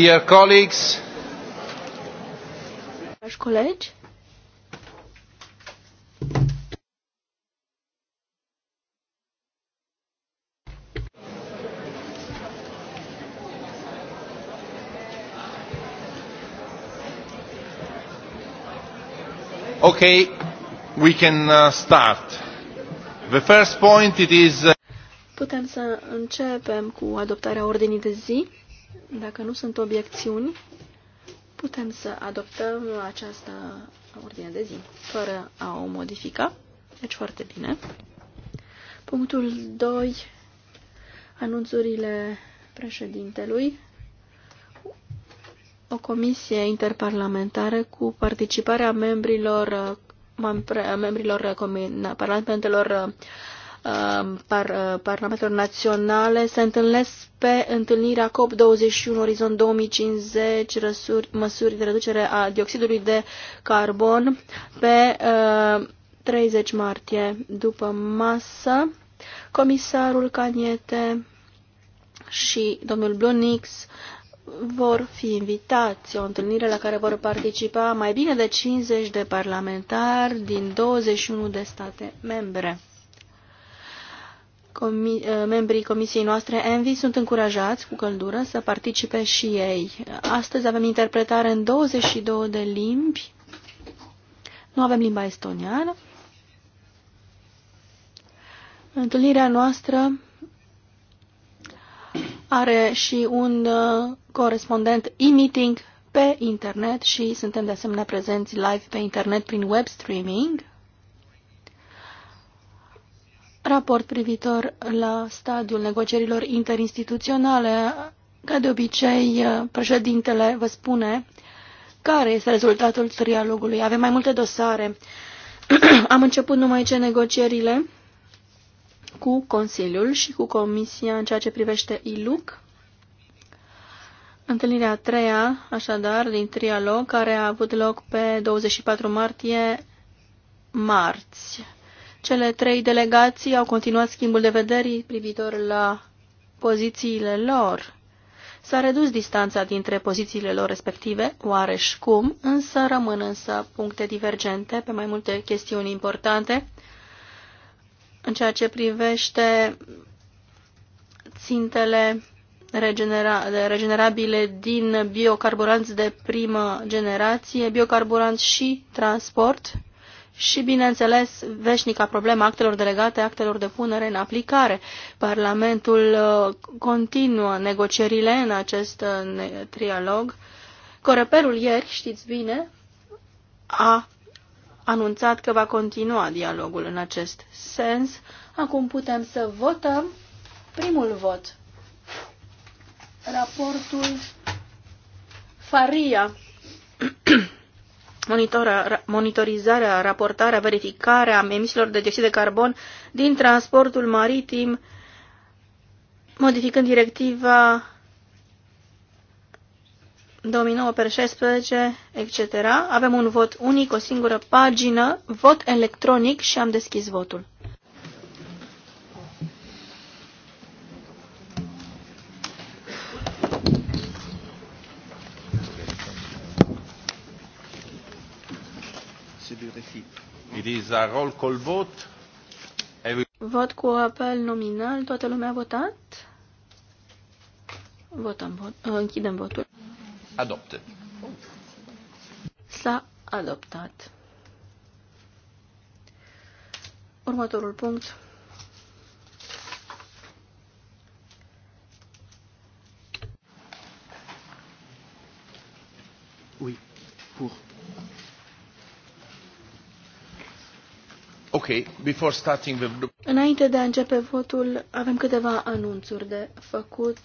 Dear colleagues, Dragi colegi, Okay, we can uh, start. The first point it is uh... Putem să începem cu adoptarea ordinii de zi. Dacă nu sunt obiecțiuni, putem să adoptăm această ordine de zi, fără a o modifica. Deci foarte bine. Punctul 2. Anunțurile președintelui. O comisie interparlamentară cu participarea membrilor, membrilor parlamentelor Um, par, uh, parlamentelor naționale se întâlnesc pe întâlnirea COP21 Orizont 2050 răsuri, măsuri de reducere a dioxidului de carbon pe uh, 30 martie după masă. Comisarul Caniete și domnul Blunix vor fi invitați o întâlnire la care vor participa mai bine de 50 de parlamentari din 21 de state membre. Uh, membrii comisiei noastre Envi sunt încurajați cu căldură să participe și ei. Astăzi avem interpretare în 22 de limbi. Nu avem limba estoniană. Întâlnirea noastră are și un uh, corespondent e-meeting pe internet și suntem de asemenea prezenți live pe internet prin web streaming raport privitor la stadiul negocierilor interinstituționale. Ca de obicei, eh, președintele vă spune care este rezultatul trialogului. Avem mai multe dosare. Am început numai ce negocierile cu Consiliul și cu Comisia în ceea ce privește ILUC. Întâlnirea a treia, așadar, din trialog, care a avut loc pe 24 martie, marți. Cele trei delegații au continuat schimbul de vederi privitor la pozițiile lor. S-a redus distanța dintre pozițiile lor respective, oareși cum, însă rămân însă puncte divergente pe mai multe chestiuni importante în ceea ce privește țintele regenera regenerabile din biocarburanți de primă generație, biocarburanți și transport, și, bineînțeles, veșnica problema actelor delegate, actelor de punere în aplicare. Parlamentul uh, continuă negocierile în acest uh, trialog. Coreperul ieri, știți bine, a anunțat că va continua dialogul în acest sens. Acum putem să votăm primul vot. Raportul Faria monitorizarea, raportarea, verificarea emisiilor de dioxid de carbon din transportul maritim, modificând directiva 2009 16, etc. Avem un vot unic, o singură pagină, vot electronic și am deschis votul. It is a roll call vote. Every... Vot cu apel nominal. Toată lumea a votat? Votăm vot. Uh, închidem votul. Adopted. S-a adoptat. Următorul punct. Oui, pour Okay, before starting with Înainte de a începe votul, avem câteva anunțuri de făcut.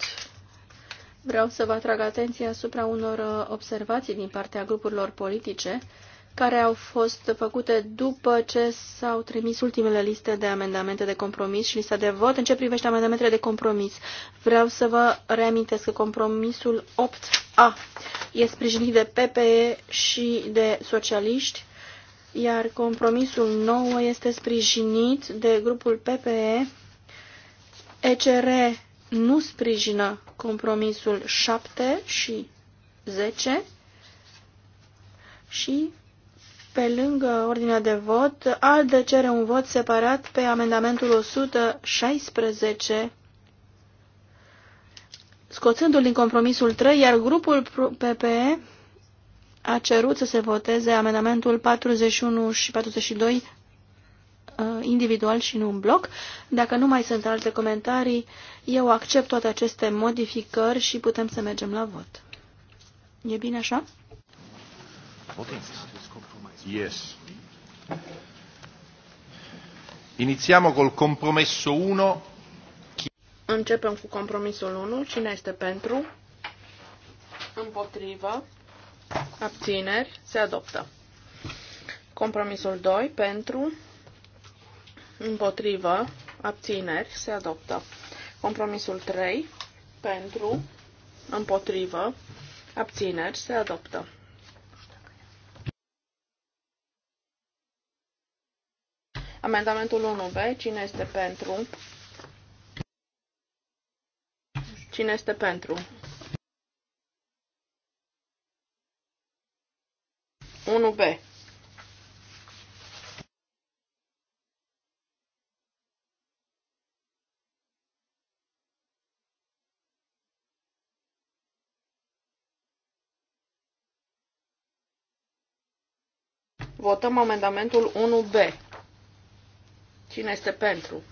Vreau să vă atrag atenția asupra unor uh, observații din partea grupurilor politice care au fost făcute după ce s-au trimis ultimele liste de amendamente de compromis și lista de vot. În ce privește amendamentele de compromis, vreau să vă reamintesc că compromisul 8A e sprijinit de PPE și de socialiști iar compromisul nou este sprijinit de grupul PPE. ECR nu sprijină compromisul 7 și 10 și pe lângă ordinea de vot, ALDE cere un vot separat pe amendamentul 116, scoțându-l din compromisul 3, iar grupul PPE a cerut să se voteze amendamentul 41 și 42 uh, individual și nu în bloc. Dacă nu mai sunt alte comentarii, eu accept toate aceste modificări și putem să mergem la vot. E bine așa? Okay. Yes. Iniziamo col compromesso 1. Începem cu compromisul 1. Cine este pentru? Împotrivă abțineri, se adoptă. Compromisul 2 pentru, împotrivă, abțineri, se adoptă. Compromisul 3 pentru, împotrivă, abțineri, se adoptă. Amendamentul 1B, cine este pentru? Cine este pentru? 1B. Votăm amendamentul 1B. Cine este pentru?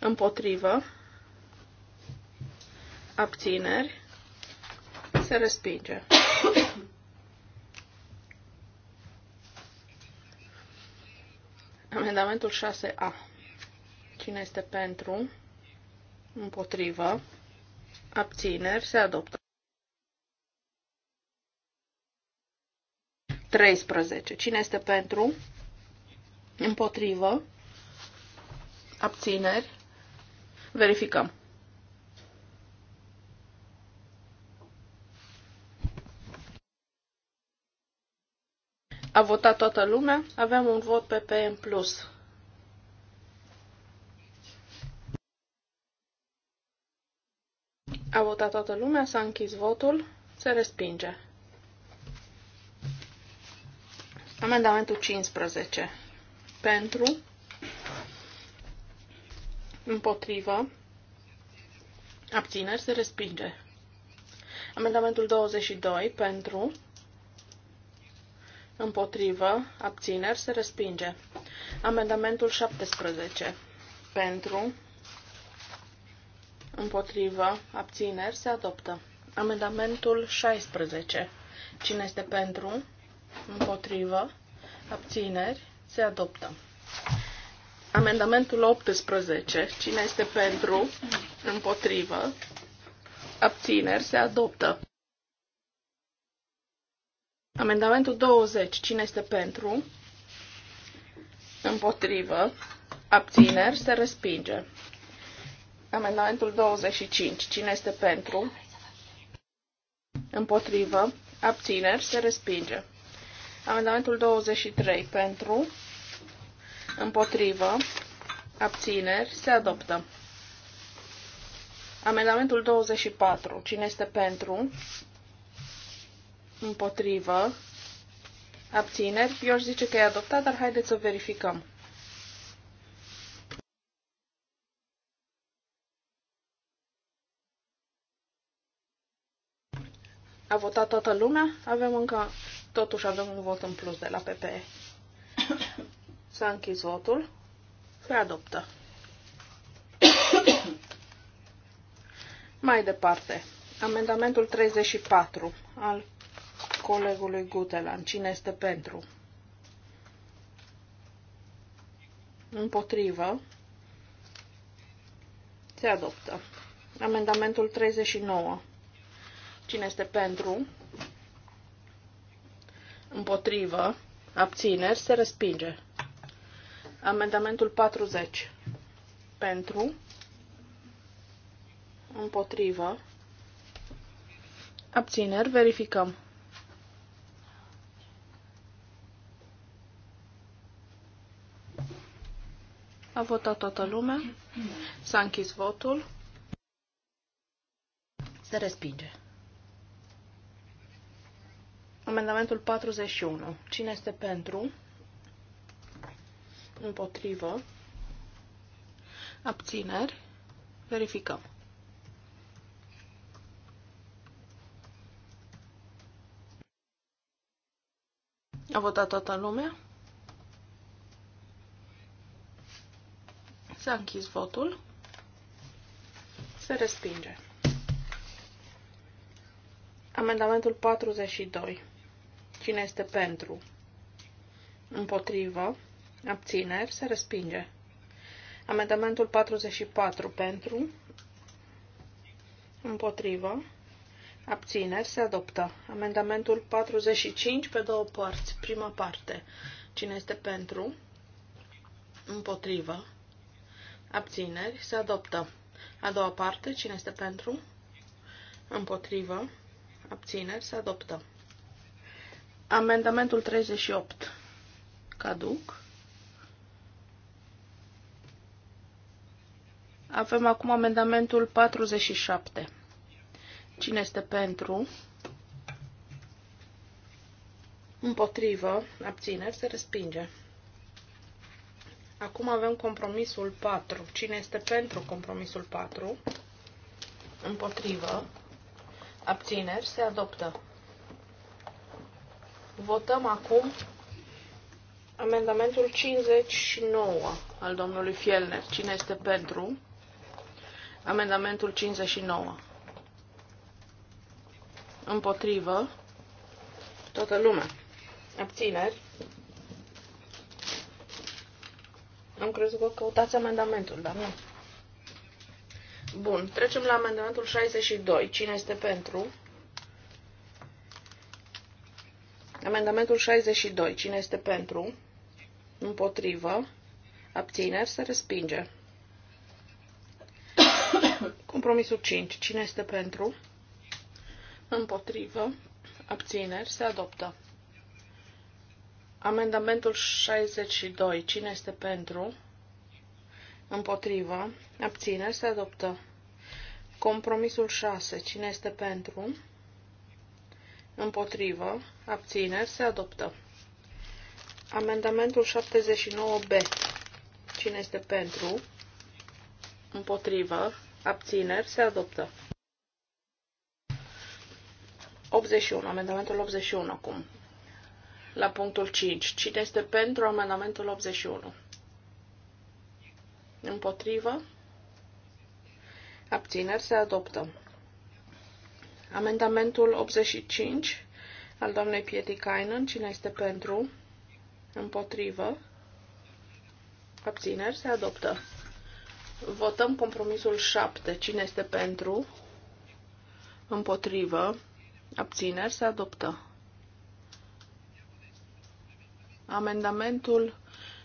Împotrivă abțineri, se respinge. Amendamentul 6A. Cine este pentru? Împotrivă. Abțineri. Se adoptă. 13. Cine este pentru? Împotrivă. Abțineri. Verificăm. A votat toată lumea. Avem un vot pe PM plus. A votat toată lumea, s-a închis votul, se respinge. Amendamentul 15. Pentru, împotrivă, abțineri, se respinge. Amendamentul 22. Pentru, Împotrivă. Abțineri. Se respinge. Amendamentul 17. Pentru. Împotrivă. Abțineri. Se adoptă. Amendamentul 16. Cine este pentru? Împotrivă. Abțineri. Se adoptă. Amendamentul 18. Cine este pentru? Împotrivă. Abțineri. Se adoptă. Amendamentul 20. Cine este pentru? Împotrivă. Abțineri. Se respinge. Amendamentul 25. Cine este pentru? Împotrivă. Abțineri. Se respinge. Amendamentul 23. Pentru. Împotrivă. Abțineri. Se adoptă. Amendamentul 24. Cine este pentru? Pentru împotrivă, abțineri. Eu aș zice că e adoptat, dar haideți să verificăm. A votat toată lumea, avem încă, totuși avem un vot în plus de la PPE. S-a închis votul, se adoptă. Mai departe, amendamentul 34 al colegului Gutelan. Cine este pentru? Împotrivă. Se adoptă. Amendamentul 39. Cine este pentru? Împotrivă. Abțineri. Se respinge. Amendamentul 40. Pentru. Împotrivă. Abțineri. Verificăm. A votat toată lumea. S-a închis votul. Se respinge. Amendamentul 41. Cine este pentru? Împotrivă. Abțineri. Verificăm. A votat toată lumea? S-a închis votul. Se respinge. Amendamentul 42. Cine este pentru? Împotrivă. Abțineri. Se respinge. Amendamentul 44. Pentru. Împotrivă. Abțineri. Se adoptă. Amendamentul 45 pe două părți. Prima parte. Cine este pentru? Împotrivă abțineri, se adoptă. A doua parte, cine este pentru, împotrivă, abțineri, se adoptă. Amendamentul 38, caduc. Avem acum amendamentul 47. Cine este pentru? Împotrivă, abțineri, se respinge. Acum avem compromisul 4. Cine este pentru compromisul 4? Împotrivă. Abțineri. Se adoptă. Votăm acum amendamentul 59 al domnului Fielner. Cine este pentru? Amendamentul 59. Împotrivă. Toată lumea. Abțineri. Am crezut că căutați amendamentul, dar nu. Bun, trecem la amendamentul 62. Cine este pentru? Amendamentul 62. Cine este pentru? Împotrivă. Abțineri. Se respinge. Compromisul 5. Cine este pentru? Împotrivă. Abțineri. Se adoptă. Amendamentul 62. Cine este pentru? Împotrivă. Abțineri. Se adoptă. Compromisul 6. Cine este pentru? Împotrivă. Abțineri. Se adoptă. Amendamentul 79b. Cine este pentru? Împotrivă. Abțineri. Se adoptă. 81. Amendamentul 81 acum la punctul 5. Cine este pentru amendamentul 81? Împotrivă? Abțineri se adoptă. Amendamentul 85 al doamnei Pietikainen. Cine este pentru? Împotrivă? Abțineri se adoptă. Votăm compromisul 7. Cine este pentru? Împotrivă? Abțineri se adoptă. Amendamentul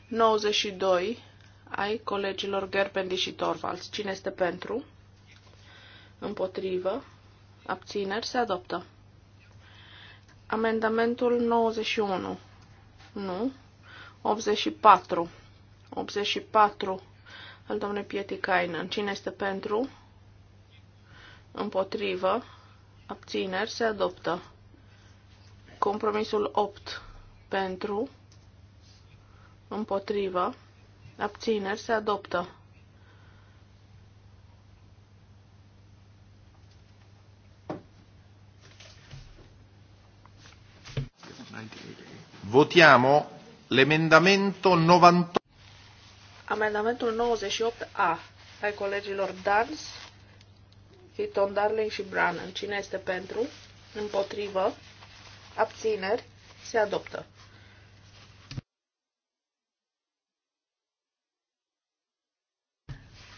92 ai colegilor Gerbendi și Torvalds. Cine este pentru? Împotrivă. Abțineri se adoptă. Amendamentul 91. Nu. 84. 84 al domnului Pietikainen. Cine este pentru? Împotrivă. Abțineri se adoptă. Compromisul 8 pentru împotrivă, abțineri, se adoptă. Votiamo l'emendamento 98. Amendamentul 98A ai colegilor Dans, Fiton Darling și Brannan. Cine este pentru? Împotrivă? Abțineri? Se adoptă.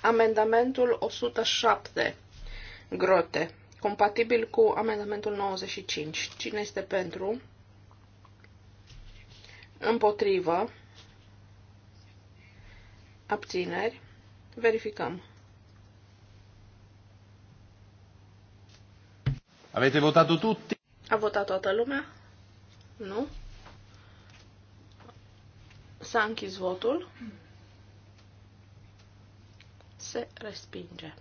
Amendamentul 107. Grote. Compatibil cu amendamentul 95. Cine este pentru? Împotrivă. Abțineri. Verificăm. Avete votat tutti? A votat toată lumea? Nu? S-a închis votul se respinge.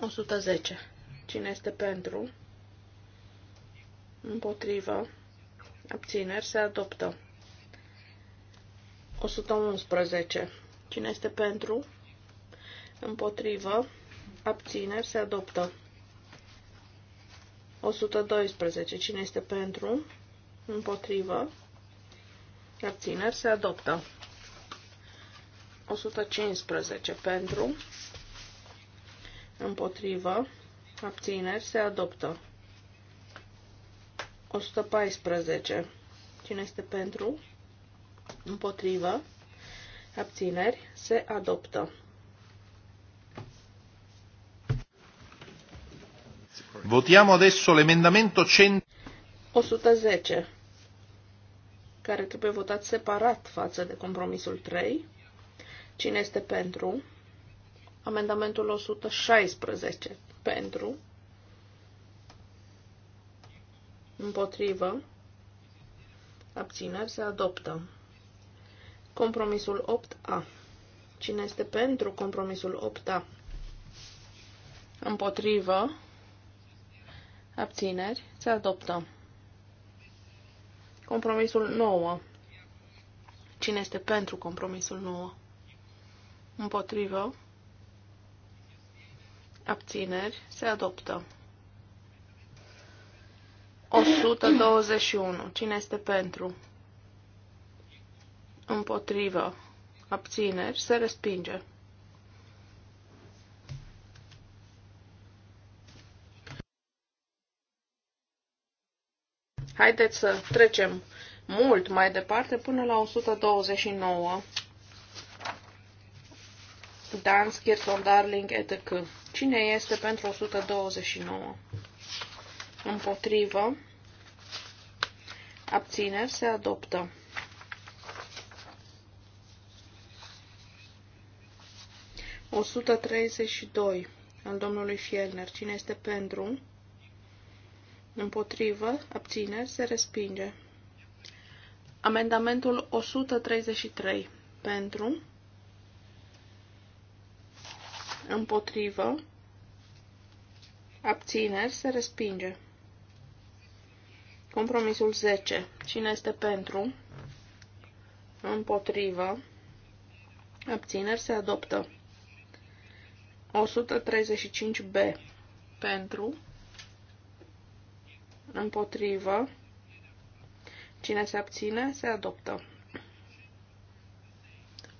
110. Cine este pentru? Împotrivă. Abțineri se adoptă. 111. Cine este pentru? Împotrivă. Abțineri se adoptă. 112. Cine este pentru? Împotrivă. Abțineri se adoptă. 115 pentru, împotrivă, abțineri, se adoptă. 114. Cine este pentru? Împotrivă. Abțineri. Se adoptă. Votiamo adesso l'emendamento 110, care trebuie votat separat față de compromisul 3. Cine este pentru? Amendamentul 116 pentru. Împotrivă. Abțineri se adoptă. Compromisul 8A. Cine este pentru compromisul 8A? Împotrivă. Abțineri se adoptă. Compromisul 9. Cine este pentru compromisul 9? împotrivă, abțineri, se adoptă. 121. Cine este pentru? Împotrivă. Abțineri. Se respinge. Haideți să trecem mult mai departe până la 129. Dans, Kirton, Darling, etc. Cine este pentru 129? Împotrivă. Abțineri se adoptă. O sută treizeci și doi al domnului Fielner. Cine este pentru? Împotrivă, abțineri, se respinge. Amendamentul 133. Pentru, împotrivă, abțineri, se respinge. Compromisul 10. Cine este pentru, împotrivă, abțineri, se adoptă. 135b. Pentru, împotrivă, cine se abține, se adoptă.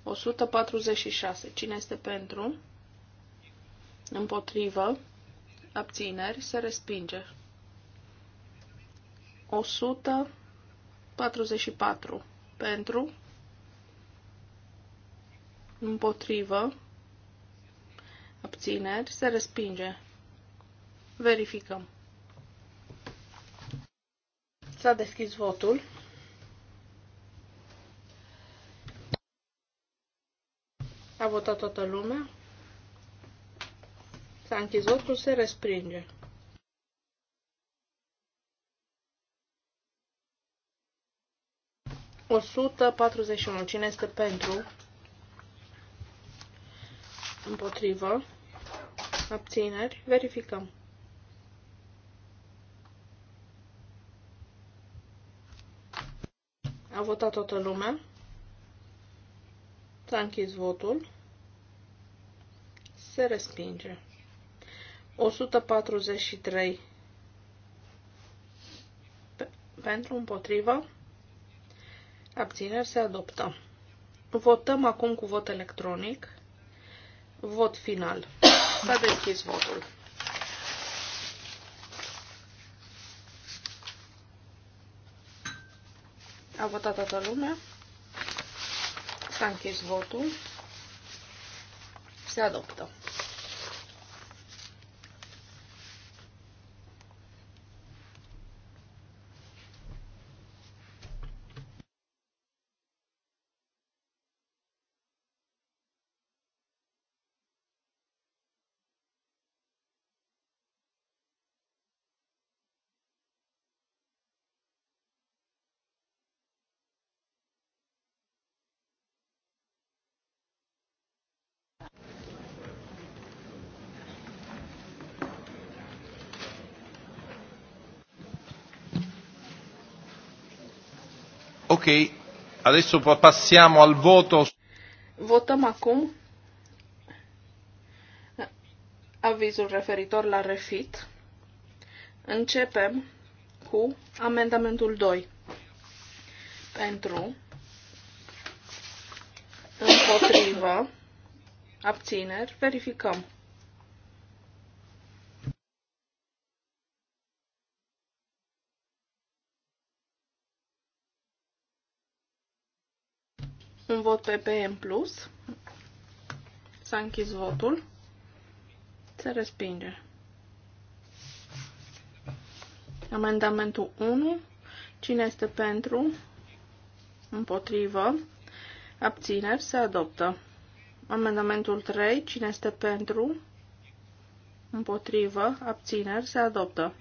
146. Cine este pentru? împotrivă, abțineri, se respinge. 144 pentru, împotrivă, abțineri, se respinge. Verificăm. S-a deschis votul. A votat toată lumea. S-a închis se respinge. O sută patruzeci și unu. Cine este pentru? Împotrivă. Abțineri. Verificăm. A votat toată lumea. S-a închis votul. Se respinge. 143 pentru, împotriva, abțineri se adoptă. Votăm acum cu vot electronic. Vot final. S-a deschis votul. A votat toată lumea. S-a închis votul. Se adoptă. Ok, adesso passiamo al voto. Votăm acum avizul referitor la refit. Începem cu amendamentul 2. Pentru, împotrivă, abțineri, verificăm. un vot pe în plus. S-a închis votul. Se respinge. Amendamentul 1. Cine este pentru? Împotrivă. Abțineri. Se adoptă. Amendamentul 3. Cine este pentru? Împotrivă. Abțineri. Se adoptă.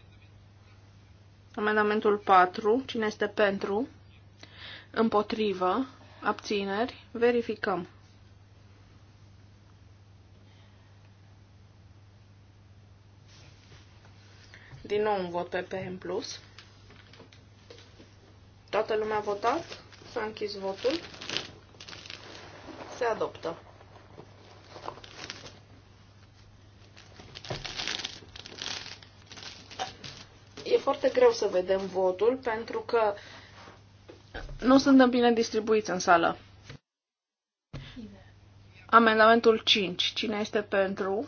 Amendamentul 4. Cine este pentru? Împotrivă abțineri, verificăm. Din nou un vot P în plus. Toată lumea a votat? S-a închis votul. Se adoptă. E foarte greu să vedem votul pentru că uh, nu suntem bine distribuiți în sală. Amendamentul 5. Cine este pentru?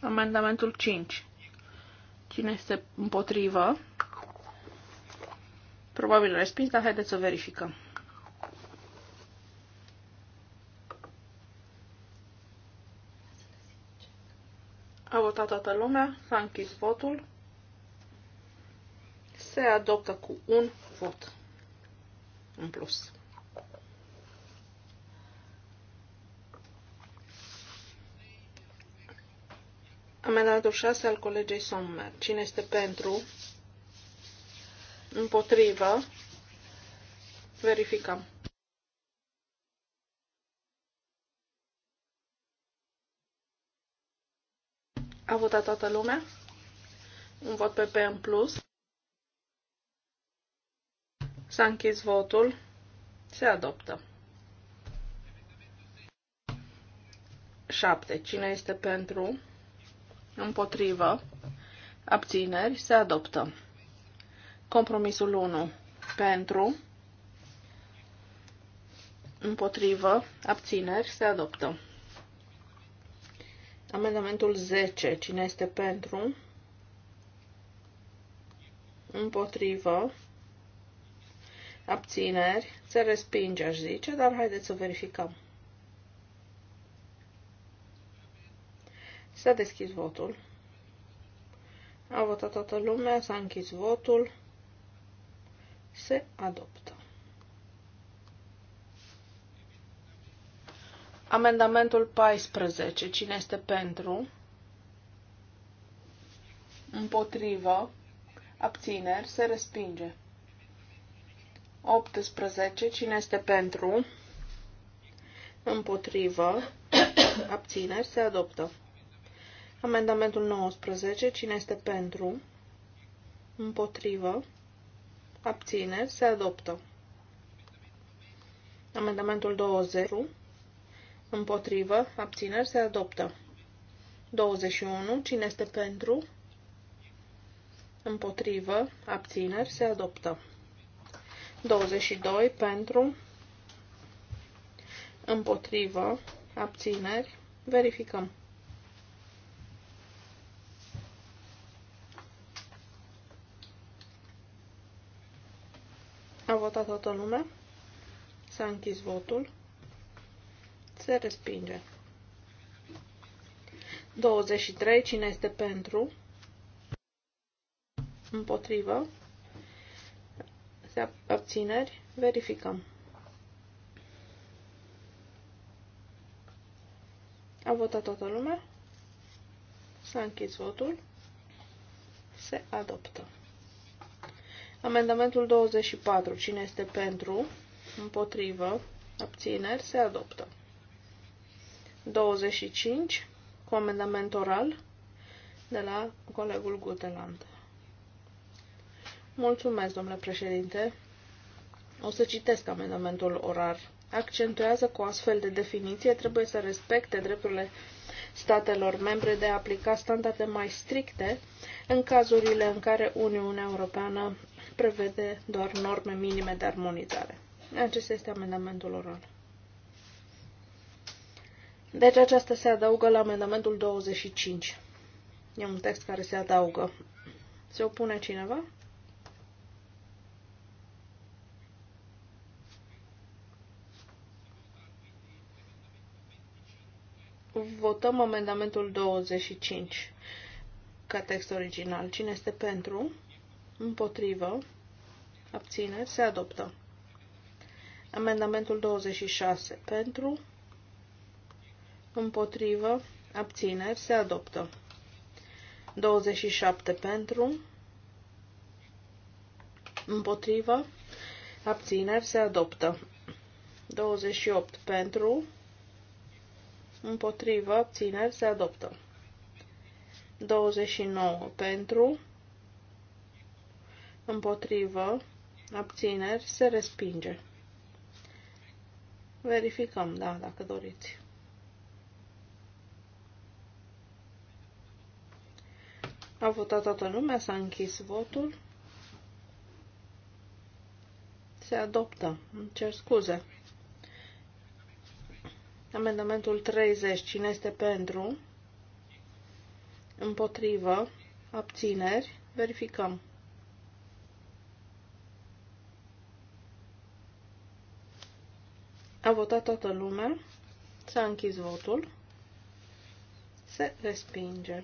Amendamentul 5. Cine este împotrivă? Probabil respins, dar haideți să verificăm. A votat toată lumea, s-a închis votul. Se adoptă cu un vot în plus. Amendamentul 6 al colegei Sommer. Cine este pentru? Împotrivă? Verificăm. A votat toată lumea? Un vot PP în plus. S-a închis votul. Se adoptă. 7. Cine este pentru? Împotrivă. Abțineri. Se adoptă. Compromisul 1. Pentru. Împotrivă. Abțineri. Se adoptă. Amendamentul 10. Cine este pentru? Împotrivă abțineri, se respinge, aș zice, dar haideți să verificăm. S-a deschis votul. A votat toată lumea, s-a închis votul. Se adoptă. Amendamentul 14. Cine este pentru? Împotrivă. Abțineri. Se respinge. 18. Cine este pentru? Împotrivă. Abțineri. Se adoptă. Amendamentul 19. Cine este pentru? Împotrivă. Abțineri. Se adoptă. Amendamentul 20. Împotrivă. Abțineri. Se adoptă. 21. Cine este pentru? Împotrivă. Abțineri. Se adoptă. 22 pentru, împotrivă, abțineri, verificăm. A votat toată lumea. S-a închis votul. Se respinge. 23. Cine este pentru? Împotrivă împotriva abțineri, verificăm. A votat toată lumea. S-a închis votul. Se adoptă. Amendamentul 24. Cine este pentru? Împotrivă. Abțineri. Se adoptă. 25. Cu amendament oral de la colegul Guteland. Mulțumesc, domnule președinte. O să citesc amendamentul orar. Accentuează că o astfel de definiție trebuie să respecte drepturile statelor membre de a aplica standarde mai stricte în cazurile în care Uniunea Europeană prevede doar norme minime de armonizare. Acesta este amendamentul oral. Deci aceasta se adaugă la amendamentul 25. E un text care se adaugă. Se opune cineva? Votăm amendamentul 25 ca text original. Cine este pentru? Împotrivă? Abțineri? Se adoptă. Amendamentul 26 pentru? Împotrivă? Abțineri? Se adoptă. 27 pentru? Împotrivă? Abțineri? Se adoptă. 28 pentru? împotrivă, abțineri, se adoptă. 29 pentru, împotrivă, abțineri, se respinge. Verificăm, da, dacă doriți. A votat toată lumea, s-a închis votul. Se adoptă. Îmi cer scuze. Amendamentul 30. Cine este pentru? Împotrivă. Abțineri. Verificăm. A votat toată lumea. S-a închis votul. Se respinge.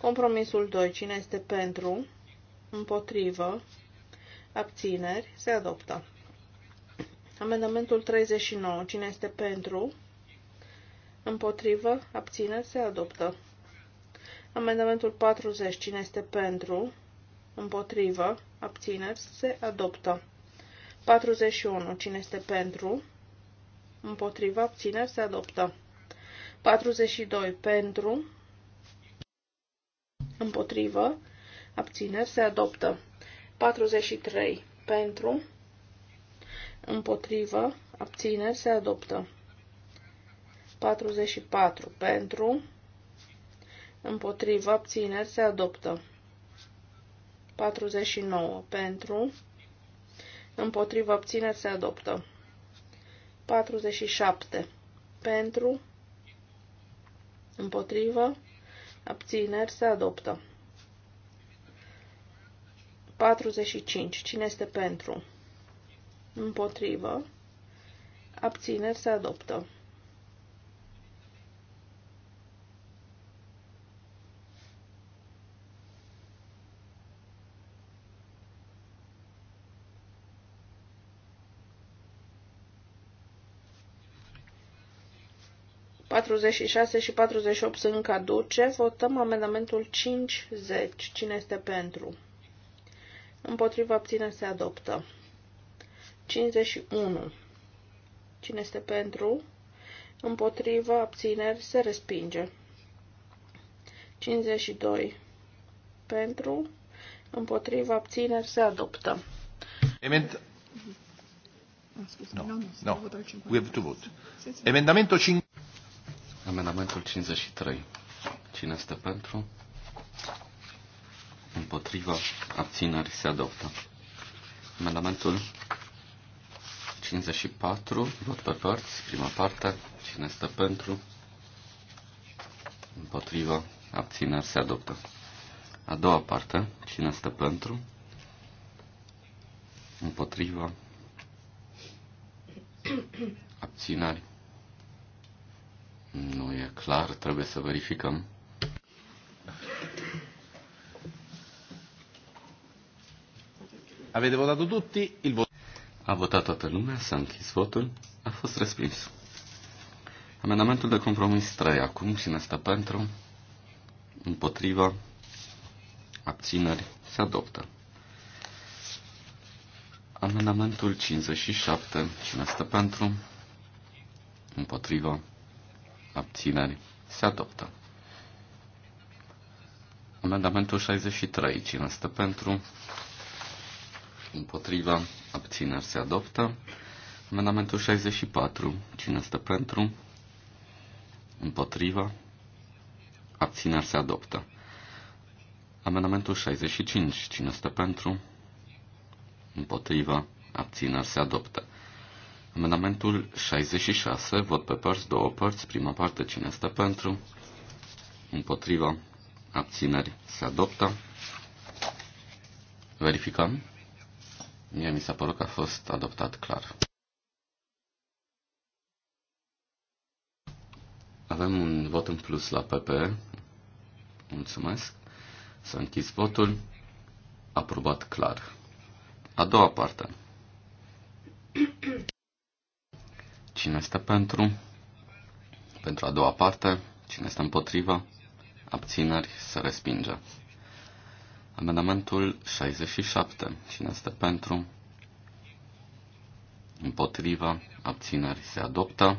Compromisul 2. Cine este pentru? Împotrivă. Abțineri. Se adoptă. Amendamentul 39. Cine este pentru? Împotrivă? Abține? Se adoptă. Amendamentul 40. Cine este pentru? Împotrivă? Abține? Se adoptă. 41. Cine este pentru? Împotrivă? Abține? Se adoptă. 42. Pentru? Împotrivă? Abține? Se adoptă. 43. Pentru? împotrivă, abțineri, se adoptă. 44 pentru, împotrivă, abțineri, se adoptă. 49 pentru, împotrivă, abțineri, se adoptă. 47 pentru, împotrivă, abțineri, se adoptă. 45. Cine este pentru? împotrivă, abțineri se adoptă. Patruzeci și 48 și patruzeci și opt sunt caduce. Votăm amendamentul 50. Cine este pentru? Împotriva abține se adoptă. 51. Cine este pentru? Împotriva abțineri se respinge. 52. Pentru? Împotriva abțineri se adoptă. Amen. Ah, no, no. We have to vote. Amendamentul 5. Amendamentul 53. Cine este pentru? Împotriva abțineri se adoptă. Amendamentul 54, vot pe părți, prima parte, cine stă pentru, împotriva, abțineri, se adoptă. A doua parte, cine stă pentru, împotriva, abțineri, nu e clar, trebuie să verificăm. Avete votato tutti il voto. A votat toată lumea, s-a închis votul, a fost respins. Amendamentul de compromis 3 acum, ne stă pentru, împotriva, abțineri, se adoptă. Amendamentul 57, ne stă pentru, împotriva, abțineri, se adoptă. Amendamentul 63, cine stă pentru, împotriva, abțineri se adoptă. Amendamentul 64, cine stă pentru, împotriva, abțineri se adoptă. Amendamentul 65, cine stă pentru, împotriva, abțineri se adoptă. Amendamentul 66, vot pe părți, două părți, prima parte, cine stă pentru, împotriva, abțineri se adoptă. Verificăm. Mie mi s-a părut că a fost adoptat clar. Avem un vot în plus la PP. Mulțumesc. S-a închis votul. Aprobat clar. A doua parte. Cine este pentru? Pentru a doua parte. Cine este împotriva? Abțineri se respinge. Amendamentul 67. Cine este pentru? Împotriva. Abțineri se adoptă.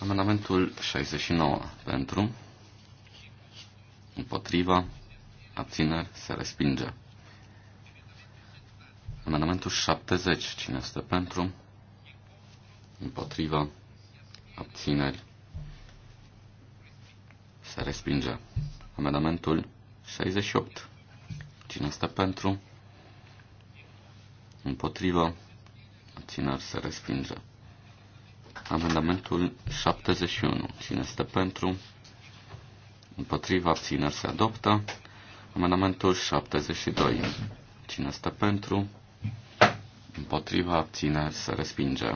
Amendamentul 69. Pentru. Împotriva. Abțineri se respinge. Amendamentul 70. Cine este pentru? Împotriva. Abțineri se respinge. Amendamentul 68. Cine este pentru? Împotrivă. Abțineri se respinge. Amendamentul 71. Cine este pentru? Împotriva abțineri se adoptă. Amendamentul 72. Cine este pentru? Împotriva abțineri se respinge.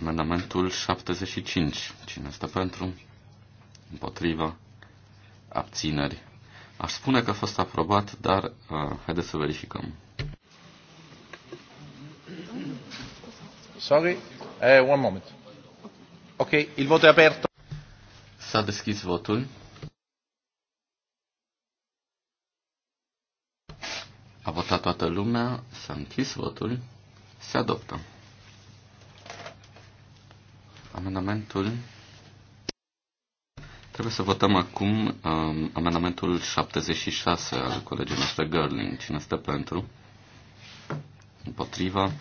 Amendamentul 75. Cine este pentru? Împotriva abțineri Aș spune că a fost aprobat, dar uh, haideți să verificăm. Sorry, uh, one moment. Ok, il voto e aperto. S-a deschis votul. A votat toată lumea, s-a închis votul, se adoptă. Amendamentul Trebuie să votăm acum um, amendamentul 76 al colegii noastre Gerling. Cine stă pentru? Împotriva?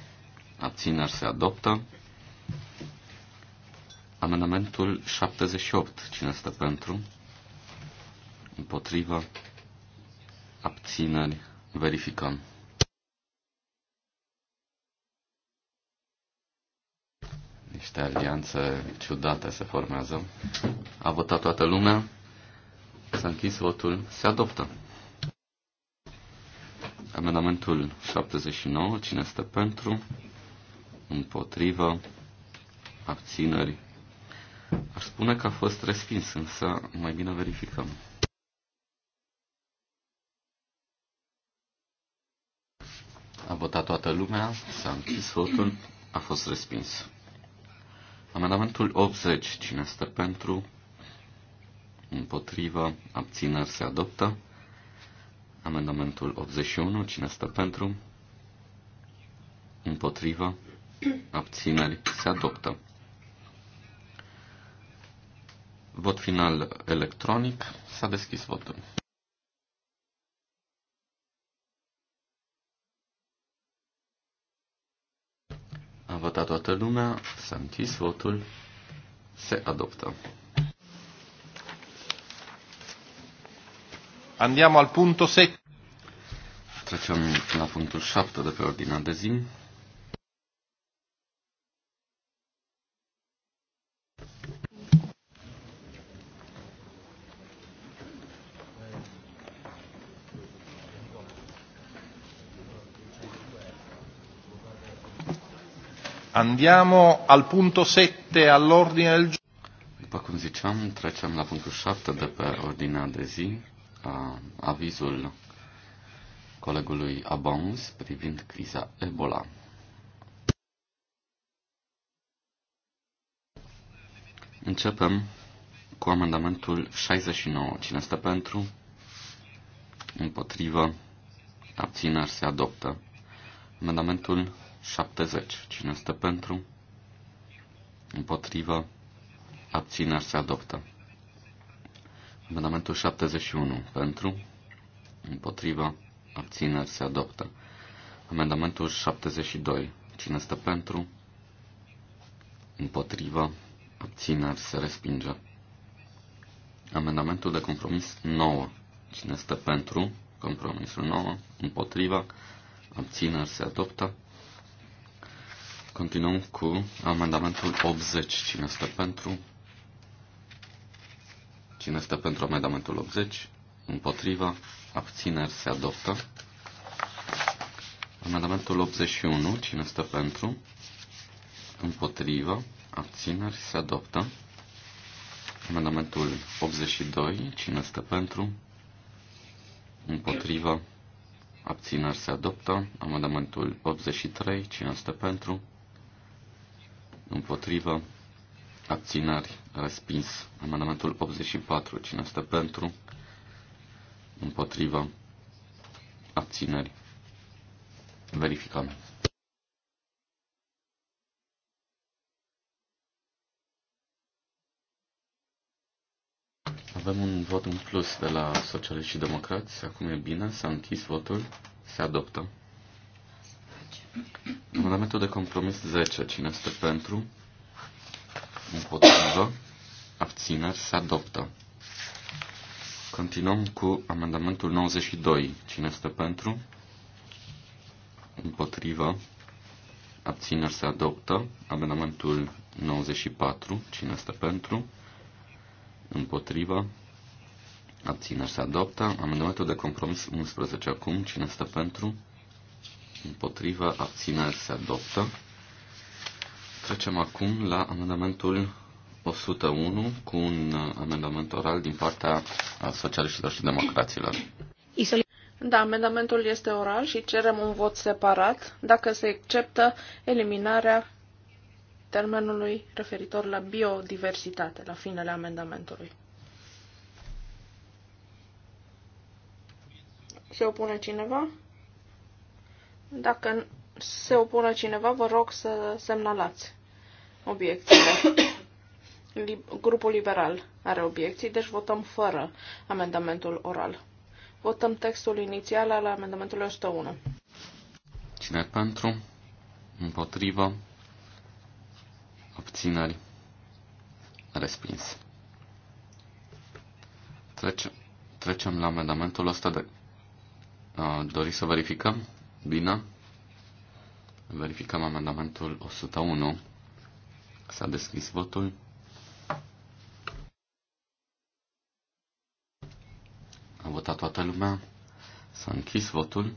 Abțineri se adoptă. Amendamentul 78. Cine stă pentru? Împotriva? Abțineri. Verificăm. Niște alianțe ciudate se formează. A votat toată lumea. S-a închis votul. Se adoptă. Amendamentul 79. Cine este pentru? Împotrivă? Abțineri? Aș spune că a fost respins, însă mai bine verificăm. A votat toată lumea, s-a închis votul, a fost respins. Amendamentul 80. Cine stă pentru? Împotrivă. Abțineri se adoptă. Amendamentul 81. Cine stă pentru? Împotrivă. Abțineri se adoptă. Vot final electronic. S-a deschis votul. votat toată lumea, s-a închis votul, se adoptă. Andiamo al punto 7. Trecem la punctul 7 de pe ordinea de zi. Andiamo al punto 7 all'ordine del giorno. După cum ziceam, trecem la punctul 7 de pe ordinea de zi, a, avizul colegului Abons privind criza Ebola. Începem cu amendamentul 69. Cine este pentru? Împotrivă? Abțineri se adoptă. Amendamentul 70. Cine stă pentru? Împotrivă. Abțineri se adoptă. Amendamentul 71. Pentru. Împotrivă. Abțineri se adoptă. Amendamentul 72. Cine stă pentru? Împotrivă. Abțineri se respinge. Amendamentul de compromis 9. Cine stă pentru? Compromisul 9. Împotriva. Abțineri se adoptă. Continuăm cu amendamentul 80. Cine este pentru? Cine este pentru amendamentul 80? Împotriva. Abțineri se adoptă. Amendamentul 81. Cine este pentru? Împotriva. Abțineri se adoptă. Amendamentul 82. Cine este pentru? Împotriva. Abțineri se adoptă. Amendamentul 83. Cine este pentru? împotrivă, abțineri, respins. Amendamentul 84, cine este pentru, împotrivă, abținări, Verificăm. Avem un vot în plus de la Socialiști și Democrați. Acum e bine, s-a închis votul, se adoptă. Amendamentul de compromis 10. Cine este pentru? Împotrivă. Abțineri. Se adoptă. Continuăm cu amendamentul 92. Cine este pentru? Împotrivă. Abțineri se adoptă. Amendamentul 94. Cine este pentru? Împotrivă. Abțineri se adoptă. Amendamentul de compromis 11 acum. Cine este pentru? împotrivă, abțineri se adoptă. Trecem acum la amendamentul 101 cu un amendament oral din partea socialiștilor și democraților. Da, amendamentul este oral și cerem un vot separat dacă se acceptă eliminarea termenului referitor la biodiversitate la finele amendamentului. Se opune cineva? Dacă se opună cineva, vă rog să semnalați obiecțiile. Grupul liberal are obiecții, deci votăm fără amendamentul oral. Votăm textul inițial al amendamentului 101. Cine pentru? Împotrivă? Obținări? Respins. Trece, trecem la amendamentul ăsta de... Uh, doriți să verificăm? Bine. Verificăm amendamentul 101. S-a deschis votul. A votat toată lumea. S-a închis votul.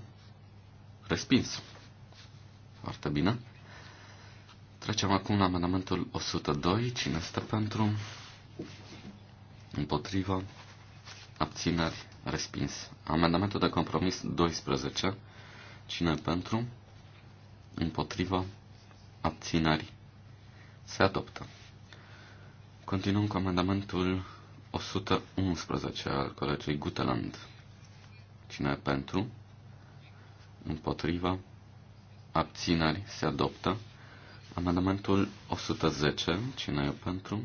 Respins. Foarte bine. Trecem acum la amendamentul 102. Cine este pentru? Împotriva. Abțineri. Respins. Amendamentul de compromis 12. Cine pentru? Împotriva? Abținări? Se adoptă. Continuăm cu amendamentul 111 al colegii Guteland. Cine pentru? Împotriva? Abținări? Se adoptă. Amendamentul 110. Cine e pentru?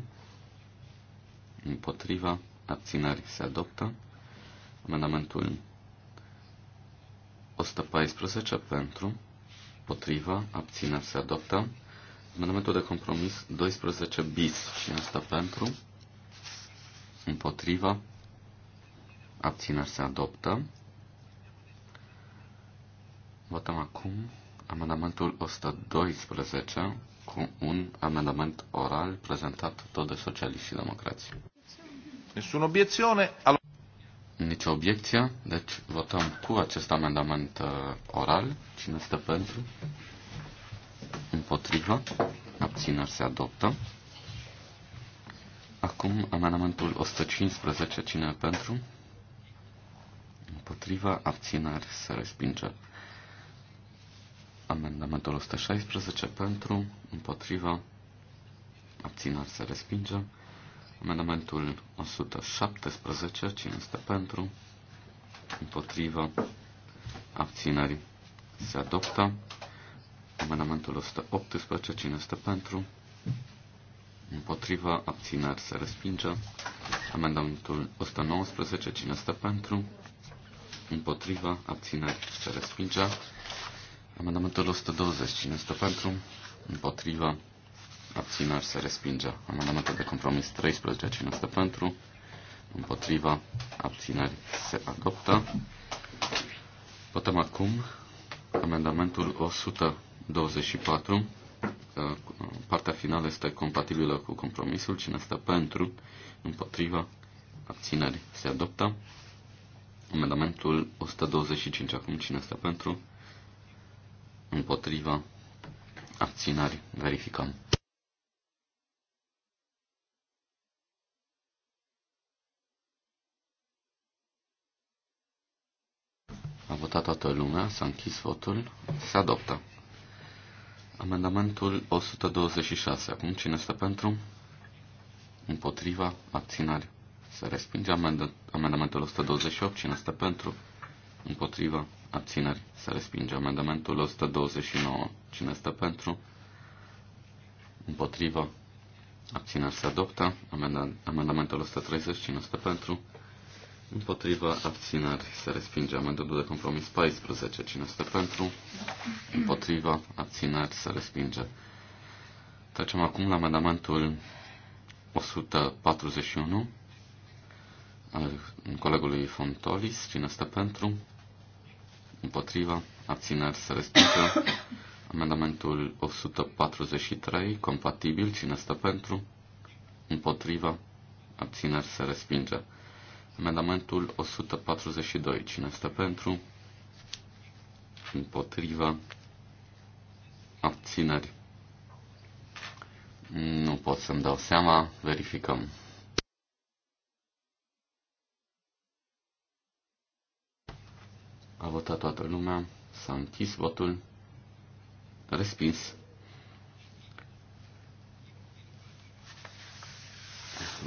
Împotriva? Abținări? Se adoptă. Amendamentul 114 pentru, potriva, abțineri se adoptă. Amendamentul de compromis 12 bis și asta pentru, împotriva, abțineri se adoptă. Votăm acum amendamentul 112 cu un amendament oral prezentat tot de socialiști și Democrații. Nessuna obiezione. Nicio obiecție, deci votăm cu acest amendament uh, oral. Cine stă pentru? Împotrivă? Abțineri se adoptă. Acum amendamentul 115, cine pentru? Împotriva, abțineri se respinge. Amendamentul 116 pentru, împotriva, abțineri se respinge. Amendamentul 117, cine este pentru, împotrivă, abținerii se adoptă. Amendamentul 118, cine este pentru, împotrivă, abțineri se respinge. Amendamentul 119, cine este pentru, împotrivă, abțineri se respinge. Amendamentul 120, cine este pentru, împotrivă, abțineri se respinge. Amendamentul de compromis 13, cine este pentru, împotriva, abțineri se adoptă. Votăm acum amendamentul 124. Uh, partea finală este compatibilă cu compromisul. Cine este pentru, împotriva, abțineri se adoptă. Amendamentul 125. Acum cine este pentru, împotriva, abținări. Verificăm. A votat toată lumea, s-a închis votul, se adoptă. Amendamentul 126. Acum cine este pentru? Împotriva, abținare. Se respinge amend- amendamentul 128. Cine este pentru? Împotriva, abțineri. Se respinge amendamentul 129. Cine este pentru? Împotriva, abțineri. Se adoptă amendamentul 130. Cine este pentru? Împotriva abținări se respinge amendamentul de compromis 14. Cine este pentru? Împotriva abținări se respinge. Trecem acum la amendamentul 141 al colegului Fontolis. Cine este pentru? Împotriva abținări se respinge. Amendamentul 143 compatibil. Cine este pentru? Împotriva abțineri se respinge. Amendamentul 142. Cine stă pentru? Împotriva? Abțineri? Nu pot să-mi dau seama. Verificăm. A votat toată lumea. S-a închis votul. Respins.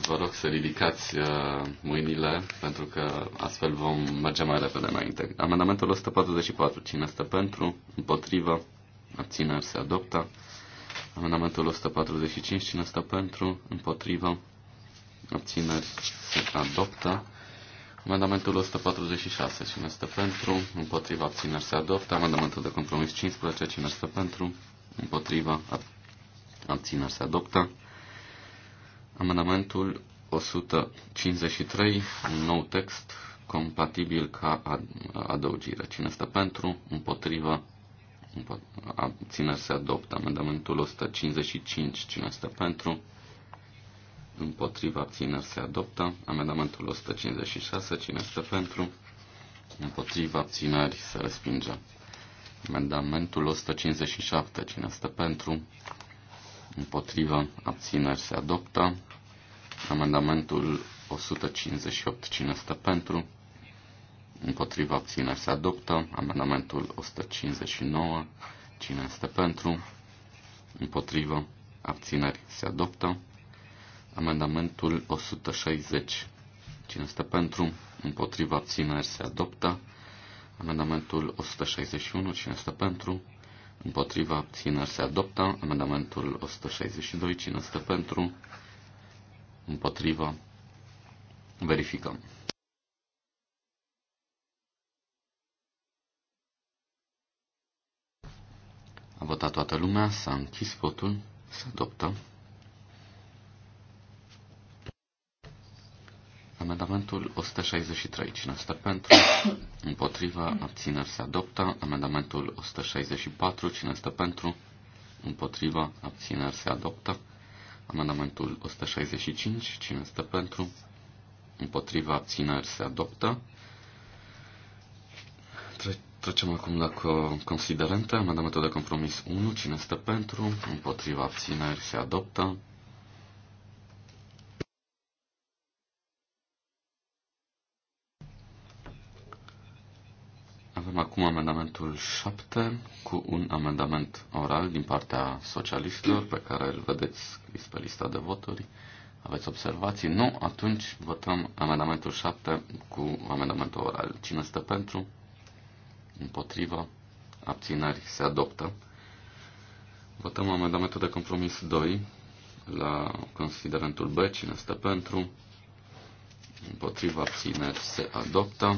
Vă rog să ridicați uh, mâinile, pentru că astfel vom merge mai repede înainte. Amendamentul 144. Cine este pentru? Împotrivă? Abțineri se adoptă. Amendamentul 145. Cine este pentru? Împotrivă? Abțineri se adoptă. Amendamentul 146. Cine este pentru? Împotrivă? abțineri se adoptă. Amendamentul de compromis 15. Cine este pentru? Împotrivă? abțineri se adoptă. Amendamentul 153, un nou text compatibil ca adăugire. Cine stă pentru, împotrivă, abținere se adoptă. Amendamentul 155, cine stă pentru, împotrivă, abținere se adoptă. Amendamentul 156, cine stă pentru, împotrivă, abținere se respinge. Amendamentul 157, cine stă pentru, împotrivă, abțineri se adoptă. Amendamentul 158, cine stă pentru, împotrivă, abțineri se adoptă. Amendamentul 159, cine stă pentru, împotrivă, abțineri se adoptă. Amendamentul 160, cine stă pentru, împotrivă, abțineri se adoptă. Amendamentul 161, cine stă pentru, împotriva abțineri se adoptă. Amendamentul 162, cine stă pentru, împotriva, verificăm. A votat toată lumea, s-a închis votul, se adoptă. Amendamentul 163. Cine stă pentru? Împotriva. Abțineri se adoptă. Amendamentul 164. Cine stă pentru? Împotriva. Abțineri se adoptă. Amendamentul 165. Cine stă pentru? Împotriva. Abțineri se adoptă. Tre- trecem acum la co considerente. Amendamentul de compromis 1. Cine stă pentru? Împotriva. Abțineri se adoptă. Avem acum amendamentul 7 cu un amendament oral din partea socialiștilor pe care îl vedeți scris pe lista de voturi. Aveți observații? Nu? Atunci votăm amendamentul 7 cu amendamentul oral. Cine stă pentru? Împotriva? Abțineri? Se adoptă. Votăm amendamentul de compromis 2 la considerentul B. Cine stă pentru? Împotriva? Abțineri? Se adoptă.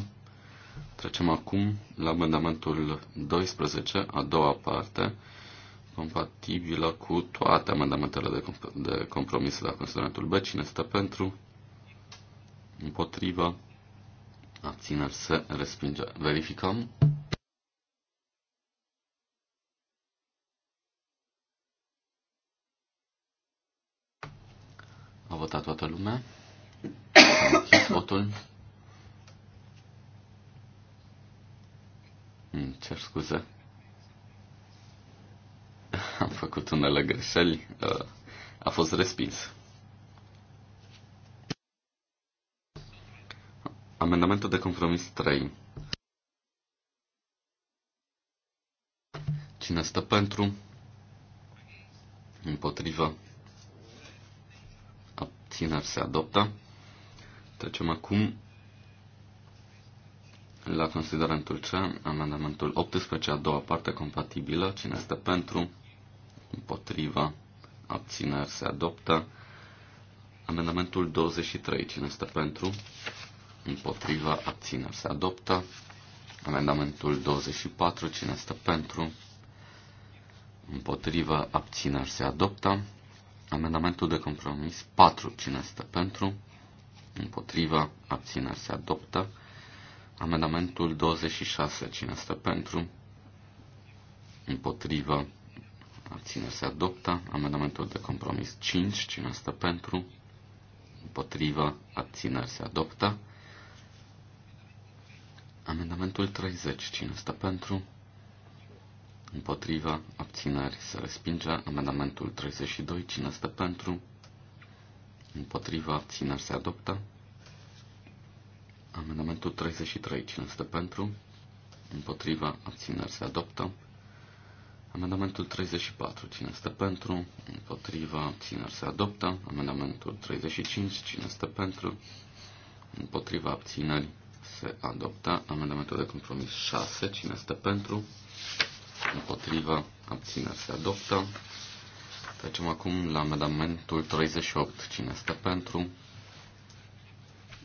Trecem acum la amendamentul 12, a doua parte, compatibilă cu toate amendamentele de, comp- de compromis la considerentul B. Cine stă pentru? Împotriva? Abțineri se respinge. Verificăm. A votat toată lumea. votul. Mm, ce scuze. Am făcut unele greșeli. Uh, a fost respins. Amendamentul de compromis 3. Cine stă pentru? Împotrivă? Abțineri se adoptă. Trecem acum la considerentul C, amendamentul 18, a doua parte compatibilă, cine este pentru, împotriva, abțineri se adoptă. Amendamentul 23, cine este pentru, împotriva, abțineri se adoptă. Amendamentul 24, cine este pentru, împotriva, abțineri se adoptă. Amendamentul de compromis 4, cine este pentru, împotriva, abțineri se adoptă. Amendamentul 26. Cine stă pentru? Împotrivă. Abțineri se adoptă. Amendamentul de compromis 5. Cine stă pentru? Împotrivă. Abțineri se adoptă. Amendamentul 30. Cine stă pentru? Împotriva, abțineri, se respinge. Amendamentul 32. Cine stă pentru? Împotriva, abțineri, se adoptă. Amendamentul 33. Cine este pentru? Împotriva. Abțineri se adoptă. Amendamentul 34. Cine stă pentru? Împotriva. Abțineri se adoptă. Amendamentul 35. Cine stă pentru? Împotriva. Abțineri se adoptă. Amendamentul de compromis 6. Cine stă pentru? Împotriva. Abțineri se adoptă. Trecem acum la amendamentul 38. Cine stă pentru?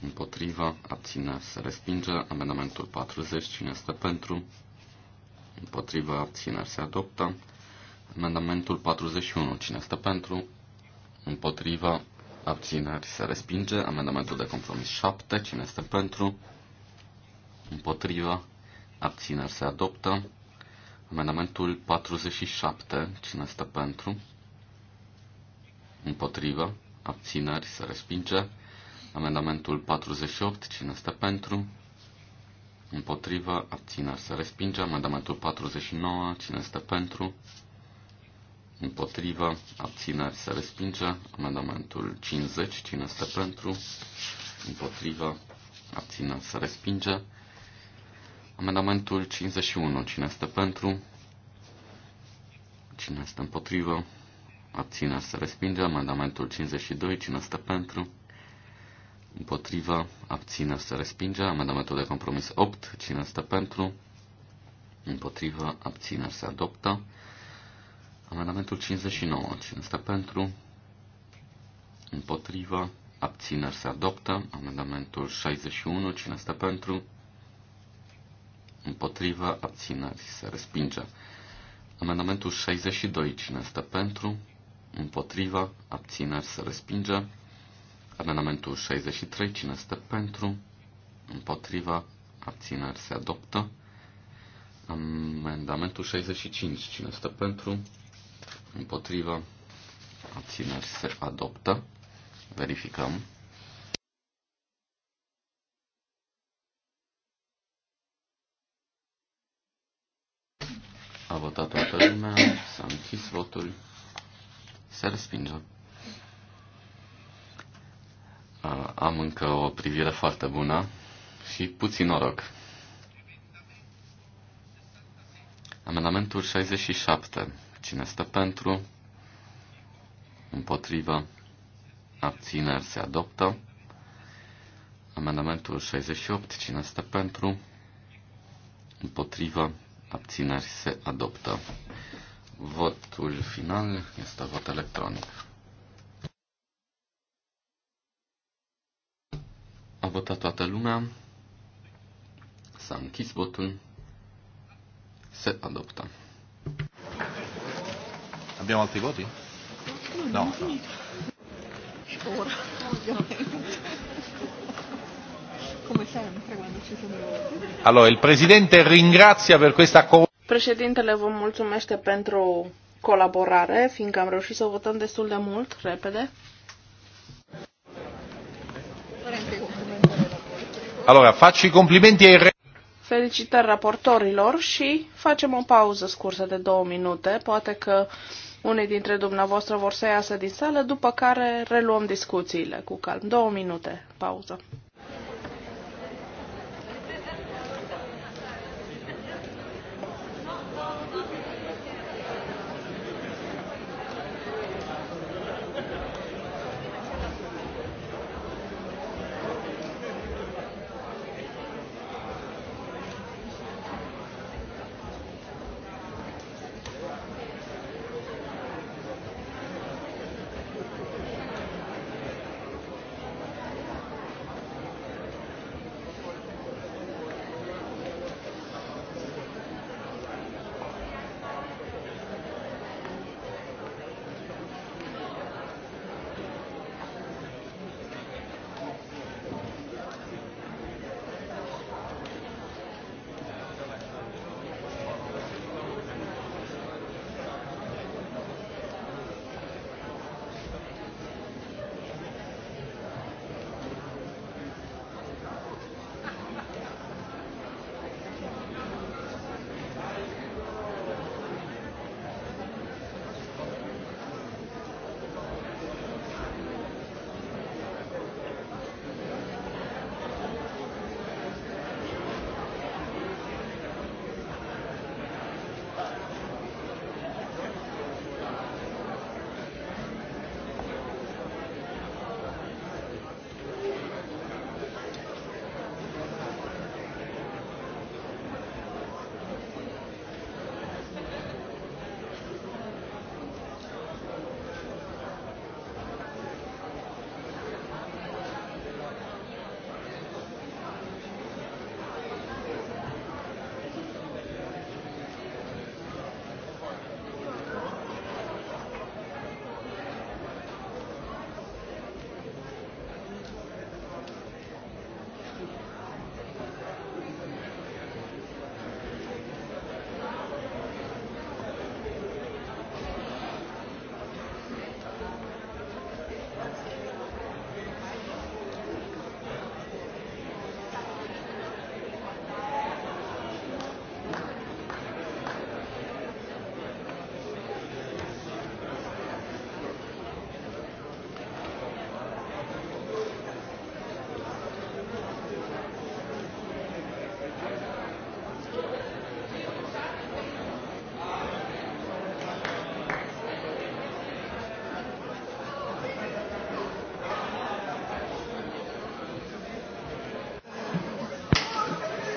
împotriva, abține, se respinge, amendamentul 40, cine este pentru, împotriva, abține, se adoptă, amendamentul 41, cine este pentru, împotriva, abțineri se respinge, amendamentul de compromis 7, cine este pentru, împotriva, abțineri se adoptă, amendamentul 47, cine este pentru, împotriva, abțineri se respinge, Amendamentul 48, cine este pentru? Împotrivă, abțineri se respinge. Amendamentul 49, cine este pentru? Împotrivă, abțineri se respinge. Amendamentul 50, cine este pentru? Împotrivă, abțineri se respinge. Amendamentul 51, cine este pentru? Cine este împotrivă? Abțineri se respinge. Amendamentul 52, cine este pentru? împotriva, abțină se respinge. Amendamentul de compromis 8, cine stă pentru, împotriva, abțină se adoptă. Amendamentul 59, cine stă pentru, împotriva, abțineri se adoptă. Amendamentul 61, cine stă pentru, împotriva, abțineri se respinge. Amendamentul 62, cine stă pentru, împotriva, abțineri se respinge. Amendamentul 63, cine stă pentru? Împotriva, abțineri se adoptă. Amendamentul 65, cine stă pentru? Împotriva, abțineri se adoptă. Verificăm. A votat toată lumea, s-a închis votul, se respinge am încă o privire foarte bună și puțin noroc. Amendamentul 67. Cine stă pentru? Împotrivă? Abțineri se adoptă. Amendamentul 68. Cine stă pentru? Împotrivă? Abțineri se adoptă. Votul final este vot electronic. votat toată lumea. S-a închis votul. Se adoptă. Abbiamo altri voti? No. Ora, Come sempre quando ci sono voti. Allora, il Presidente ringrazia per questa Președintele vă mulțumește pentru colaborare, fiindcă am reușit să votăm destul de mult, repede. Allora, faccio i complimenti ai re. Felicitări raportorilor și facem o pauză scursă de două minute. Poate că unii dintre dumneavoastră vor să iasă din sală, după care reluăm discuțiile cu calm. Două minute pauză.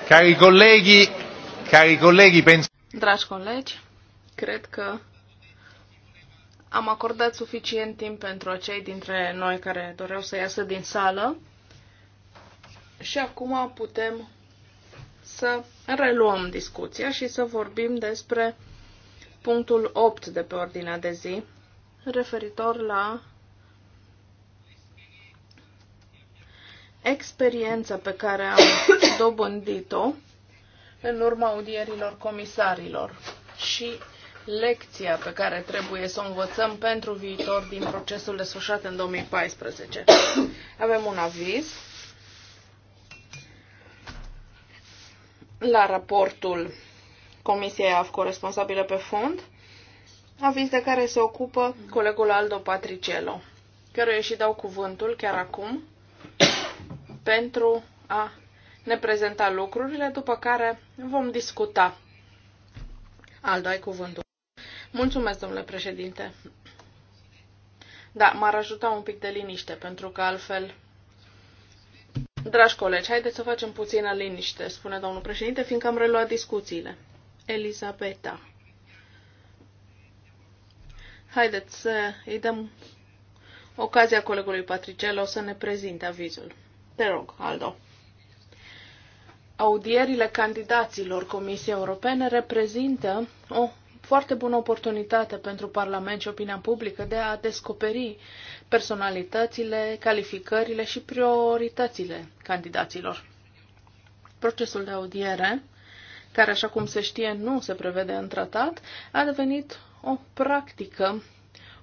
Cari colleghi, cari colleghi, penso... Dragi colegi, cred că am acordat suficient timp pentru acei dintre noi care doreau să iasă din sală și acum putem să reluăm discuția și să vorbim despre punctul 8 de pe ordinea de zi, referitor la experiența pe care am dobândit-o în urma audierilor comisarilor și lecția pe care trebuie să o învățăm pentru viitor din procesul desfășurat în 2014. Avem un aviz la raportul Comisiei AFCO responsabilă pe fond, aviz de care se ocupă colegul Aldo Patricello, căruia și dau cuvântul chiar acum pentru a ne prezenta lucrurile, după care vom discuta. Al doi cuvântul. Mulțumesc, domnule președinte. Da, m-ar ajuta un pic de liniște, pentru că altfel... Dragi colegi, haideți să facem puțină liniște, spune domnul președinte, fiindcă am reluat discuțiile. Elisabeta. Haideți să îi dăm ocazia colegului Patricello să ne prezinte avizul. Te rog, Aldo. Audierile candidaților Comisiei Europene reprezintă o foarte bună oportunitate pentru Parlament și opinia publică de a descoperi personalitățile, calificările și prioritățile candidaților. Procesul de audiere, care, așa cum se știe, nu se prevede în tratat, a devenit o practică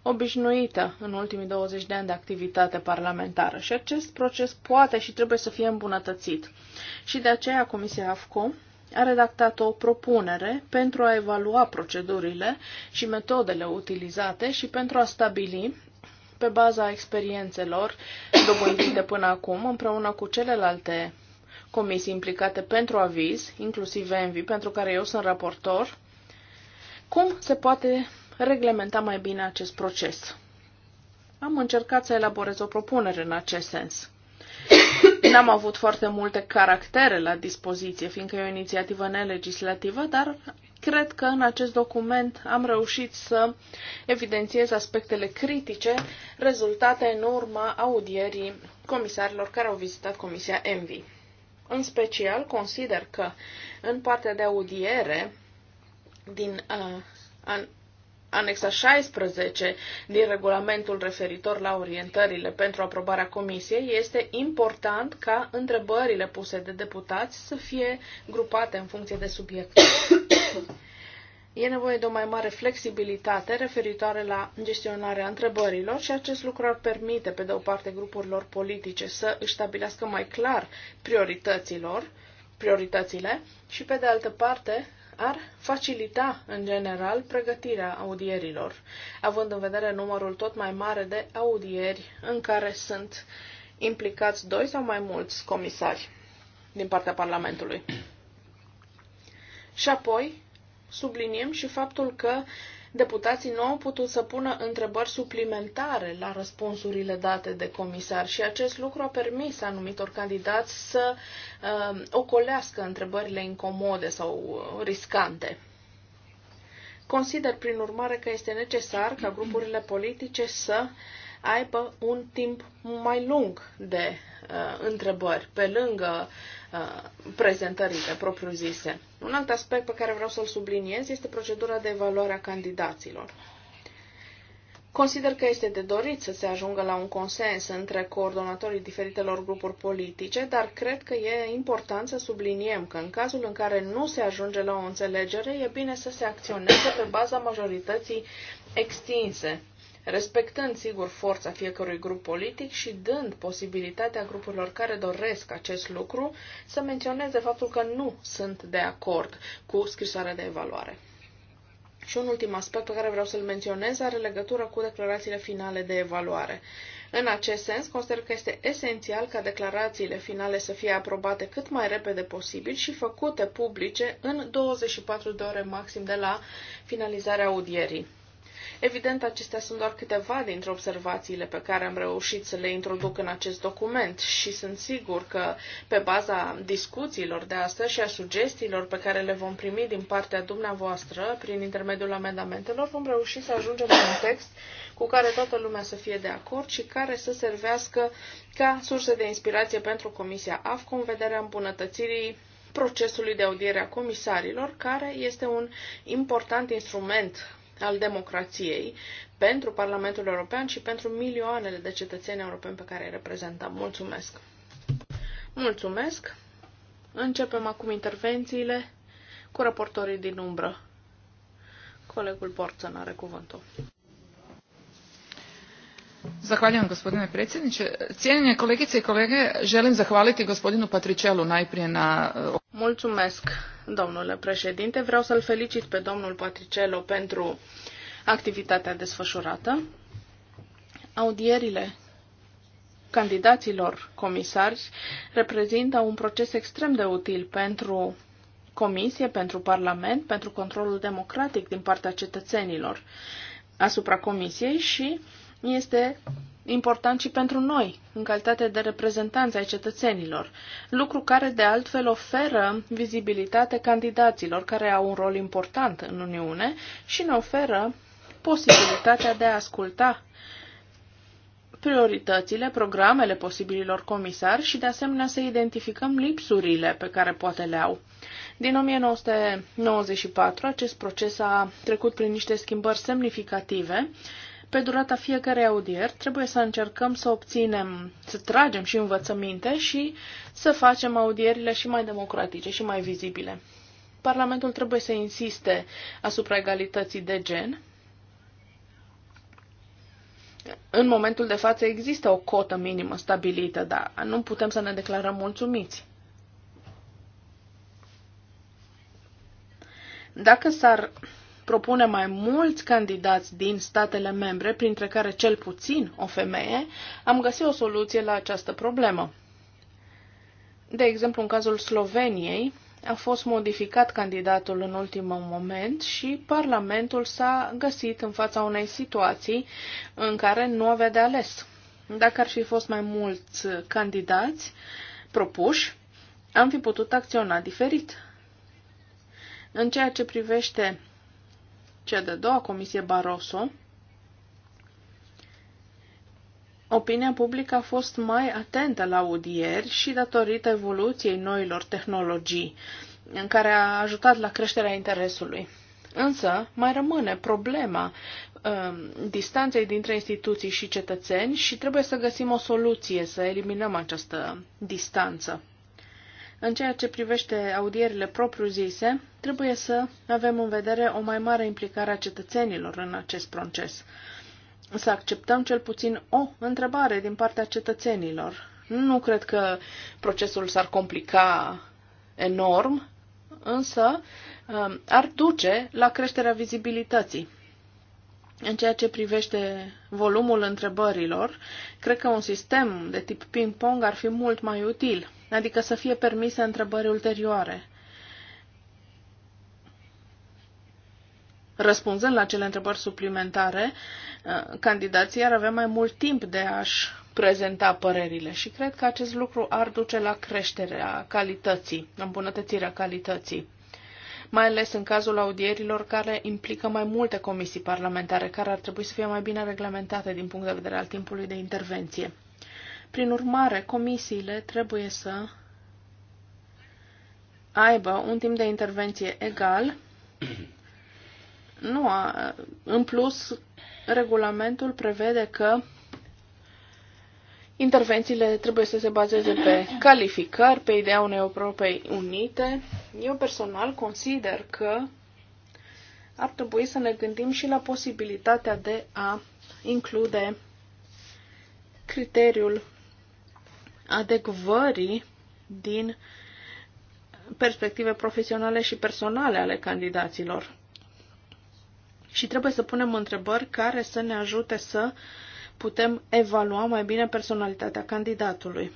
obișnuită în ultimii 20 de ani de activitate parlamentară și acest proces poate și trebuie să fie îmbunătățit. Și de aceea Comisia AFCO a redactat o propunere pentru a evalua procedurile și metodele utilizate și pentru a stabili pe baza experiențelor dobândite până acum, împreună cu celelalte comisii implicate pentru aviz, inclusiv ENVI, pentru care eu sunt raportor, cum se poate reglementa mai bine acest proces. Am încercat să elaborez o propunere în acest sens. N-am avut foarte multe caractere la dispoziție, fiindcă e o inițiativă nelegislativă, dar cred că în acest document am reușit să evidențiez aspectele critice rezultate în urma audierii comisarilor care au vizitat Comisia ENVI. În special, consider că în partea de audiere din uh, an, anexa 16 din regulamentul referitor la orientările pentru aprobarea comisiei, este important ca întrebările puse de deputați să fie grupate în funcție de subiect. E nevoie de o mai mare flexibilitate referitoare la gestionarea întrebărilor și acest lucru ar permite, pe de o parte, grupurilor politice să își stabilească mai clar priorităților, prioritățile și, pe de altă parte, ar facilita, în general, pregătirea audierilor, având în vedere numărul tot mai mare de audieri în care sunt implicați doi sau mai mulți comisari din partea Parlamentului. Și apoi subliniem și faptul că deputații nu au putut să pună întrebări suplimentare la răspunsurile date de comisar și acest lucru a permis anumitor candidați să uh, ocolească întrebările incomode sau uh, riscante. Consider, prin urmare, că este necesar ca grupurile politice să aibă un timp mai lung de uh, întrebări, pe lângă uh, prezentările propriu-zise. Un alt aspect pe care vreau să-l subliniez este procedura de evaluare a candidaților. Consider că este de dorit să se ajungă la un consens între coordonatorii diferitelor grupuri politice, dar cred că e important să subliniem că în cazul în care nu se ajunge la o înțelegere, e bine să se acționeze pe baza majorității extinse respectând sigur forța fiecărui grup politic și dând posibilitatea grupurilor care doresc acest lucru să menționeze faptul că nu sunt de acord cu scrisoarea de evaluare. Și un ultim aspect pe care vreau să-l menționez are legătură cu declarațiile finale de evaluare. În acest sens, consider că este esențial ca declarațiile finale să fie aprobate cât mai repede posibil și făcute publice în 24 de ore maxim de la finalizarea audierii. Evident, acestea sunt doar câteva dintre observațiile pe care am reușit să le introduc în acest document și sunt sigur că pe baza discuțiilor de astăzi și a sugestiilor pe care le vom primi din partea dumneavoastră prin intermediul amendamentelor, vom reuși să ajungem la un text cu care toată lumea să fie de acord și care să servească ca sursă de inspirație pentru Comisia AFCO în vederea îmbunătățirii procesului de audiere a comisarilor, care este un important instrument al democrației pentru Parlamentul European și pentru milioanele de cetățeni europeni pe care îi reprezentăm. Mulțumesc! Mulțumesc! Începem acum intervențiile cu raportorii din umbră. Colegul Borțăn are cuvântul. Zahvaljujem gospodine predsjedniče. Cijenjene kolegice i kolege, želim zahvaliti gospodinu Patricelu najprije na... Mulțumesc domnule președinte. Vreau să-l felicit pe domnul Patricello pentru activitatea desfășurată. Audierile candidaților comisari reprezintă un proces extrem de util pentru Comisie, pentru Parlament, pentru controlul democratic din partea cetățenilor asupra Comisiei și este important și pentru noi, în calitate de reprezentanți ai cetățenilor, lucru care de altfel oferă vizibilitate candidaților care au un rol important în Uniune și ne oferă posibilitatea de a asculta prioritățile, programele posibililor comisari și de asemenea să identificăm lipsurile pe care poate le au. Din 1994, acest proces a trecut prin niște schimbări semnificative pe durata fiecărei audieri trebuie să încercăm să obținem, să tragem și învățăminte și să facem audierile și mai democratice și mai vizibile. Parlamentul trebuie să insiste asupra egalității de gen. În momentul de față există o cotă minimă stabilită, dar nu putem să ne declarăm mulțumiți. Dacă s-ar propune mai mulți candidați din statele membre, printre care cel puțin o femeie, am găsit o soluție la această problemă. De exemplu, în cazul Sloveniei, a fost modificat candidatul în ultimul moment și Parlamentul s-a găsit în fața unei situații în care nu avea de ales. Dacă ar fi fost mai mulți candidați propuși, am fi putut acționa diferit. În ceea ce privește cea de-a doua comisie Barroso, opinia publică a fost mai atentă la audieri și datorită evoluției noilor tehnologii, în care a ajutat la creșterea interesului. Însă, mai rămâne problema uh, distanței dintre instituții și cetățeni și trebuie să găsim o soluție să eliminăm această distanță. În ceea ce privește audierile propriu-zise, trebuie să avem în vedere o mai mare implicare a cetățenilor în acest proces. Să acceptăm cel puțin o întrebare din partea cetățenilor. Nu cred că procesul s-ar complica enorm, însă um, ar duce la creșterea vizibilității. În ceea ce privește volumul întrebărilor, cred că un sistem de tip ping-pong ar fi mult mai util adică să fie permise întrebări ulterioare. Răspunzând la cele întrebări suplimentare, uh, candidații ar avea mai mult timp de a-și prezenta părerile și cred că acest lucru ar duce la creșterea calității, îmbunătățirea calității mai ales în cazul audierilor care implică mai multe comisii parlamentare, care ar trebui să fie mai bine reglementate din punct de vedere al timpului de intervenție. Prin urmare, comisiile trebuie să aibă un timp de intervenție egal. Nu a, în plus, regulamentul prevede că intervențiile trebuie să se bazeze pe calificări, pe ideea unei Europe unite. Eu personal consider că ar trebui să ne gândim și la posibilitatea de a include criteriul adecvării din perspective profesionale și personale ale candidaților. Și trebuie să punem întrebări care să ne ajute să putem evalua mai bine personalitatea candidatului.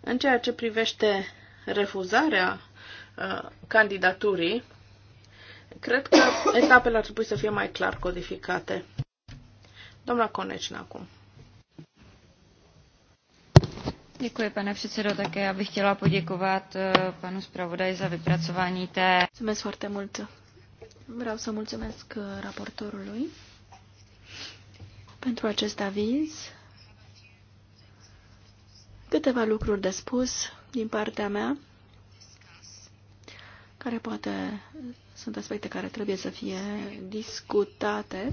În ceea ce privește refuzarea uh, candidaturii, cred că etapele ar trebui să fie mai clar codificate. Doamna Conecina acum. Děkuji, pane předsedo. Také já bych chtěla poděkovat eh, panu zpravodaji za vypracování té... Mulțumesc foarte mult. Vreau să mulțumesc raportorului pentru acest aviz. Câteva lucruri de spus din partea mea, care poate sunt aspecte care trebuie să fie discutate.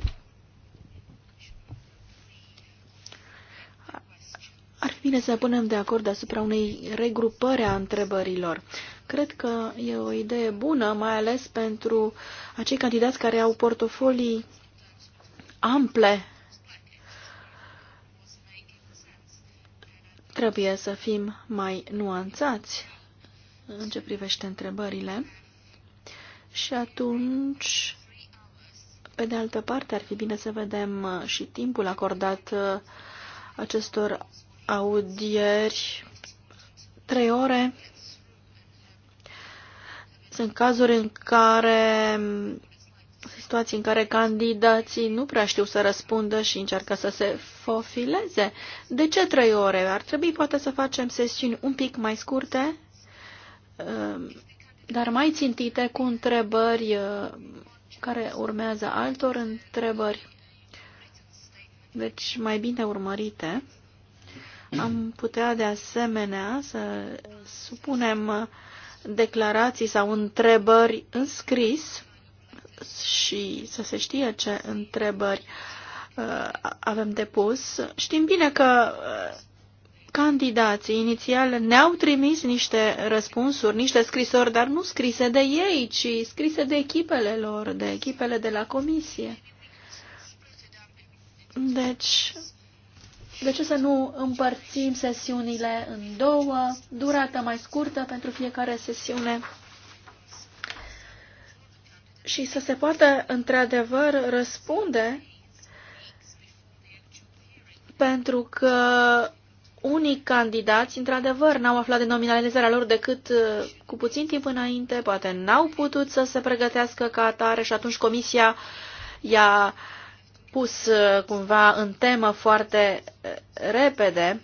Ar fi bine să punem de acord asupra unei regrupări a întrebărilor. Cred că e o idee bună, mai ales pentru acei candidați care au portofolii ample. Trebuie să fim mai nuanțați în ce privește întrebările. Și atunci, pe de altă parte, ar fi bine să vedem și timpul acordat acestor ieri trei ore. Sunt cazuri în care situații în care candidații nu prea știu să răspundă și încearcă să se fofileze. De ce trei ore? Ar trebui poate să facem sesiuni un pic mai scurte, um, dar mai țintite cu întrebări uh, care urmează altor întrebări. Deci mai bine urmărite. Am putea de asemenea să supunem declarații sau întrebări în scris și să se știe ce întrebări uh, avem depus. Știm bine că uh, candidații inițial ne-au trimis niște răspunsuri, niște scrisori, dar nu scrise de ei, ci scrise de echipele lor, de echipele de la comisie. Deci, de ce să nu împărțim sesiunile în două, durată mai scurtă pentru fiecare sesiune și să se poată într-adevăr răspunde pentru că unii candidați, într-adevăr, n-au aflat de nominalizarea lor decât uh, cu puțin timp înainte, poate n-au putut să se pregătească ca atare și atunci comisia i-a uh, pus uh, cumva în temă foarte uh, repede,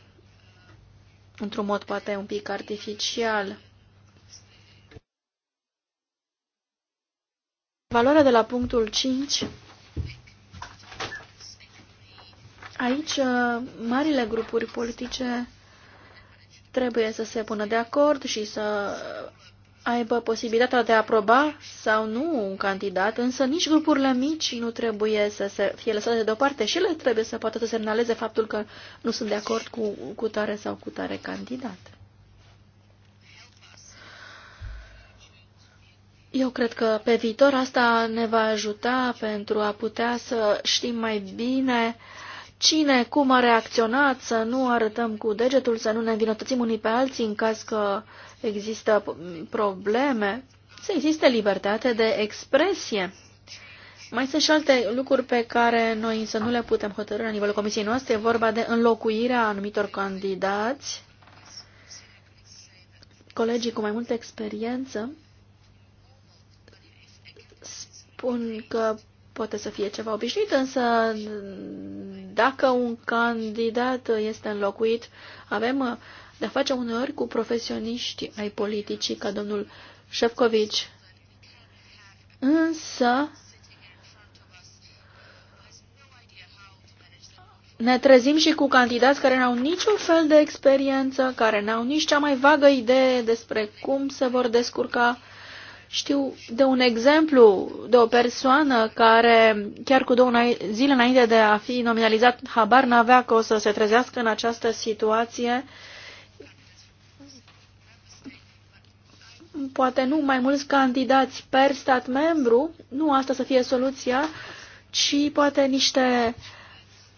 într-un mod poate un pic artificial. Valoarea de la punctul 5. Aici, uh, marile grupuri politice trebuie să se pună de acord și să aibă posibilitatea de a aproba sau nu un candidat, însă nici grupurile mici nu trebuie să se fie lăsate deoparte și ele trebuie să poată să semnaleze faptul că nu sunt de acord cu, cu tare sau cu tare candidat. Eu cred că pe viitor asta ne va ajuta pentru a putea să știm mai bine cine, cum a reacționat, să nu arătăm cu degetul, să nu ne învinătățim unii pe alții în caz că există probleme, să existe libertate de expresie. Mai sunt și alte lucruri pe care noi însă nu le putem hotărâ la nivelul comisiei noastre. E vorba de înlocuirea anumitor candidați, colegii cu mai multă experiență spun că poate să fie ceva obișnuit, însă dacă un candidat este înlocuit, avem de a face uneori cu profesioniști ai politicii, ca domnul Șefcovici. Însă, ne trezim și cu candidați care n-au niciun fel de experiență, care n-au nici cea mai vagă idee despre cum se vor descurca. Știu de un exemplu de o persoană care, chiar cu două zile înainte de a fi nominalizat, habar n-avea că o să se trezească în această situație uh, poate nu mai mulți candidați per stat membru, nu asta să fie soluția, ci poate niște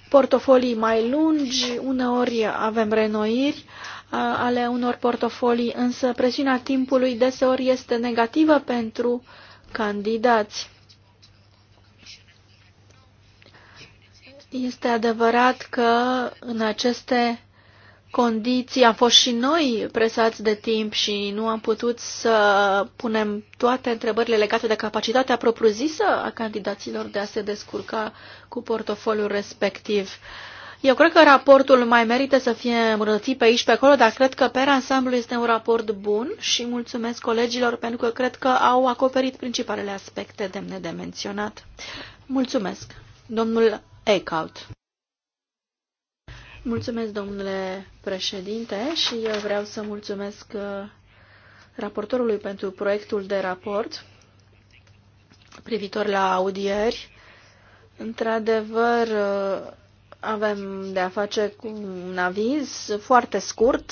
portofolii mai lungi, uneori avem renoiri ale unor portofolii, însă presiunea timpului deseori este negativă pentru candidați. Este adevărat că în aceste condiții, am fost și noi presați de timp și nu am putut să punem toate întrebările legate de capacitatea propriu-zisă a candidaților de a se descurca cu portofoliul respectiv. Eu cred că raportul mai merită să fie îmbunătățit pe aici pe acolo, dar cred că pe ansamblu este un raport bun și mulțumesc colegilor pentru că cred că au acoperit principalele aspecte demne de menționat. Mulțumesc. Domnul Eckhout. Mulțumesc, domnule președinte, și eu vreau să mulțumesc uh, raportorului pentru proiectul de raport privitor la audieri. Într-adevăr, uh, avem de a face cu un aviz foarte scurt,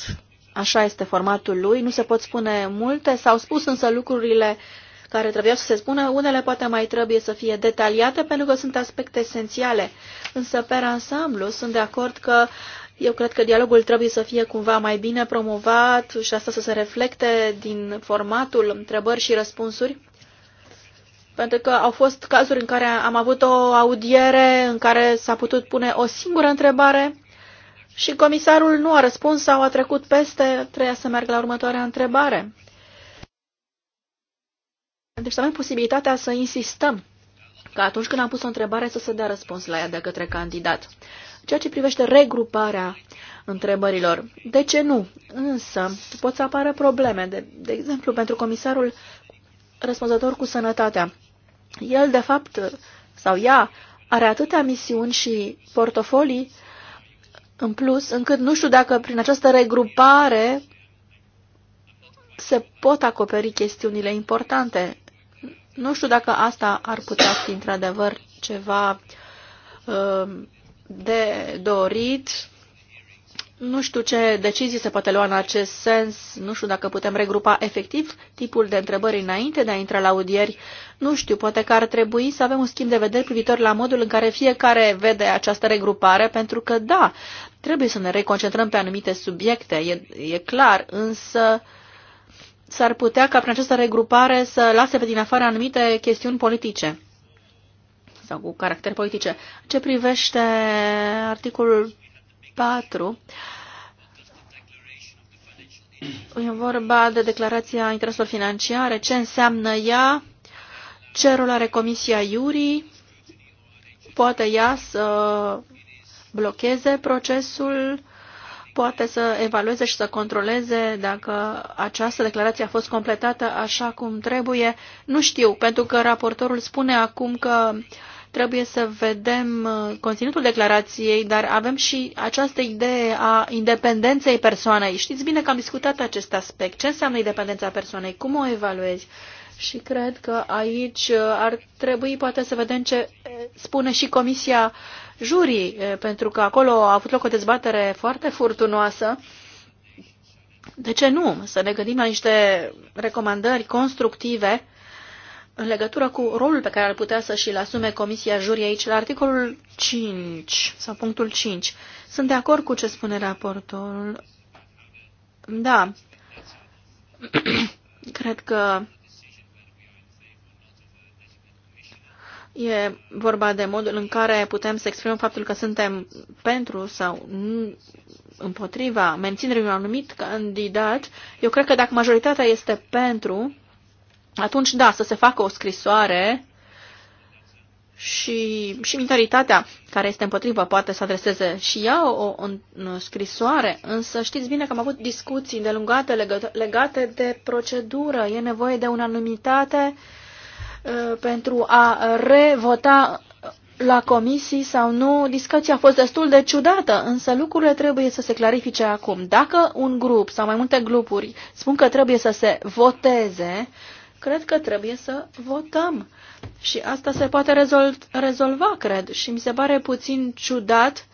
așa este formatul lui, nu se pot spune multe, s-au spus însă lucrurile care trebuiau să se spună. Unele poate mai trebuie să fie detaliate pentru că sunt aspecte esențiale. Însă, pe ansamblu, sunt de acord că eu cred că dialogul trebuie să fie cumva mai bine promovat și asta să se reflecte din formatul întrebări și răspunsuri. Pentru că au fost cazuri în care am avut o audiere în care s-a putut pune o singură întrebare și comisarul nu a răspuns sau a trecut peste, treia să meargă la următoarea întrebare. Deci să avem posibilitatea să insistăm că atunci când am pus o întrebare să se dea răspuns la ea de către candidat. Ceea ce privește regruparea întrebărilor, de ce nu? Însă pot să apară probleme, de, de exemplu pentru comisarul răspunzător cu sănătatea. El, de fapt, sau ea, are atâtea misiuni și portofolii în plus, încât nu știu dacă prin această regrupare se pot acoperi chestiunile importante nu știu dacă asta ar putea fi într-adevăr ceva uh, de dorit. Nu știu ce decizii se poate lua în acest sens, nu știu dacă putem regrupa efectiv tipul de întrebări înainte de a intra la audieri, nu știu, poate că ar trebui să avem un schimb de vedere privitor la modul în care fiecare vede această regrupare, pentru că da, trebuie să ne reconcentrăm pe anumite subiecte, e, e clar, însă uh, s-ar putea ca prin această regrupare să lase pe din afară anumite chestiuni politice sau cu caracter politice. Ce privește articolul 4, e vorba de declarația intereselor financiare, ce înseamnă ea, ce rol are Comisia Iurii, poate ea să blocheze procesul poate să evalueze și să controleze dacă această declarație a fost completată așa cum trebuie. Nu știu, pentru că raportorul spune acum că trebuie să vedem uh, conținutul declarației, dar avem și această idee a independenței persoanei. Știți bine că am discutat acest aspect. Ce înseamnă independența persoanei? Cum o evaluezi? Și cred că aici uh, ar trebui poate să vedem ce uh, spune și Comisia jurii, pentru că acolo a avut loc o dezbatere foarte furtunoasă. De ce nu? Să ne gândim la niște recomandări constructive în legătură cu rolul pe care ar putea să și-l asume Comisia Jurii aici, la articolul 5 sau punctul 5. Sunt de acord cu ce spune raportul. Da. Cred că E vorba de modul în care putem să exprimăm faptul că suntem pentru sau împotriva menținerii unui anumit candidat. Eu cred că dacă majoritatea este pentru, atunci da, să se facă o scrisoare și, și minoritatea care este împotrivă poate să adreseze și ea o, o, o scrisoare, însă știți bine că am avut discuții îndelungate legate de procedură. E nevoie de unanimitate uh, Uh, pentru a revota la comisii sau nu, discuția a fost destul de ciudată, însă lucrurile trebuie să se clarifice acum. Dacă un grup sau mai multe grupuri spun că trebuie să se voteze, cred că trebuie să votăm. Și asta se poate rezol rezolva, cred. Și mi se pare puțin ciudat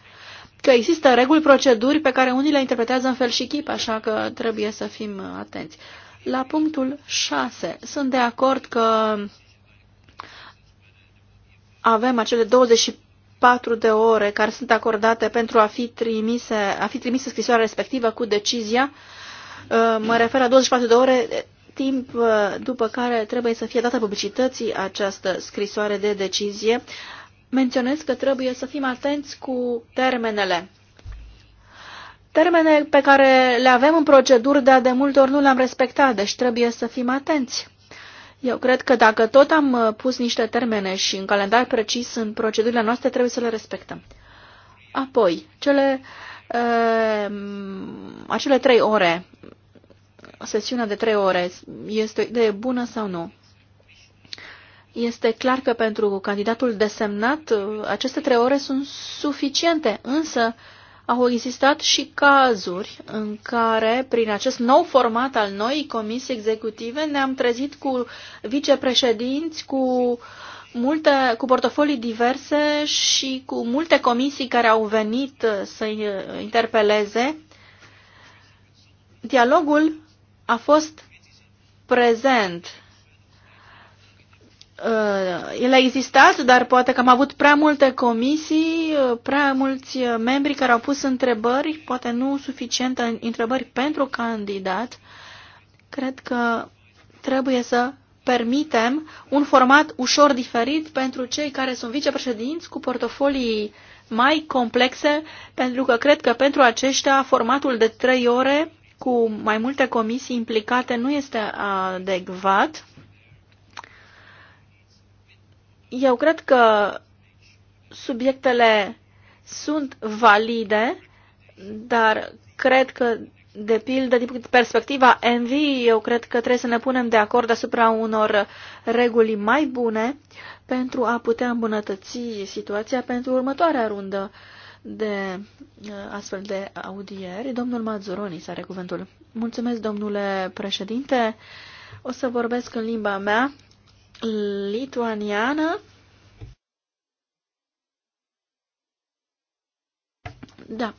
că există reguli, proceduri pe care unii le interpretează în fel și chip, așa că trebuie să fim atenți. La punctul 6, sunt de acord că avem acele 24 de ore care sunt acordate pentru a fi trimise, a fi trimise scrisoarea respectivă cu decizia, uh, mă refer la 24 de ore eh, timp uh, după care trebuie să fie dată publicității această scrisoare de decizie, menționez că trebuie să fim atenți cu termenele. Termene pe care le avem în proceduri, dar de multe ori nu le-am respectat, deci trebuie să fim atenți. Eu cred că dacă tot am uh, pus niște termene și în calendar precis în procedurile noastre, trebuie să le respectăm. Apoi, cele, uh, acele trei ore, sesiunea de trei ore, este o idee bună sau nu? Este clar că pentru candidatul desemnat uh, aceste trei ore sunt suficiente, însă uh, au existat și cazuri în care, prin acest nou format al noii comisii executive, ne-am trezit cu vicepreședinți, cu multe, cu portofolii diverse și cu multe comisii care au venit să interpeleze. Dialogul a fost prezent Uh, el a existat, dar poate că am avut prea multe comisii, uh, prea mulți uh, membri care au pus întrebări, poate nu suficiente întrebări pentru candidat. Cred că trebuie să permitem un format ușor diferit pentru cei care sunt vicepreședinți cu portofolii mai complexe, pentru că cred că pentru aceștia formatul de trei ore cu mai multe comisii implicate nu este adecvat eu cred că subiectele sunt valide, dar cred că, de pildă, din perspectiva Envy, eu cred că trebuie să ne punem de acord asupra unor reguli mai bune pentru a putea îmbunătăți situația pentru următoarea rundă de uh, astfel de audieri. Domnul Mazzuroni are cuvântul. Mulțumesc, domnule președinte. O să vorbesc în limba mea lituaniană. Da.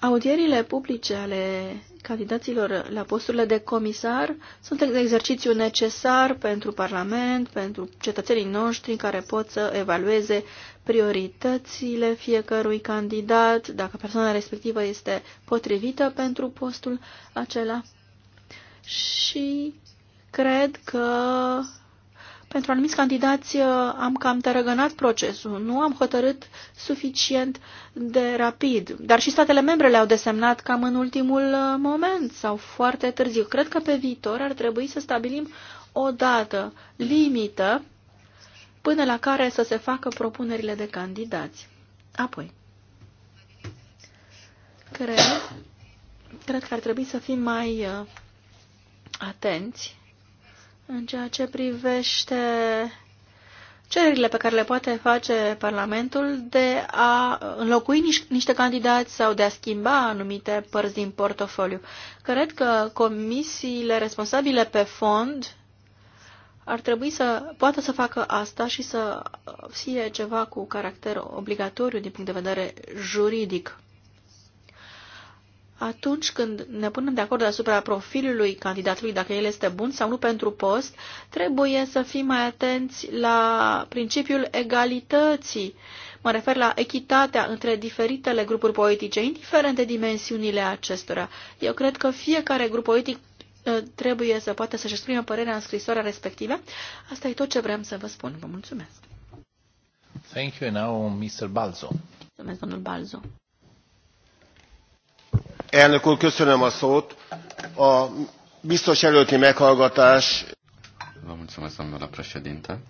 Audierile publice ale candidaților la posturile de comisar sunt un exercițiu necesar pentru Parlament, pentru cetățenii noștri care pot să evalueze prioritățile fiecărui candidat, dacă persoana respectivă este potrivită pentru postul acela. Și cred că pentru anumiți candidați uh, am cam tărăgănat procesul, nu am hotărât suficient de rapid. Dar și statele membre le-au desemnat cam în ultimul uh, moment sau foarte târziu. Cred că pe viitor ar trebui să stabilim o dată limită până la care să se facă propunerile de candidați. Apoi, cred, cred că ar trebui să fim mai uh, atenți în ceea ce privește cererile pe care le poate face Parlamentul de a înlocui niște candidați sau de a schimba anumite părți din portofoliu. Cred că comisiile responsabile pe fond ar trebui să poată să facă asta și să fie ceva cu caracter obligatoriu din punct de vedere juridic atunci când ne punem de acord asupra profilului candidatului, dacă el este bun sau nu pentru post, trebuie să fim mai atenți la principiul egalității. Mă refer la echitatea între diferitele grupuri politice, indiferent de dimensiunile acestora. Eu cred că fiecare grup politic ă, trebuie să poată să-și exprime părerea în scrisoarea respectivă. Asta e tot ce vreau să vă spun. Vă mulțumesc. Thank you. Now, Mr. Balzo. Mulțumesc, domnul Balzo. Elnök úr, köszönöm a szót. A biztos előtti meghallgatás... Vă mulțumesc, domnule președinte.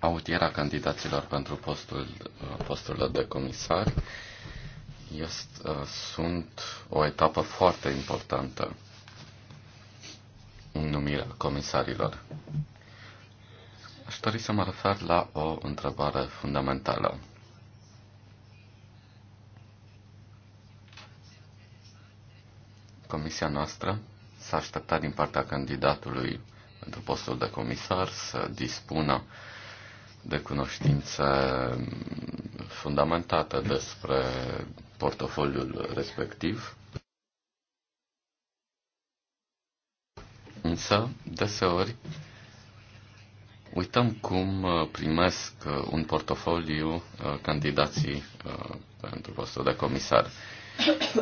Audierea candidaților pentru postul, posturile de comisar este, sunt o etapă foarte importantă în numirea comisarilor. Aș dori să mă refer la o întrebare fundamentală. comisia noastră s-a așteptat din partea candidatului pentru postul de comisar să dispună de cunoștințe fundamentate despre portofoliul respectiv. Însă, deseori, uităm cum uh, primesc uh, un portofoliu uh, candidații pentru postul de comisar.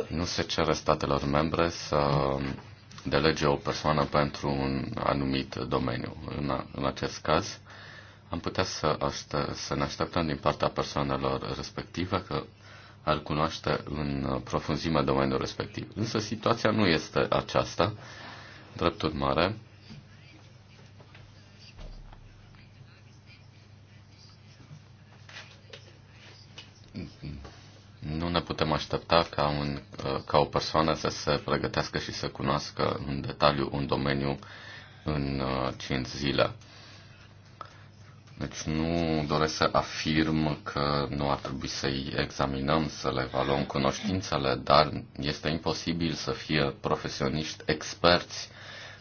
Nu se cere statelor membre să delege o persoană pentru un anumit domeniu. În, a, în acest caz, am putea să, aște, să ne așteptăm din partea persoanelor respective că ar cunoaște în profunzime domeniul respectiv. Însă situația nu este aceasta. Drept urmare, nu ne putem aștepta ca, un, ca o persoană să se pregătească și să cunoască în detaliu un domeniu în 5 uh, zile. Deci nu doresc să afirm că nu ar trebui să-i examinăm, să le evaluăm cunoștințele, dar este imposibil să fie profesioniști experți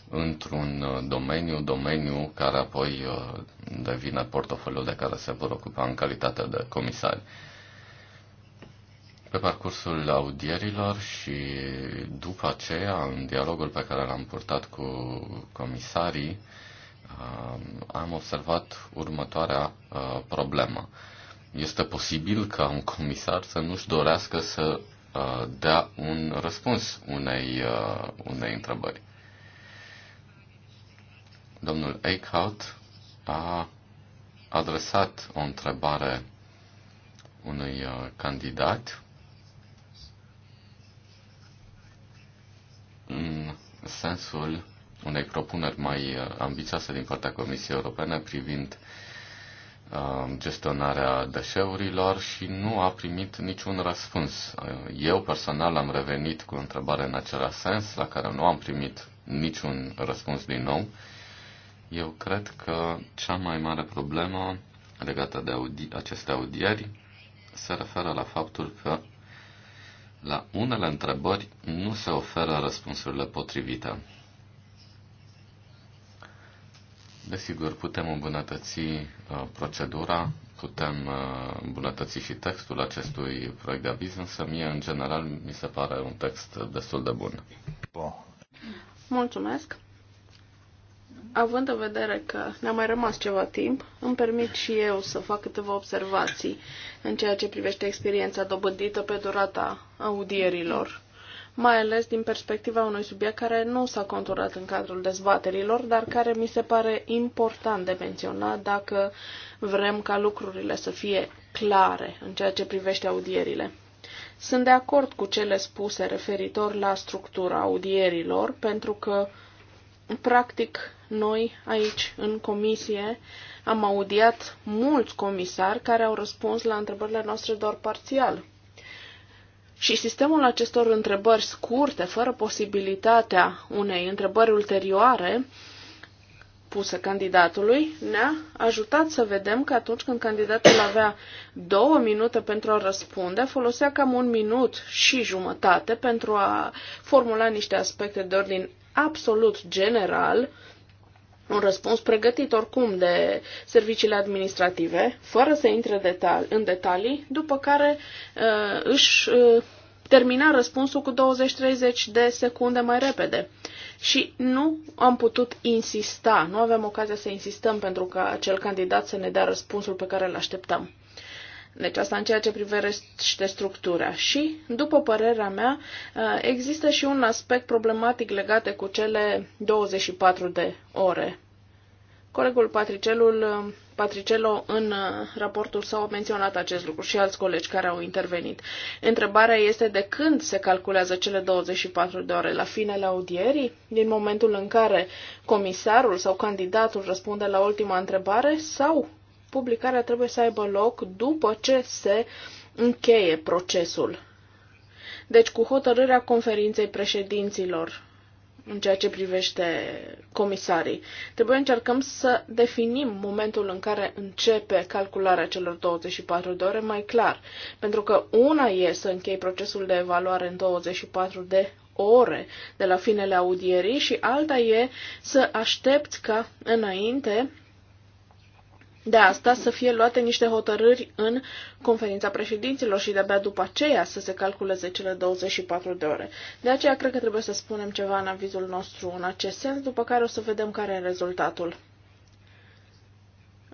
într-un uh, domeniu, domeniu care apoi uh, devine portofoliul de care se vor ocupa în calitate de comisari. Pe parcursul audierilor și după aceea, în dialogul pe care l-am purtat cu comisarii, am observat următoarea uh, problemă. Este posibil ca un comisar să nu-și dorească să uh, dea un răspuns unei, uh, unei întrebări. Domnul Eichhout a adresat o întrebare unui candidat în sensul unei propuneri mai uh, ambițioase din partea Comisiei Europene privind uh, gestionarea deșeurilor și nu a primit niciun răspuns. Uh, eu personal am revenit cu o întrebare în același sens, la care nu am primit niciun răspuns din nou. Eu cred că cea mai mare problemă legată de audi- aceste audieri se referă la faptul că la unele întrebări nu se oferă răspunsurile potrivite. Desigur, putem îmbunătăți uh, procedura, putem uh, îmbunătăți și textul acestui proiect de aviz, însă mie, în general, mi se pare un text destul de bun. Bun. Mulțumesc având în vedere că ne-a mai rămas ceva timp, îmi permit și eu să fac câteva observații în ceea ce privește experiența dobândită pe durata audierilor, mai ales din perspectiva unui subiect care nu s-a conturat în cadrul dezbaterilor, dar care mi se pare important de menționat dacă vrem ca lucrurile să fie clare în ceea ce privește audierile. Sunt de acord cu cele spuse referitor la structura audierilor, pentru că Practic, noi aici, în comisie, am audiat mulți comisari care au răspuns la întrebările noastre doar parțial. Și sistemul acestor întrebări scurte, fără posibilitatea unei întrebări ulterioare pusă candidatului, ne-a ajutat să vedem că atunci când candidatul avea două minute pentru a răspunde, folosea cam un minut și jumătate pentru a formula niște aspecte de ordin absolut general, un răspuns pregătit oricum de serviciile administrative, fără să intre detali, în detalii, după care uh, își uh, termina răspunsul cu 20-30 de secunde mai repede. Și nu am putut insista, nu avem ocazia să insistăm pentru ca acel candidat să ne dea răspunsul pe care îl așteptăm. Deci asta în ceea ce privește structura. Și, după părerea mea, uh, există și un aspect problematic legat cu cele 24 de ore. Colegul Patricelul, uh, Patricelo în uh, raportul său a menționat acest lucru și alți colegi care au intervenit. Întrebarea este de când se calculează cele 24 de ore? La finele audierii? Din momentul în care comisarul sau candidatul răspunde la ultima întrebare? Sau publicarea trebuie să aibă loc după ce se încheie procesul. Deci cu hotărârea conferinței președinților în ceea ce privește comisarii. Trebuie încercăm să definim momentul în care începe calcularea celor 24 de ore mai clar, pentru că una e să închei procesul de evaluare în 24 de ore de la finele audierii și alta e să aștepți ca înainte de asta să fie luate niște hotărâri în conferința președinților și de-abia după aceea să se calculeze cele 24 de ore. De aceea cred că trebuie să spunem ceva în avizul nostru în acest sens, după care o să vedem care e rezultatul.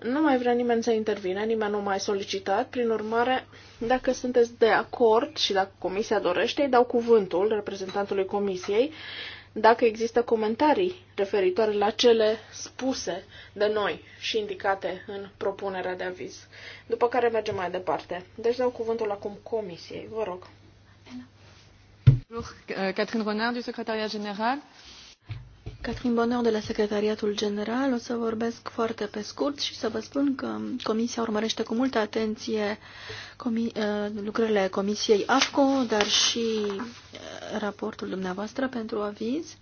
Nu mai vrea nimeni să intervine, nimeni nu mai solicitat, prin urmare, dacă sunteți de acord și dacă comisia dorește, îi dau cuvântul reprezentantului comisiei dacă există comentarii referitoare la cele spuse de noi și indicate în propunerea de aviz. După care mergem mai departe. Deci dau cuvântul acum comisiei. Vă rog. Uh, Catherine Renard du secretariat general. Catrin Bonner de la Secretariatul General. O să vorbesc foarte pe scurt și să vă spun că Comisia urmărește cu multă atenție comi uh, lucrările Comisiei AFCO, dar și uh, raportul dumneavoastră pentru aviz.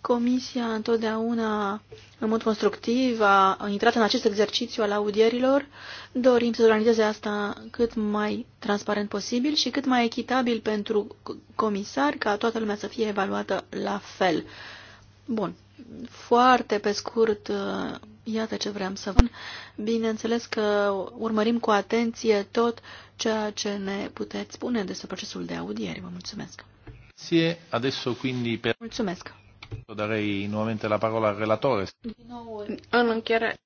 Comisia întotdeauna, în mod constructiv, a intrat în acest exercițiu al audierilor. Dorim să organizeze asta cât mai transparent posibil și cât mai echitabil pentru comisari, ca toată lumea să fie evaluată la fel. Bun. Foarte pe scurt, uh, iată ce vreau să spun. Bineînțeles că urmărim cu atenție tot ceea ce ne puteți spune despre procesul de audieri. Vă mulțumesc. Adesso, quindi, per... Mulțumesc. Darei nuovamente la parola al relatore. În încheiere,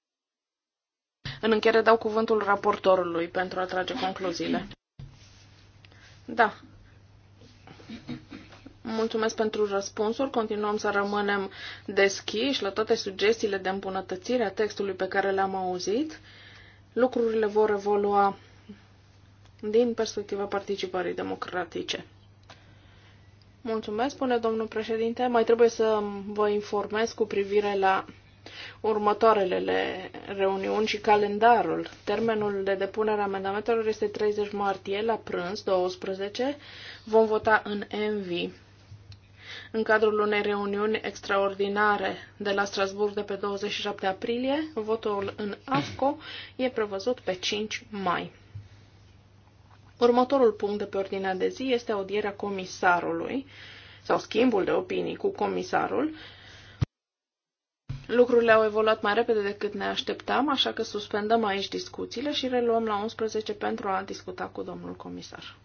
în încheiere dau cuvântul raportorului pentru a trage concluziile. Da. Mulțumesc pentru răspunsuri. Continuăm să rămânem deschiși la toate sugestiile de îmbunătățire a textului pe care le-am auzit. Lucrurile vor evolua din perspectiva participării democratice. Mulțumesc, spune domnul președinte. Mai trebuie să vă informez cu privire la următoarele reuniuni și calendarul. Termenul de depunere a amendamentelor este 30 martie la prânz 12. Vom vota în MV în cadrul unei reuniuni extraordinare de la Strasburg de pe 27 aprilie. Votul în AFCO e prevăzut pe 5 mai. Următorul punct de pe ordinea de zi este audierea comisarului sau schimbul de opinii cu comisarul. Lucrurile au evoluat mai repede decât ne așteptam, așa că suspendăm aici discuțiile și reluăm la 11 pentru a discuta cu domnul comisar.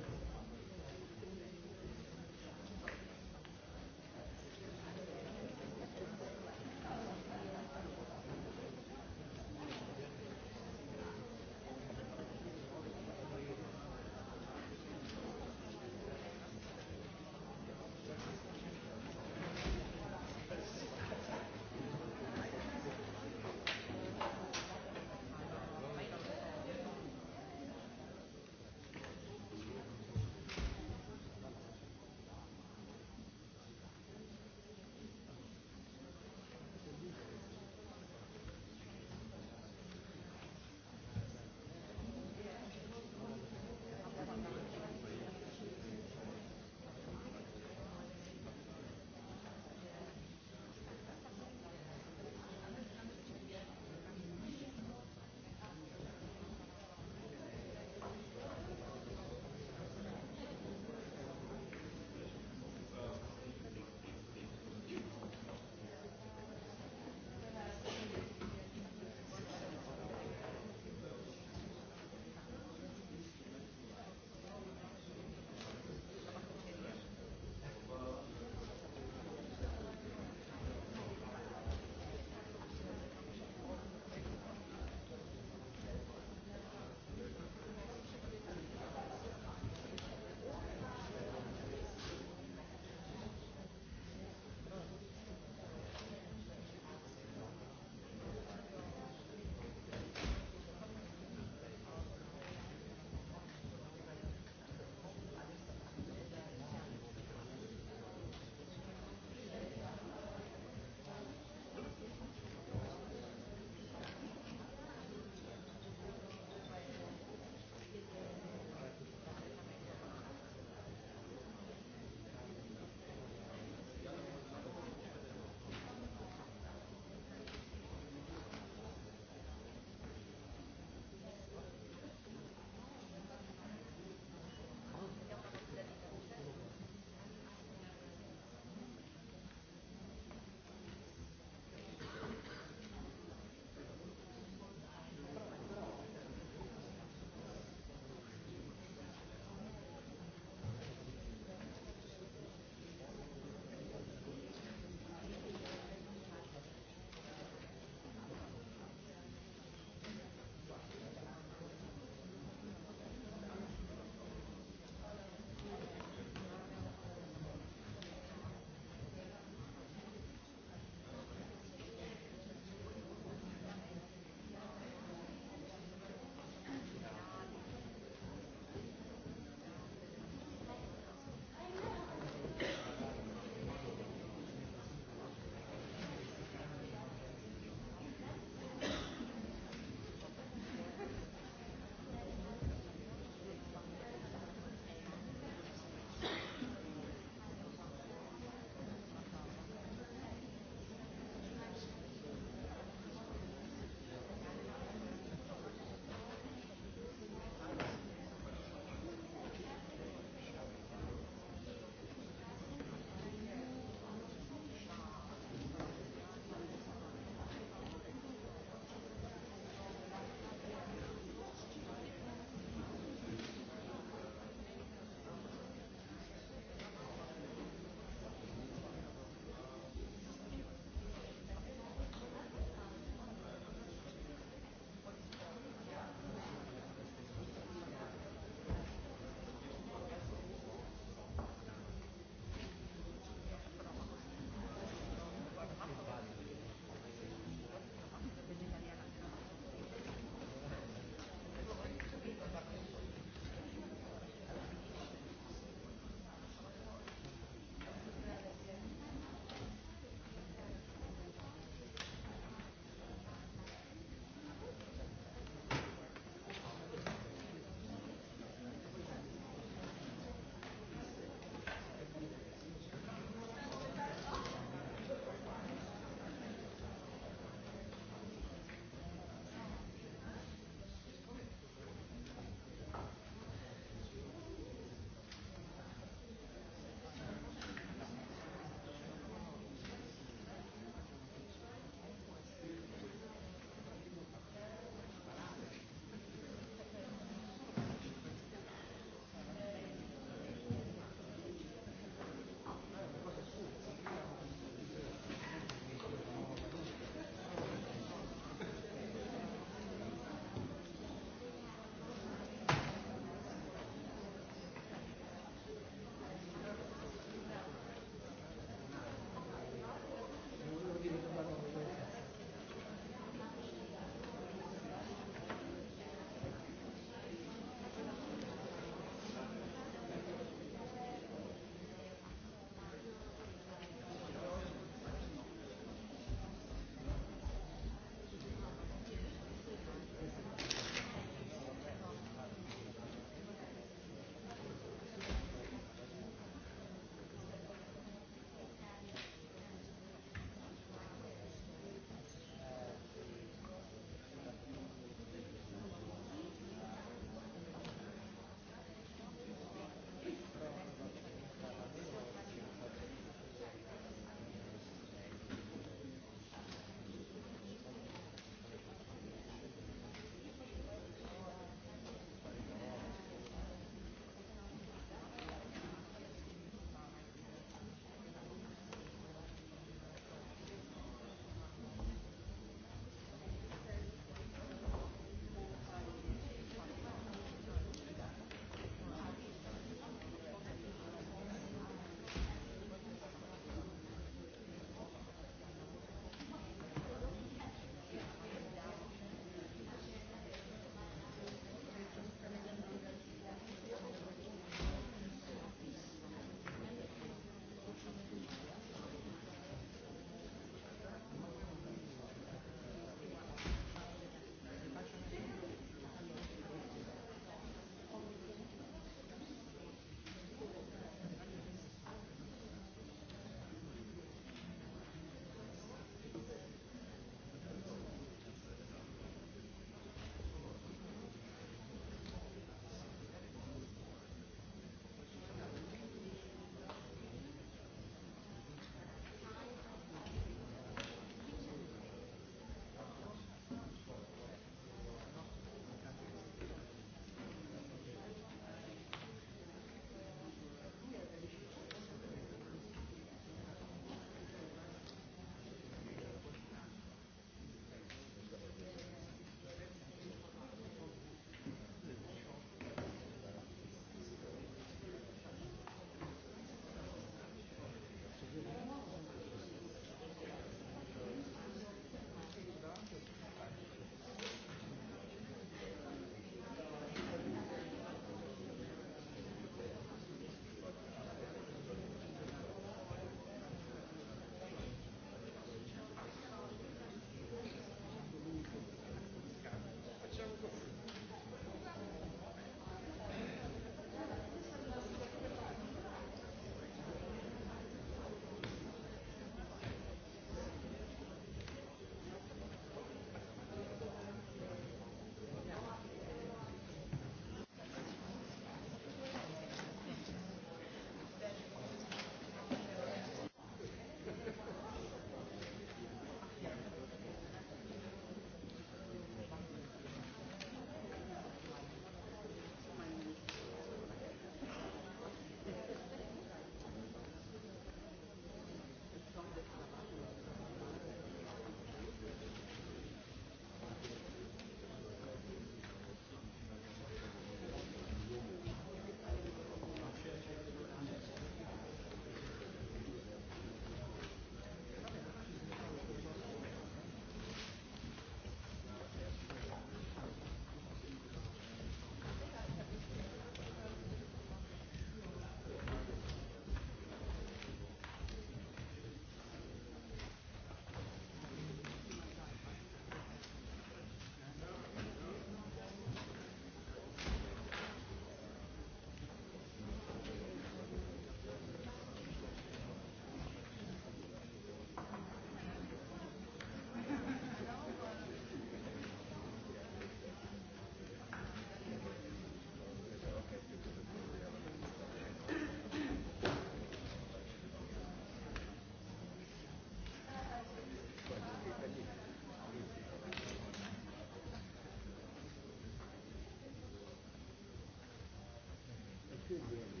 Thank you.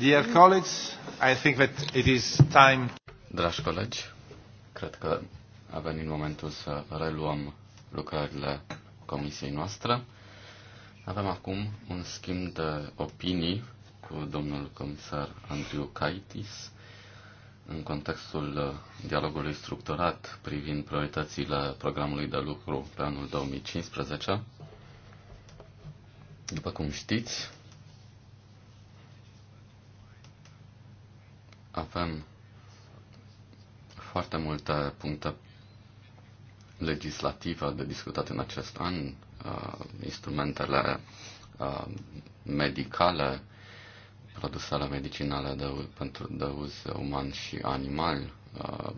Dear colleagues, I think that it is time. Dragi colegi, cred că a venit momentul să reluăm lucrările comisiei noastre. Avem acum un schimb de opinii cu domnul comisar Andriu Kaitis în contextul dialogului structurat privind prioritățile programului de lucru pe anul 2015. După cum știți, Avem foarte multe puncte legislative de discutat în acest an, uh, instrumentele uh, medicale, produsele medicinale de, pentru de uz uman și animal, uh,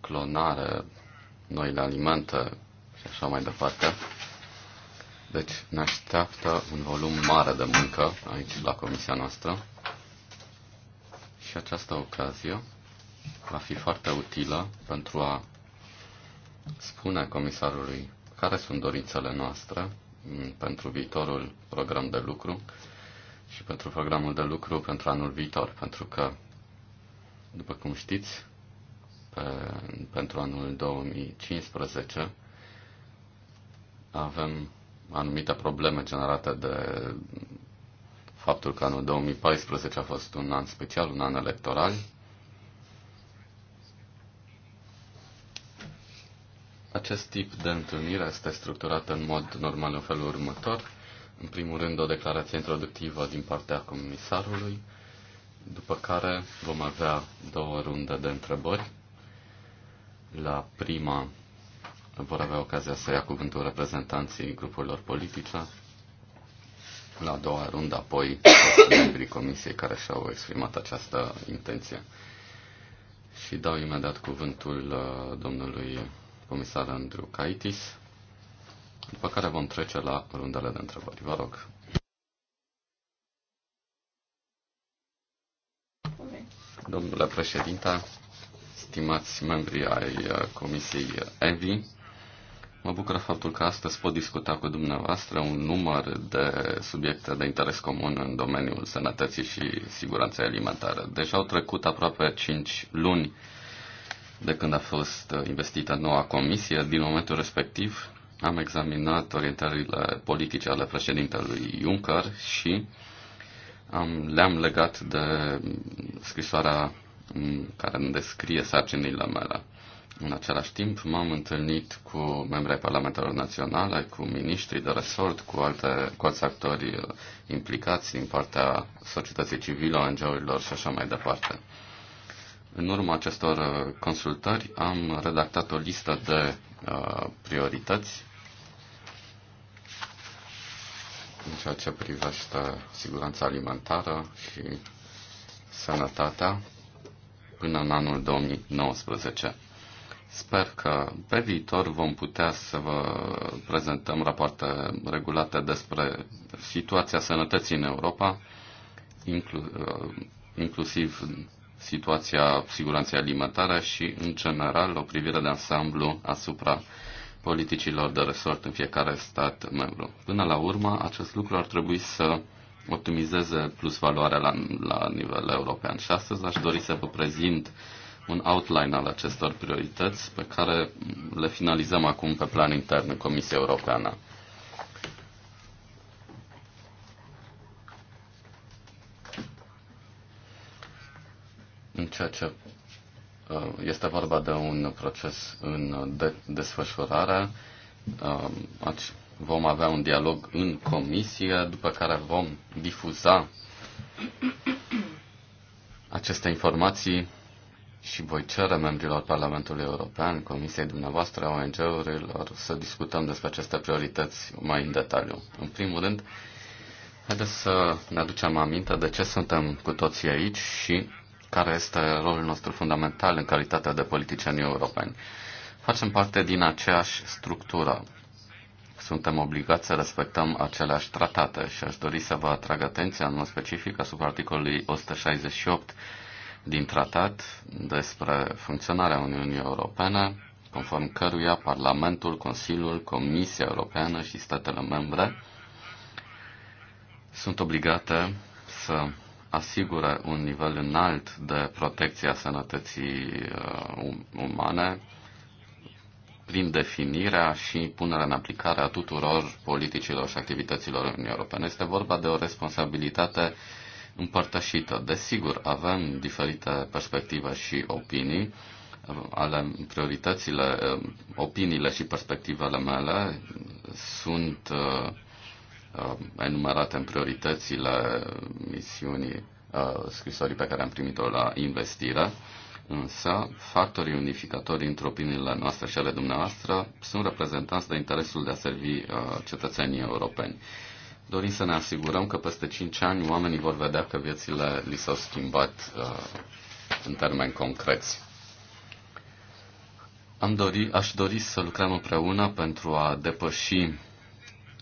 clonare, noile alimente și așa mai departe. Deci ne așteaptă un volum mare de muncă aici la comisia noastră și această ocazie va fi foarte utilă pentru a spune comisarului care sunt dorințele noastre pentru viitorul program de lucru și pentru programul de lucru pentru anul viitor, pentru că, după cum știți, pe, pentru anul 2015 avem anumite probleme generate de faptul că anul 2014 a fost un an special, un an electoral. Acest tip de întâlnire este structurată în mod normal în felul următor. În primul rând, o declarație introductivă din partea comisarului, după care vom avea două runde de întrebări. La prima vor avea ocazia să ia cuvântul reprezentanții grupurilor politice, la a doua rundă apoi membrii comisiei care și-au exprimat această intenție. Și dau imediat cuvântul uh, domnului comisar Andrew Caitis, după care vom trece la rundele de întrebări. Vă rog. Domnule președinte, stimați membri ai uh, Comisiei EVI, Mă bucură faptul că astăzi pot discuta cu dumneavoastră un număr de subiecte de interes comun în domeniul sănătății și siguranței alimentare. Deja au trecut aproape 5 luni de când a fost investită noua comisie. Din momentul respectiv am examinat orientările politice ale președintelui Juncker și am, le-am legat de scrisoarea care îmi descrie sarcinile mele. În același timp, m-am întâlnit cu membrii Parlamentelor Naționale, cu miniștrii de resort, cu, alte, cu alți actori uh, implicați din partea societății civile, ONG-urilor și așa mai departe. În urma acestor uh, consultări am redactat o listă de uh, priorități în ceea ce privește siguranța alimentară și sănătatea până în anul 2019. Sper că pe viitor vom putea să vă prezentăm rapoarte regulate despre situația sănătății în Europa, inclu- uh, inclusiv situația siguranței alimentare și, în general, o privire de ansamblu asupra politicilor de resort în fiecare stat membru. Până la urmă, acest lucru ar trebui să optimizeze plus valoarea la, la nivel european. Și astăzi aș dori să vă prezint uh, un outline al acestor priorități pe care le finalizăm acum pe plan intern în Comisia Europeană. În ceea ce uh, este vorba de un proces în de- desfășurare, uh, vom avea un dialog în comisie, după care vom difuza aceste informații și voi cere membrilor Parlamentului European, Comisiei dumneavoastră, ONG-urilor, să discutăm despre aceste priorități mai în detaliu. În primul rând, haideți să ne aducem aminte de ce suntem cu toții aici și care este rolul nostru fundamental în calitatea de politicieni europeni. Facem parte din aceeași structură. Suntem obligați să respectăm aceleași tratate și aș dori să vă atrag atenția în mod specific asupra articolului 168 din tratat despre funcționarea Uniunii Europene, conform căruia Parlamentul, Consiliul, Comisia Europeană și statele membre sunt obligate să asigură un nivel înalt de protecție a sănătății uh, um, umane prin definirea și punerea în aplicare a tuturor politicilor și activităților Uniunii Europene. Este vorba de o responsabilitate uh, împărtășită. Desigur, avem diferite perspective și opinii eh, ale prioritățile, eh, opiniile și perspectivele mele sunt eh, enumerate în prioritățile misiunii scrisorii pe care am primit-o la investire, însă factorii unificatori între opiniile noastre și ale dumneavoastră sunt reprezentanți de interesul de a servi cetățenii europeni dorim să ne asigurăm că peste 5 ani oamenii vor vedea că viețile li s-au schimbat uh, în termeni concreți. Am dori, aș dori să lucrăm împreună pentru a depăși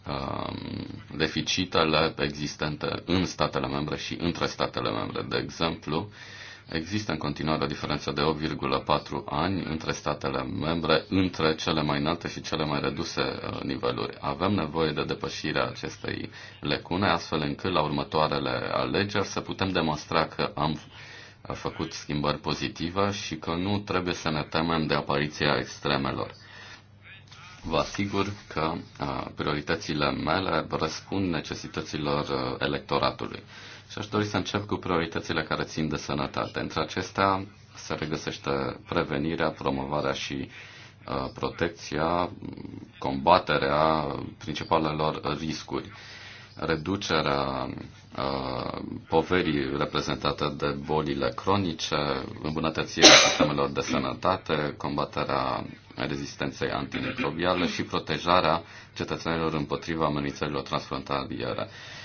um, deficitele existente în statele membre și între statele membre. De exemplu, Există în continuare o diferență de 8,4 ani între statele membre, între cele mai înalte și cele mai reduse uh, niveluri. Avem nevoie de depășirea acestei lecune, astfel încât la următoarele alegeri să putem demonstra că am făcut schimbări pozitive și că nu trebuie să ne temem de apariția extremelor. Vă asigur că uh, prioritățile mele răspund necesităților uh, electoratului. Și aș dori să încep cu prioritățile care țin de sănătate. Între acestea se regăsește prevenirea, promovarea și uh, protecția, combaterea principalelor riscuri, reducerea uh, poverii reprezentate de bolile cronice, îmbunătățirea sistemelor de sănătate, combaterea rezistenței antimicrobiale și protejarea cetățenilor împotriva amenințărilor transfrontaliere. Uh,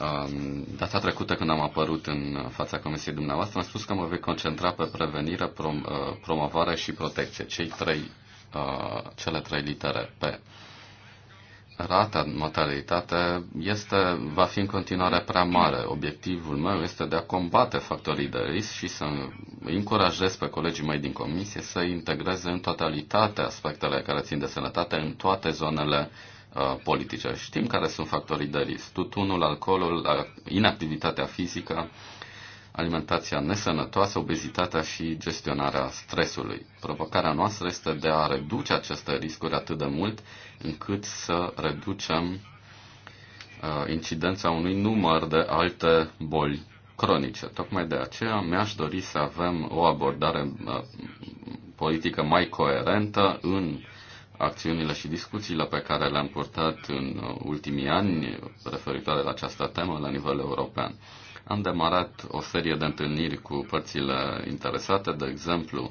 Um, data trecută când am apărut în fața comisiei dumneavoastră, am spus că mă voi concentra pe prevenire, prom, uh, promovare și protecție, cei trei, uh, cele trei litere P. Rata de mortalitate este, va fi în continuare prea mare. Obiectivul meu este de a combate factorii de risc și să încurajez pe colegii mei din comisie să integreze în totalitate aspectele care țin de sănătate în toate zonele uh, Uh, politice. Știm care sunt factorii de risc. Tutunul, alcoolul, inactivitatea fizică, alimentația nesănătoasă, obezitatea și gestionarea stresului. Provocarea noastră este de a reduce aceste riscuri atât de mult încât să reducem uh, incidența unui număr de alte boli cronice. Tocmai de aceea mi-aș dori să avem o abordare uh, politică mai coerentă în acțiunile și discuțiile pe care le-am purtat în ultimii ani referitoare la această temă la nivel european. Am demarat o serie de întâlniri cu părțile interesate, de exemplu,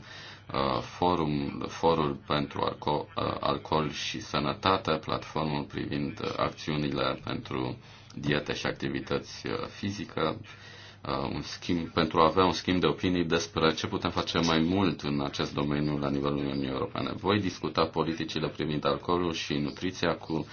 uh, forum, forul pentru uh, alcool și sănătate, platformul privind acțiunile pentru diete și activități uh, fizică, Uh, un schimb, pentru a avea un schimb de opinii despre ce putem face mai mult în acest domeniu la nivelul Uniunii Europene. Voi discuta politicile privind alcoolul și nutriția cu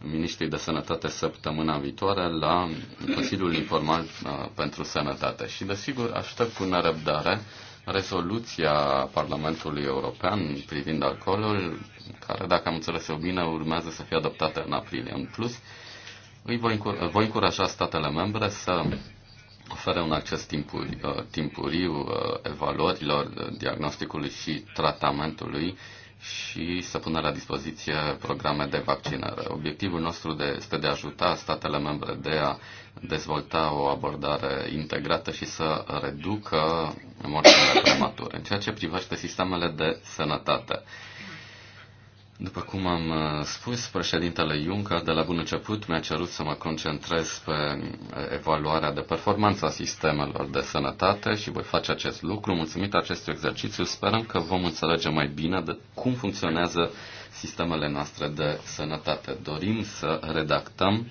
ministrii de sănătate săptămâna viitoare la Consiliul Informal uh, pentru Sănătate. Și desigur aștept cu nerăbdare rezoluția Parlamentului European privind alcoolul, care, dacă am înțeles eu bine, urmează să fie adoptată în aprilie. În plus, îi voi, încur- voi încuraja statele membre să oferă un acces timpuri, uh, timpuriu uh, evaluărilor, uh, diagnosticului și tratamentului și să pună la dispoziție programe de vaccinare. Obiectivul nostru este de a ajuta statele membre de a dezvolta o abordare integrată și să reducă morțile premature. În ceea ce privește sistemele de sănătate, după cum am uh, spus, președintele Juncker de la bun început mi-a cerut să mă concentrez pe uh, evaluarea de performanță a sistemelor de sănătate și voi face acest lucru. Mulțumit acestui exercițiu, sperăm că vom înțelege mai bine de cum funcționează sistemele noastre de sănătate. Dorim să redactăm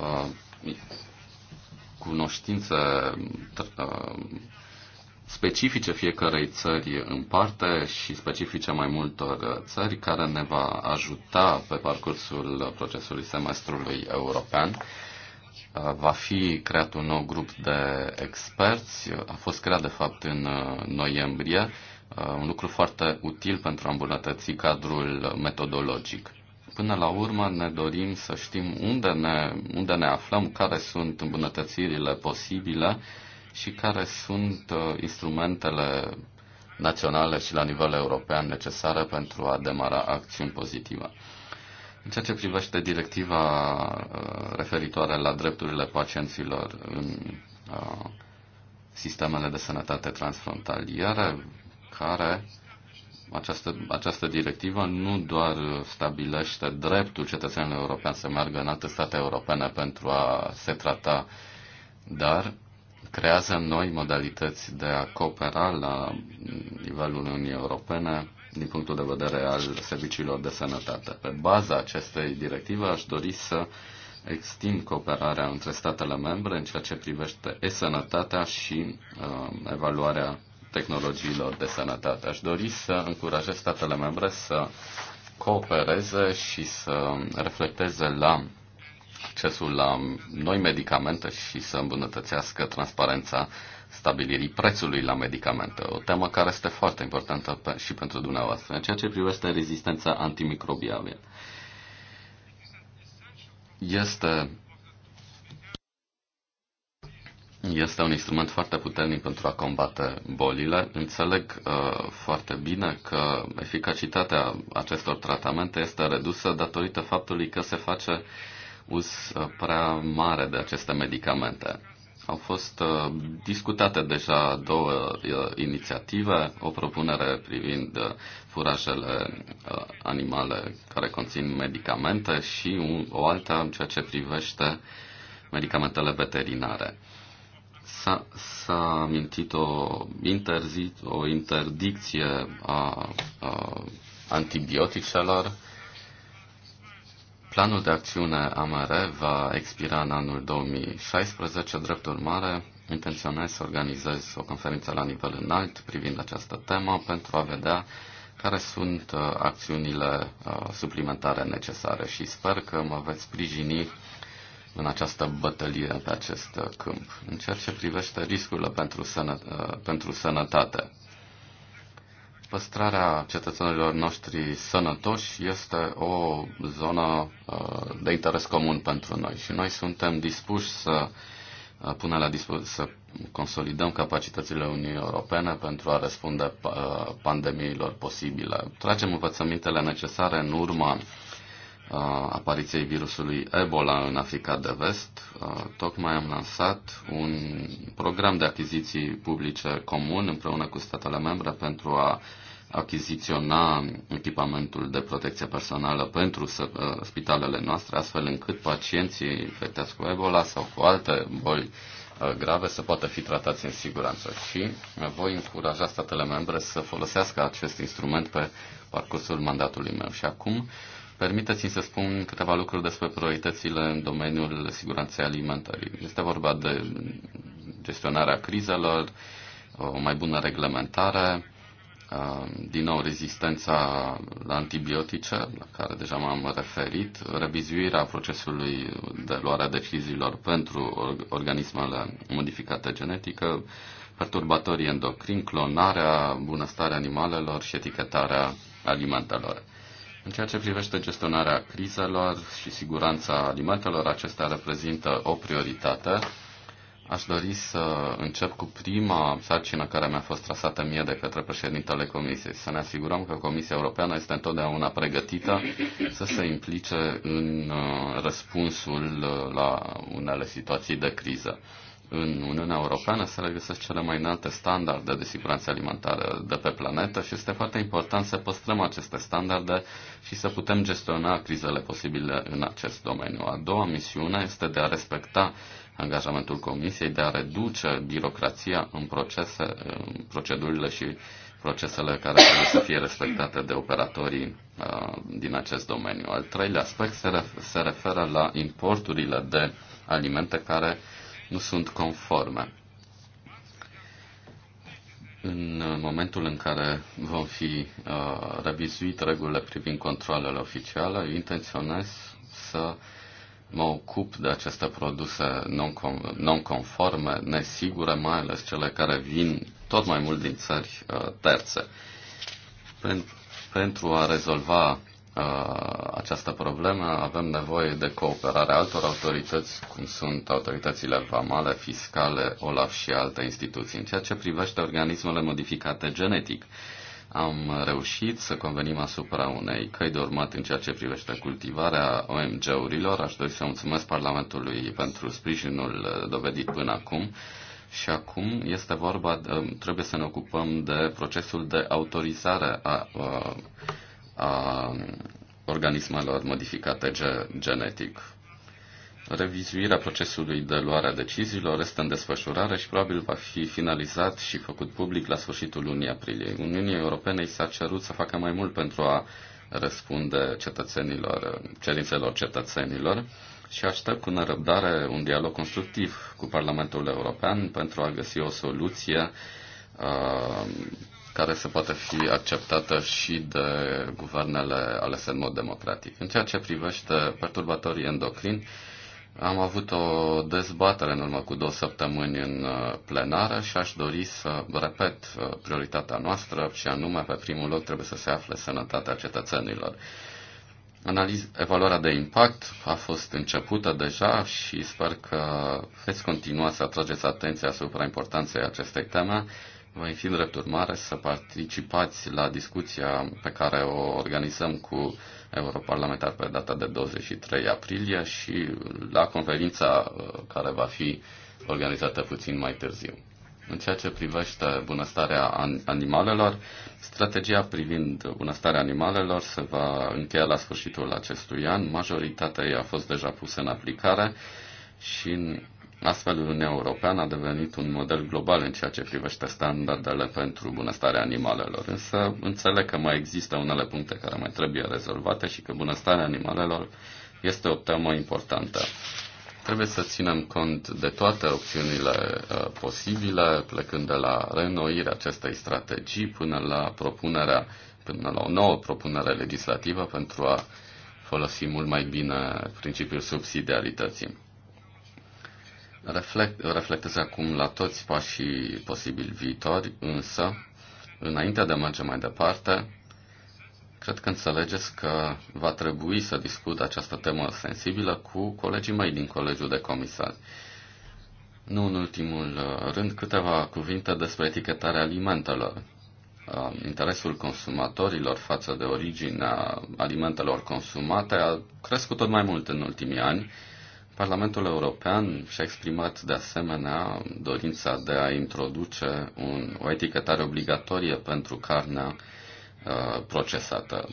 uh, cunoștințe uh, specifice fiecarei țări în parte și specifice mai multor uh, țări, care ne va ajuta pe parcursul procesului semestrului european. Uh, va fi creat un nou grup de experți, a fost creat de fapt în uh, noiembrie, un lucru foarte util pentru a îmbunătăți cadrul metodologic. Până la urmă ne dorim să știm unde ne, unde ne aflăm, care sunt îmbunătățirile posibile și care sunt uh, instrumentele naționale și la nivel european necesare pentru a demara acțiuni pozitive. În ceea ce privește directiva uh, referitoare la drepturile pacienților în uh, sistemele de sănătate transfrontaliere, care această, această directivă nu doar stabilește dreptul cetățenilor europeni să meargă în alte state europene pentru a se trata, dar creează noi modalități de a coopera la nivelul Uniunii Europene din punctul de vedere al serviciilor de sănătate. Pe baza acestei directive aș dori să extind cooperarea între statele membre în ceea ce privește e-sănătatea și uh, evaluarea tehnologiilor de sănătate. Aș dori să încurajez statele membre să coopereze și să reflecteze la accesul la noi medicamente și să îmbunătățească transparența stabilirii prețului la medicamente, o temă care este foarte importantă și pentru dumneavoastră, în ceea ce privește rezistența antimicrobială. Este este un instrument foarte puternic pentru a combate bolile. Înțeleg uh, foarte bine că eficacitatea acestor tratamente este redusă datorită faptului că se face uz uh, prea mare de aceste medicamente. Au fost uh, discutate deja două uh, inițiative, o propunere privind furajele animale care conțin medicamente și o alta în ceea ce privește medicamentele veterinare. S-a, s-a amintit o, interzit, o interdicție a, a antibioticelor Planul de acțiune AMR va expira în anul 2016. Drept urmare, intenționez să organizez o conferință la nivel înalt privind această temă pentru a vedea care sunt uh, acțiunile uh, suplimentare necesare și sper că mă veți sprijini în această bătălie pe acest uh, câmp. În ceea ce privește riscurile pentru, sănă, pentru sănătate, păstrarea cetățenilor noștri sănătoși este o zonă uh, de interes comun pentru noi și noi suntem dispuși să uh, punem la dispoziție, să consolidăm capacitățile Uniunii Europene pentru a răspunde uh, pandemiilor posibile. Tragem învățămintele necesare în urma apariției virusului Ebola în Africa de Vest, tocmai am lansat un program de achiziții publice comun împreună cu statele membre pentru a achiziționa echipamentul de protecție personală pentru spitalele noastre, astfel încât pacienții infectați cu Ebola sau cu alte boli grave să poată fi tratați în siguranță. Și voi încuraja statele membre să folosească acest instrument pe parcursul mandatului meu. Și acum Permiteți-mi să spun câteva lucruri despre prioritățile în domeniul siguranței alimentării. Este vorba de gestionarea crizelor, o mai bună reglementare, uh, din nou rezistența la antibiotice, la care deja m-am referit, revizuirea procesului de luare a deciziilor pentru organismele modificate genetică, perturbatorii endocrini, clonarea, bunăstarea animalelor și etichetarea alimentelor. În ceea ce privește gestionarea crizelor și siguranța alimentelor, acestea reprezintă o prioritate. Aș dori să încep cu prima sarcină care mi-a fost trasată mie de către președintele Comisiei, să ne asigurăm că Comisia Europeană este întotdeauna pregătită să se implice în uh, răspunsul uh, la unele situații de criză în Uniunea Europeană se regăsesc cele mai înalte standarde de siguranță alimentară de pe planetă și este foarte important să păstrăm aceste standarde și să putem gestiona crizele posibile în acest domeniu. A doua misiune este de a respecta angajamentul Comisiei de a reduce birocrația în, procese, în procedurile și procesele care trebuie să fie respectate de operatorii uh, din acest domeniu. Al treilea aspect se, ref- se referă la importurile de alimente care uh, nu sunt conforme. În momentul în care vom fi uh, revizuit regulile privind controlele oficiale, intenționez să mă ocup de aceste produse non-conforme, nesigure, mai ales cele care vin tot mai mult din țări uh, terțe. Pentru a rezolva Uh, această problemă, avem nevoie de cooperarea altor autorități, cum sunt autoritățile vamale, fiscale, OLAF și alte instituții. În ceea ce privește organismele modificate genetic, am reușit să convenim asupra unei căi de urmat în ceea ce privește cultivarea OMG-urilor. Aș dori să mulțumesc Parlamentului pentru sprijinul dovedit până acum. Și acum este vorba, de, trebuie să ne ocupăm de procesul de autorizare a, a uh, a organismelor modificate genetic. Revizuirea procesului de luare a deciziilor este în desfășurare și probabil va fi finalizat și făcut public la sfârșitul lunii aprilie. Uniunii Europene i s-a cerut să facă mai mult pentru a răspunde cetățenilor, cerințelor cetățenilor și aștept cu nerăbdare un dialog constructiv cu Parlamentul European pentru a găsi o soluție uh, care se poate fi acceptată și de guvernele alese în mod democratic. În ceea ce privește perturbatorii endocrini, am avut o dezbatere în urmă cu două săptămâni în uh, plenară și aș dori să repet uh, prioritatea noastră și anume pe primul loc trebuie să se afle sănătatea cetățenilor. Analiz, evaluarea de impact a fost începută deja și sper că veți continua să atrageți atenția asupra importanței acestei teme Vă în drept urmare să participați la discuția pe care o organizăm cu europarlamentar pe data de 23 aprilie și la conferința uh, care va fi organizată puțin mai târziu. În ceea ce privește bunăstarea animalelor, strategia privind bunăstarea animalelor se va încheia la sfârșitul acestui an. Majoritatea ei a fost deja pusă în aplicare și în Astfel, Uniunea Europeană a devenit un model global în ceea ce privește standardele pentru bunăstarea animalelor, însă înțeleg că mai există unele puncte care mai trebuie rezolvate și că bunăstarea animalelor este o temă importantă. Trebuie să ținem cont de toate opțiunile uh, posibile, plecând de la reînnoirea acestei strategii până la propunerea, până la o nouă propunere legislativă pentru a folosi mult mai bine principiul subsidiarității. Reflect, reflectez acum la toți pașii posibili viitori, însă, înainte de a merge mai departe, cred că înțelegeți că va trebui să discut această temă sensibilă cu colegii mei din Colegiul de Comisari. Nu în ultimul uh, rând, câteva cuvinte despre etichetarea alimentelor. Um, interesul consumatorilor față de originea alimentelor consumate a crescut tot mai mult în ultimii ani, Parlamentul European și-a exprimat de asemenea dorința de a introduce un, o etichetare obligatorie pentru carnea uh, procesată.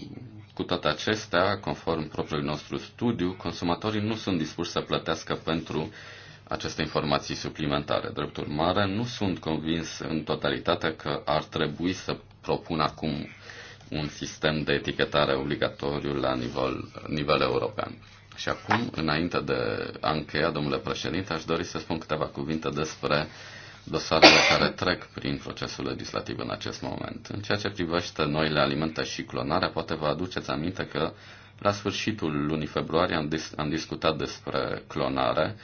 Cu toate acestea, conform propriului nostru studiu, consumatorii nu sunt dispuși să plătească pentru aceste informații suplimentare. Drept urmare, nu sunt convins în totalitate că ar trebui să propun acum un sistem de etichetare obligatoriu la nivel, nivel european. Și acum, înainte de a încheia, domnule președinte, aș dori să spun câteva cuvinte despre dosarele care trec prin procesul legislativ în acest moment. În ceea ce privește noile alimente și clonarea, poate vă aduceți aminte că la sfârșitul lunii februarie am, dis- am discutat despre clonare.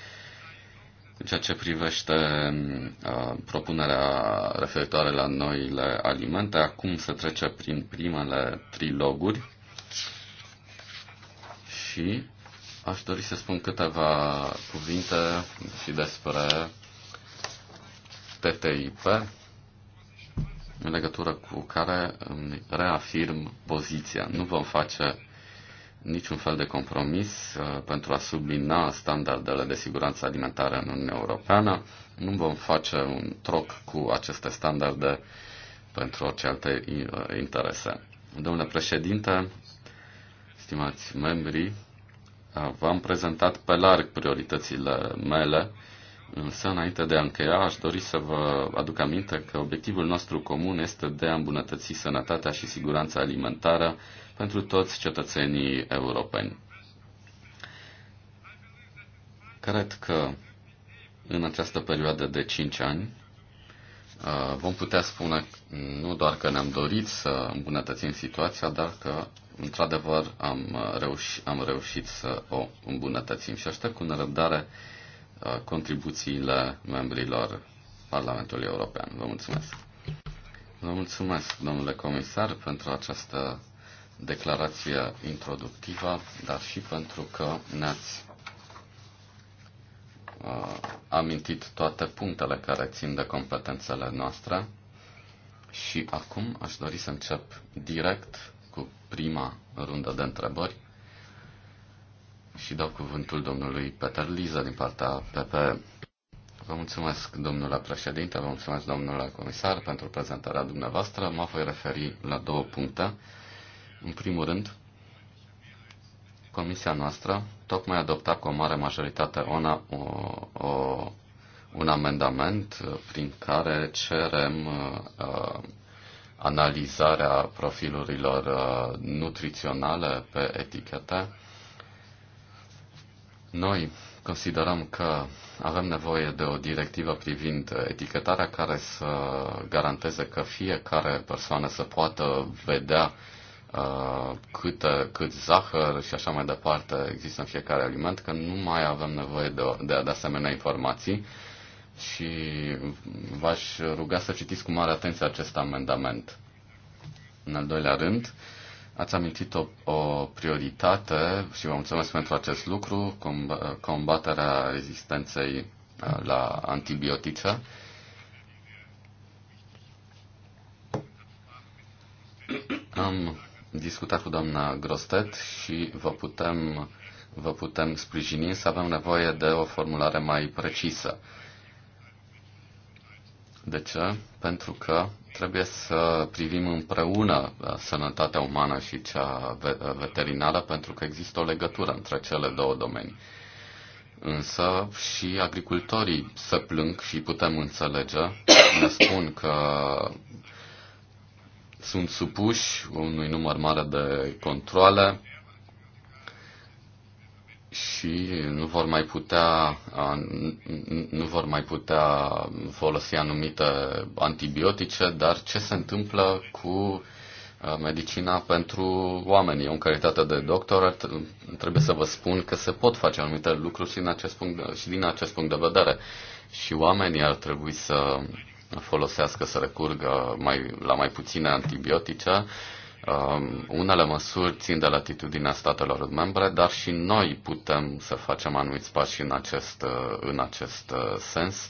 În ceea ce privește uh, propunerea referitoare la noile alimente, acum se trece prin primele triloguri și Aș dori să spun câteva cuvinte și despre TTIP, în legătură cu care reafirm poziția. Nu vom face niciun fel de compromis uh, pentru a sublina standardele de siguranță alimentară în Uniunea Europeană. Nu vom face un troc cu aceste standarde pentru orice alte uh, interese. Domnule președinte, stimați membri, V-am prezentat pe larg prioritățile mele, însă înainte de a încheia aș dori să vă aduc aminte că obiectivul nostru comun este de a îmbunătăți sănătatea și siguranța alimentară pentru toți cetățenii europeni. Cred că în această perioadă de 5 ani uh, vom putea spune nu doar că ne-am dorit să îmbunătățim situația, dar că într-adevăr, am, uh, reuș, am reușit să o îmbunătățim și aștept cu nerăbdare uh, contribuțiile membrilor Parlamentului European. Vă mulțumesc! Vă mulțumesc, domnule comisar, pentru această declarație introductivă, dar și pentru că ne-ați uh, amintit toate punctele care țin de competențele noastre. Și acum aș dori să încep direct cu prima rundă de întrebări și dau cuvântul domnului Peter Liza din partea PP. Vă mulțumesc, domnule președinte, vă mulțumesc, domnule comisar, pentru prezentarea dumneavoastră. Mă voi referi la două puncte. În primul rând, comisia noastră tocmai adoptat cu o mare majoritate una, o, o, un amendament prin care cerem uh, analizarea profilurilor uh, nutriționale pe etichete. Noi considerăm că avem nevoie de o directivă privind etichetarea care să garanteze că fiecare persoană să poată vedea uh, cât, cât zahăr și așa mai departe există în fiecare aliment, că nu mai avem nevoie de, de, de asemenea informații și v-aș ruga să citiți cu mare atenție acest amendament. În al doilea rând, ați amintit o, o prioritate și vă mulțumesc pentru acest lucru, combaterea rezistenței uh, la antibiotice. Am discutat cu doamna Grostet și vă putem, vă putem sprijini să avem nevoie de o formulare mai precisă. De ce? Pentru că trebuie să privim împreună uh, sănătatea umană și cea uh, veterinară, pentru că există o legătură între cele două domenii. Însă și agricultorii se plâng și putem înțelege, ne spun că sunt supuși unui număr mare de controle, și nu vor mai putea, nu vor mai putea folosi anumite antibiotice, dar ce se întâmplă cu medicina pentru oameni. Eu, în calitate de doctor, trebuie să vă spun că se pot face anumite lucruri și, în acest punct, și din acest punct de vedere. Și oamenii ar trebui să folosească, să recurgă mai, la mai puține antibiotice Um, unele măsuri țin de latitudinea statelor membre, dar și noi putem să facem anumiți pași în acest, uh, în acest uh, sens.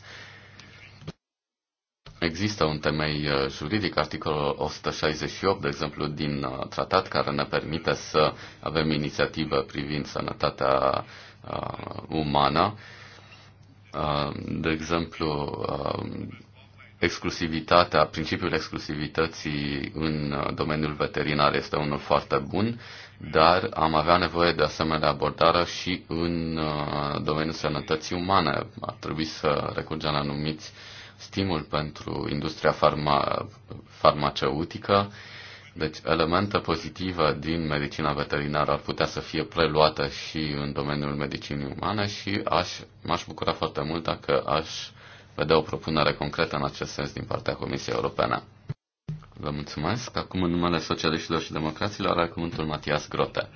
Există un temei uh, juridic, articolul 168, de exemplu, din tratat, care ne permite să avem inițiativă privind sănătatea umană. de exemplu, exclusivitatea, principiul exclusivității în domeniul veterinar este unul foarte bun, dar am avea nevoie de asemenea abordare și în uh, domeniul sănătății umane. Ar trebui să recurgem la anumiți stimul pentru industria farma, farmaceutică. Deci elemente pozitive din medicina veterinară ar putea să fie preluate și în domeniul medicinii umane și aș, m-aș bucura foarte mult dacă aș vedea o propunere concretă în acest sens din partea Comisiei Europene. Vă mulțumesc. Acum, în numele Socialiștilor și Democraților, are cuvântul Matias Grote.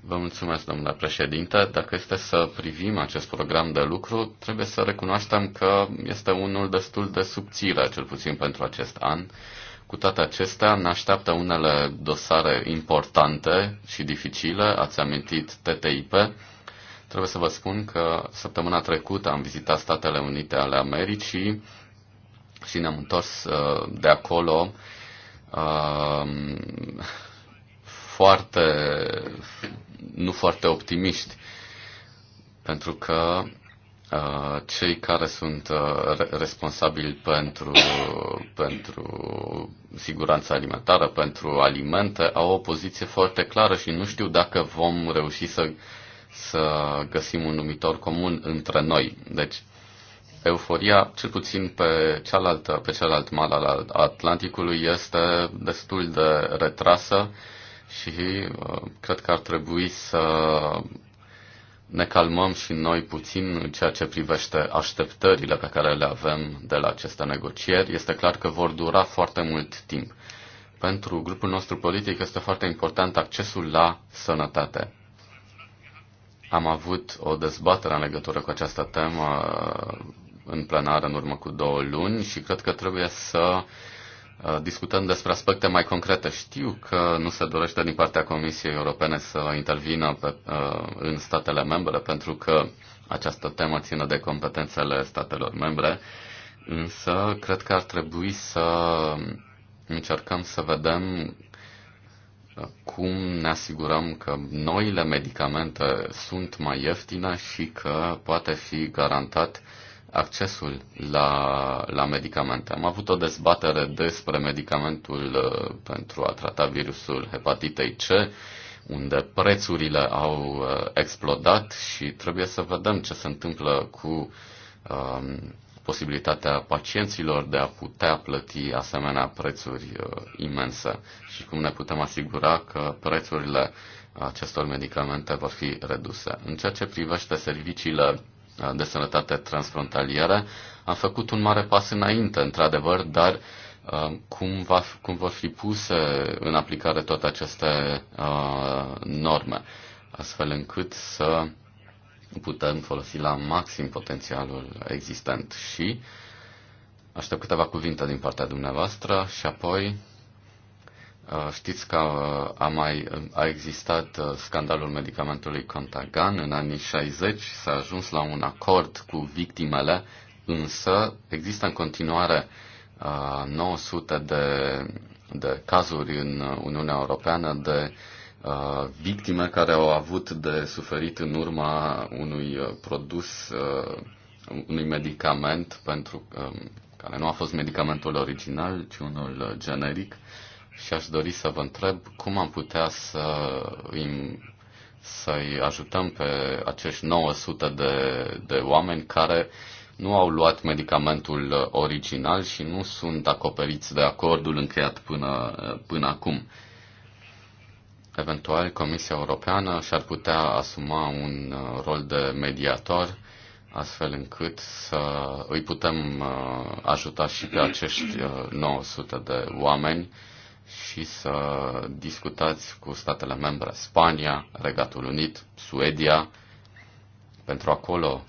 Vă mulțumesc, domnule președinte. Dacă este să privim acest program de lucru, trebuie să recunoaștem că este unul destul de subțire, cel puțin pentru acest an. Cu toate acestea, ne așteaptă unele dosare importante și dificile. Ați amintit TTIP, Trebuie să vă spun că săptămâna trecută am vizitat Statele Unite ale Americii și ne-am întors uh, de acolo um, foarte, nu foarte optimiști, pentru că uh, cei care sunt uh, responsabili pentru, pentru siguranța alimentară, pentru alimente, au o poziție foarte clară și nu știu dacă vom reuși să să găsim un numitor comun între noi. Deci, euforia, cel puțin pe, cealaltă, pe celălalt mal al Atlanticului, este destul de retrasă și uh, cred că ar trebui să ne calmăm și noi puțin în ceea ce privește așteptările pe care le avem de la aceste negocieri. Este clar că vor dura foarte mult timp. Pentru grupul nostru politic este foarte important accesul la sănătate. Am avut o dezbatere în legătură cu această temă în plenară în urmă cu două luni și cred că trebuie să uh, discutăm despre aspecte mai concrete. Știu că nu se dorește din partea Comisiei Europene să intervină pe, uh, în statele membre pentru că această temă ține de competențele statelor membre, însă cred că ar trebui să încercăm să vedem cum ne asigurăm că noile medicamente sunt mai ieftine și că poate fi garantat accesul la, la medicamente. Am avut o dezbatere despre medicamentul uh, pentru a trata virusul hepatitei C, unde prețurile au uh, explodat și trebuie să vedem ce se întâmplă cu um, posibilitatea pacienților de a putea plăti asemenea prețuri uh, imense și cum ne putem asigura că prețurile acestor medicamente vor fi reduse. În ceea ce privește serviciile uh, de sănătate transfrontaliere, am făcut un mare pas înainte, într-adevăr, dar uh, cum, va, cum vor fi puse în aplicare toate aceste uh, norme, astfel încât să putem folosi la maxim potențialul existent și aștept câteva cuvinte din partea dumneavoastră și apoi uh, știți că uh, a mai uh, a existat scandalul medicamentului Contagan în anii 60, s-a ajuns la un acord cu victimele, însă există în continuare 900 de, de cazuri în Uniunea Europeană de uh, victime care au avut de suferit în urma unui uh, produs, uh, unui medicament pentru um, care nu a fost medicamentul original, ci unul uh, generic. Și aș dori să vă întreb cum am putea să îi, să-i ajutăm pe acești 900 de, de oameni care nu au luat medicamentul original și nu sunt acoperiți de acordul încheiat până, până acum. Eventual, Comisia Europeană și-ar putea asuma un uh, rol de mediator, astfel încât să îi putem uh, ajuta și pe acești 900 uh, de oameni și să discutați cu statele membre Spania, Regatul Unit, Suedia, pentru acolo,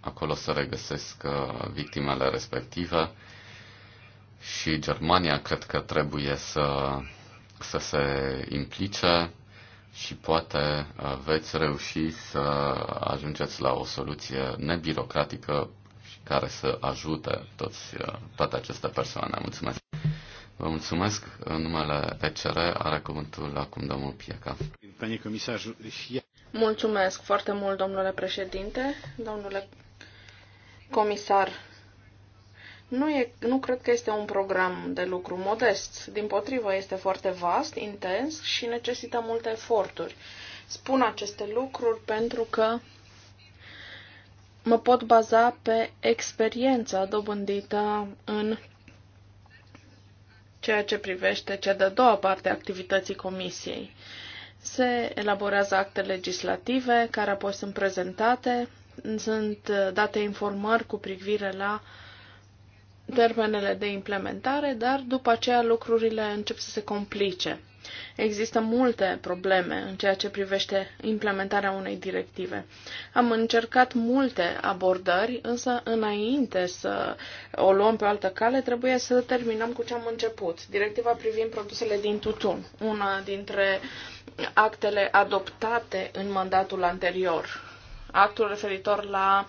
acolo să regăsesc victimele respective și Germania cred că trebuie să să se implice și poate uh, veți reuși să ajungeți la o soluție nebirocratică și care să ajute toți, uh, toate aceste persoane. Mulțumesc! Vă mulțumesc. În numele ECR are cuvântul acum domnul Pieca. Mulțumesc foarte mult, domnule președinte, domnule comisar nu, e, nu cred că este un program de lucru modest. Din potrivă, este foarte vast, intens și necesită multe eforturi. Spun aceste lucruri pentru că mă pot baza pe experiența dobândită în ceea ce privește cea de-a doua parte a activității comisiei. Se elaborează acte legislative care apoi sunt prezentate, sunt date informări cu privire la uh, termenele de implementare, dar după aceea lucrurile încep să se complice. Există multe probleme în ceea ce privește implementarea unei directive. Am încercat multe abordări, însă înainte să o luăm pe o altă cale, trebuie să terminăm cu ce am început. Directiva privind produsele din tutun, una dintre actele adoptate în mandatul anterior. Actul referitor la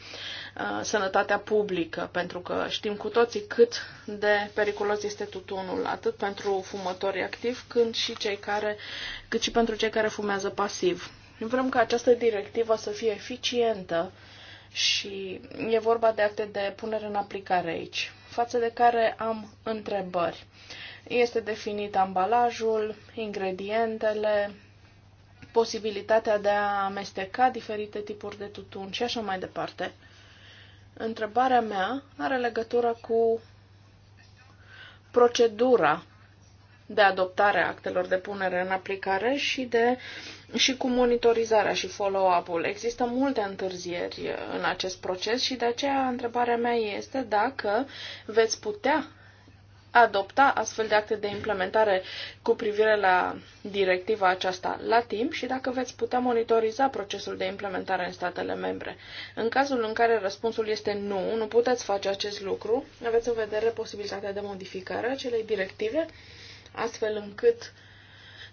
Uh, sănătatea publică, pentru că știm cu toții cât de periculos este tutunul, atât pentru fumătorii activi, cât și, cei care, cât și pentru cei care fumează pasiv. Vrem ca această directivă să fie eficientă și e vorba de acte de punere în aplicare aici, față de care am întrebări. Este definit ambalajul, ingredientele, posibilitatea de a amesteca diferite tipuri de tutun și așa mai departe. Întrebarea mea are legătură cu procedura de adoptare a actelor de punere în aplicare și, de, și cu monitorizarea și follow-up-ul. Există multe întârzieri în acest proces și de aceea întrebarea mea este dacă veți putea adopta astfel de acte de implementare cu privire la directiva aceasta la timp și dacă veți putea monitoriza procesul de implementare în statele membre. În cazul în care răspunsul este nu, nu puteți face acest lucru, aveți în vedere posibilitatea de modificare a acelei directive, astfel încât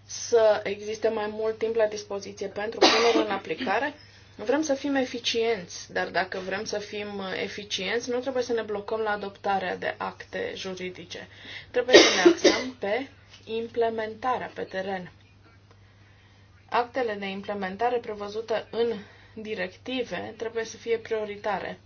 să existe mai mult timp la dispoziție pentru punerea în aplicare Vrem să fim eficienți, dar dacă vrem să fim eficienți, nu trebuie să ne blocăm la adoptarea de acte juridice. Trebuie să ne axăm pe implementarea pe teren. Actele de implementare prevăzute în directive trebuie să fie prioritare.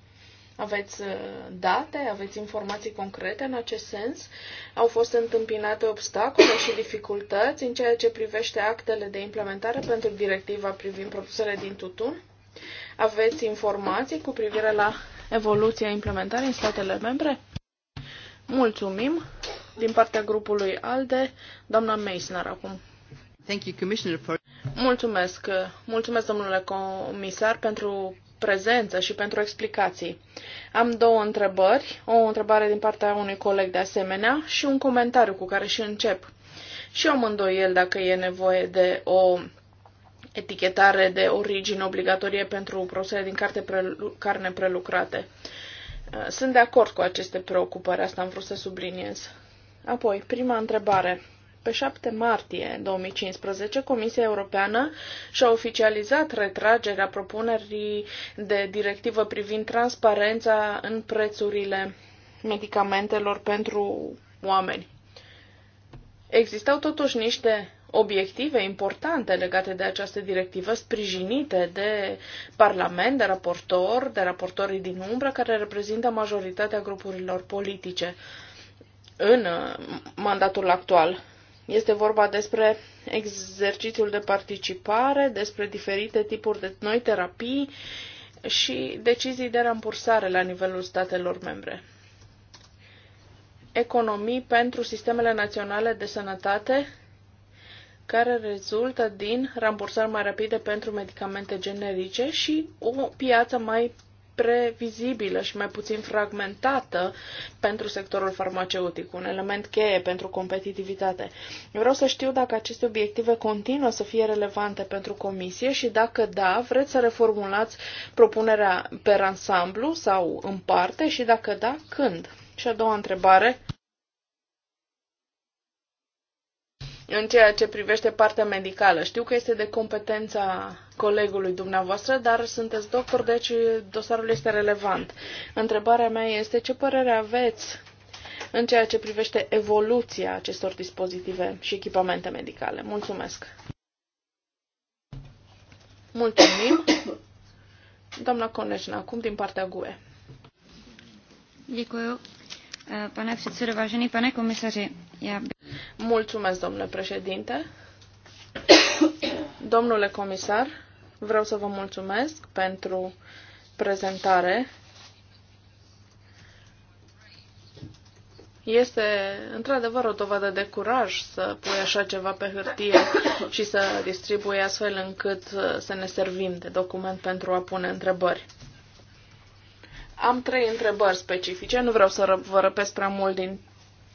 Aveți uh, date, aveți informații concrete în acest sens? Au fost întâmpinate obstacole și dificultăți în ceea ce privește actele de implementare pentru directiva privind produsele din tutun? Aveți informații cu privire la evoluția implementării în statele membre? Mulțumim. Din partea grupului ALDE, doamna Meisner acum. Thank you, Commissioner, for... Mulțumesc. Mulțumesc, domnule comisar, pentru prezență și pentru explicații. Am două întrebări, o întrebare din partea unui coleg de asemenea și un comentariu cu care și încep. Și eu mă îndoiel dacă e nevoie de o etichetare de origine obligatorie pentru produsele din carte prelu- carne prelucrate. Uh, sunt de acord cu aceste preocupări, asta am vrut să subliniez. Apoi, prima întrebare. Pe 7 martie 2015, Comisia Europeană și-a oficializat retragerea propunerii de directivă privind transparența în prețurile medicamentelor pentru oameni. Existau totuși niște obiective importante legate de această directivă, sprijinite de Parlament, de raportor, de raportorii din umbră, care reprezintă majoritatea grupurilor politice în mandatul actual. Este vorba despre exercițiul de participare, despre diferite tipuri de noi terapii și decizii de rambursare la nivelul statelor membre. Economii pentru sistemele naționale de sănătate care rezultă din rambursări mai rapide pentru medicamente generice și o piață mai previzibilă și mai puțin fragmentată pentru sectorul farmaceutic, un element cheie pentru competitivitate. Eu vreau să știu dacă aceste obiective continuă să fie relevante pentru comisie și dacă da, vreți să reformulați propunerea pe ansamblu sau în parte și dacă da, când? Și a doua întrebare, în ceea ce privește partea medicală. Știu că este de competența colegului dumneavoastră, dar sunteți doctor, deci dosarul este relevant. Întrebarea mea este ce părere aveți în ceea ce privește evoluția acestor dispozitive și echipamente medicale. Mulțumesc! Mulțumim! Doamna Coneșna, acum din partea GUE. Děkuji. Eh, pane předsedo, vážený pane komisaři, já... Mulțumesc, domnule președinte. Domnule comisar, vreau să vă mulțumesc pentru prezentare. Este într-adevăr o dovadă de curaj să pui așa ceva pe hârtie și să distribui astfel încât să ne servim de document pentru a pune întrebări. Am trei întrebări specifice, nu vreau să vă răpesc prea mult din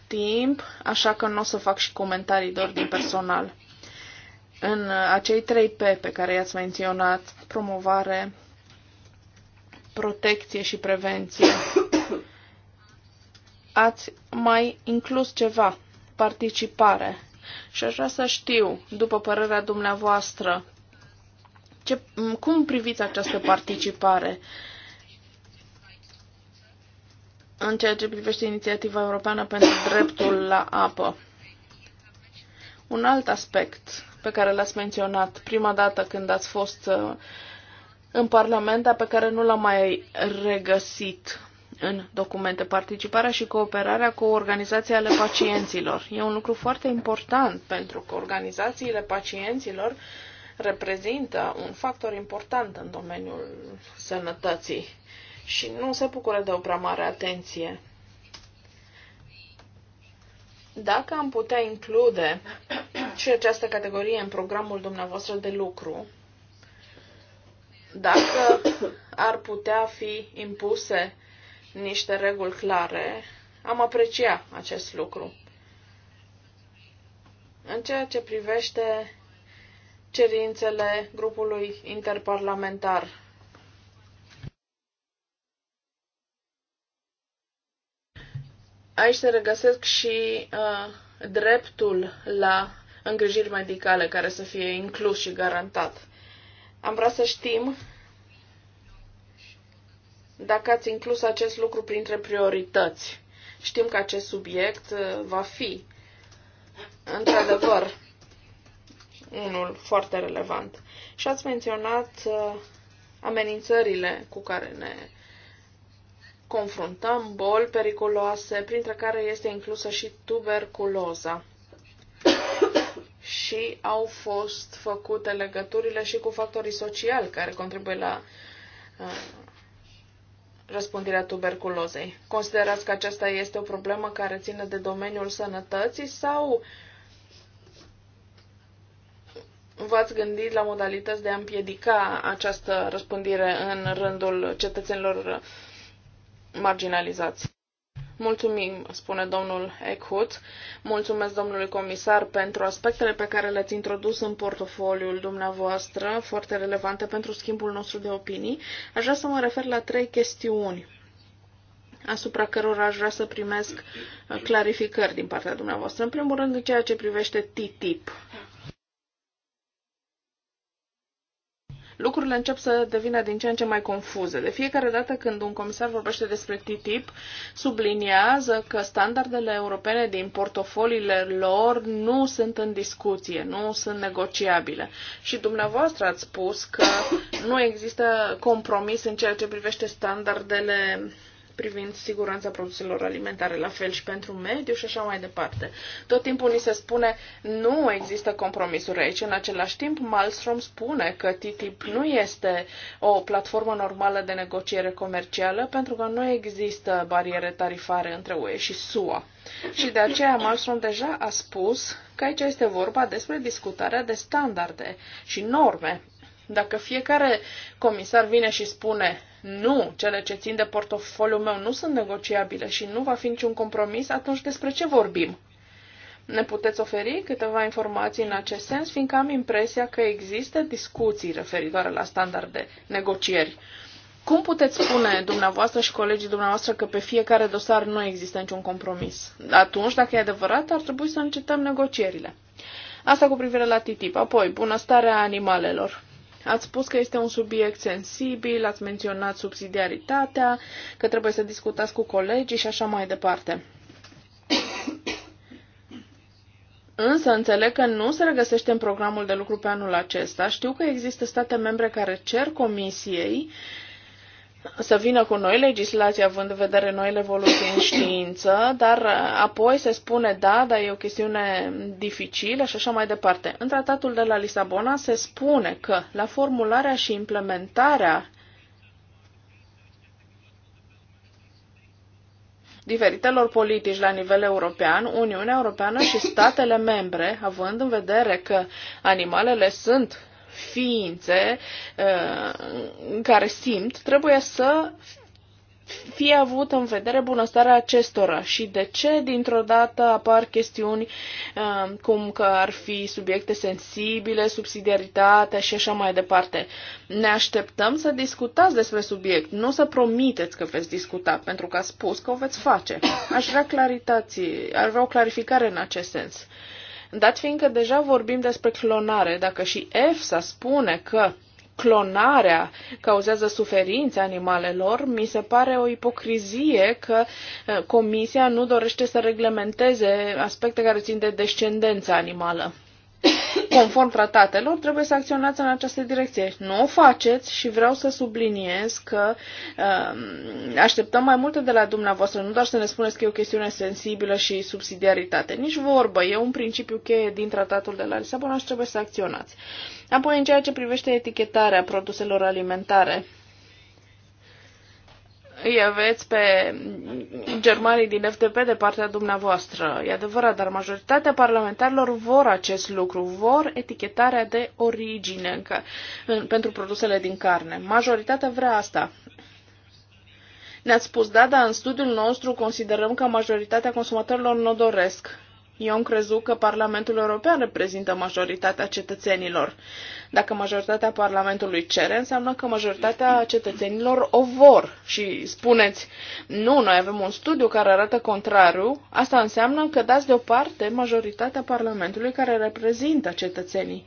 timp, așa că nu o să fac și comentarii doar din personal. În uh, acei trei P pe care i-ați menționat, promovare, protecție și prevenție, ați mai inclus ceva, participare. Și aș vrea să știu, după părerea dumneavoastră, ce, cum priviți această participare? Uh, în ceea ce privește inițiativa europeană pentru dreptul la apă. Un alt aspect pe care l-ați menționat prima dată când ați fost uh, în Parlament, dar pe care nu l-am mai regăsit în documente, participarea și cooperarea cu organizația ale pacienților. E un lucru foarte important pentru că organizațiile pacienților reprezintă un factor important în domeniul sănătății și nu se bucură de o prea mare atenție. Dacă am putea include și această categorie în programul dumneavoastră de lucru, dacă ar putea fi impuse niște reguli clare, am aprecia acest lucru. În ceea ce privește cerințele grupului interparlamentar Aici se regăsesc și uh, dreptul la îngrijiri medicale care să fie inclus și garantat. Am vrea să știm dacă ați inclus acest lucru printre priorități. Știm că acest subiect uh, va fi, într-adevăr, unul foarte relevant. Și ați menționat uh, amenințările cu care ne confruntăm boli periculoase, printre care este inclusă și tuberculoza. și au fost făcute legăturile și cu factorii sociali care contribuie la uh, răspândirea tuberculozei. Considerați că aceasta este o problemă care ține de domeniul sănătății sau v-ați gândit la modalități de a împiedica această răspândire în rândul cetățenilor marginalizați. Mulțumim, spune domnul Eckhut. Mulțumesc domnului comisar pentru aspectele pe care le-ați introdus în portofoliul dumneavoastră, foarte relevante pentru schimbul nostru de opinii. Aș vrea să mă refer la trei chestiuni asupra cărora aș vrea să primesc uh, clarificări din partea dumneavoastră. În primul rând, în ceea ce privește TTIP. lucrurile încep să devină din ce în ce mai confuze. De fiecare dată când un comisar vorbește despre TTIP, subliniază că standardele europene din portofoliile lor nu sunt în discuție, nu sunt negociabile. Și dumneavoastră ați spus că nu există compromis în ceea ce privește standardele privind siguranța produselor alimentare, la fel și pentru mediu și așa mai departe. Tot timpul ni se spune nu există compromisuri aici. În același timp, Malmström spune că TTIP nu este o platformă normală de negociere comercială pentru că nu există bariere tarifare între UE și SUA. Și de aceea Malmström deja a spus că aici este vorba despre discutarea de standarde și norme dacă fiecare comisar vine și spune nu, cele ce țin de portofoliul meu nu sunt negociabile și nu va fi niciun compromis, atunci despre ce vorbim? Ne puteți oferi câteva informații în acest sens, fiindcă am impresia că există discuții referitoare la standarde negocieri. Cum puteți spune dumneavoastră și colegii dumneavoastră că pe fiecare dosar nu există niciun compromis? Atunci, dacă e adevărat, ar trebui să încetăm negocierile. Asta cu privire la TTIP. Apoi, bunăstarea animalelor. Ați spus că este un subiect sensibil, ați menționat subsidiaritatea, că trebuie să discutați cu colegii și așa mai departe. Însă înțeleg că nu se regăsește în programul de lucru pe anul acesta. Știu că există state membre care cer comisiei să vină cu noi legislații având în vedere noile evoluții în știință, dar uh, apoi se spune da, dar e o chestiune dificilă și așa mai departe. În tratatul de la Lisabona se spune că la formularea și implementarea diferitelor politici la nivel european, Uniunea Europeană și statele membre, având în vedere că animalele sunt ființe uh, care simt, trebuie să fie avut în vedere bunăstarea acestora și de ce dintr-o dată apar chestiuni uh, cum că ar fi subiecte sensibile, subsidiaritatea și așa mai departe. Ne așteptăm să discutați despre subiect, nu să promiteți că veți discuta, pentru că ați spus că o veți face. Aș vrea ar vrea o clarificare în acest sens. Dat fiindcă deja vorbim despre clonare, dacă și EFSA spune că clonarea cauzează suferințe animalelor, mi se pare o ipocrizie că Comisia nu dorește să reglementeze aspecte care țin de descendența animală conform tratatelor, trebuie să acționați în această direcție. Nu o faceți și vreau să subliniez că uh, așteptăm mai multe de la dumneavoastră, nu doar să ne spuneți că e o chestiune sensibilă și subsidiaritate. Nici vorbă, e un principiu cheie din tratatul de la Lisabona și trebuie să acționați. Apoi, în ceea ce privește etichetarea produselor alimentare, îi aveți pe germanii din FDP de partea dumneavoastră. E adevărat, dar majoritatea parlamentarilor vor acest lucru, vor etichetarea de origine în, în, pentru produsele din carne. Majoritatea vrea asta. Ne-ați spus, da, dar în studiul nostru considerăm că majoritatea consumatorilor nu doresc. Eu am crezut că Parlamentul European reprezintă majoritatea cetățenilor. Dacă majoritatea Parlamentului cere, înseamnă că majoritatea cetățenilor o vor și spuneți, nu, noi avem un studiu care arată contrariu, asta înseamnă că dați deoparte majoritatea Parlamentului care reprezintă cetățenii.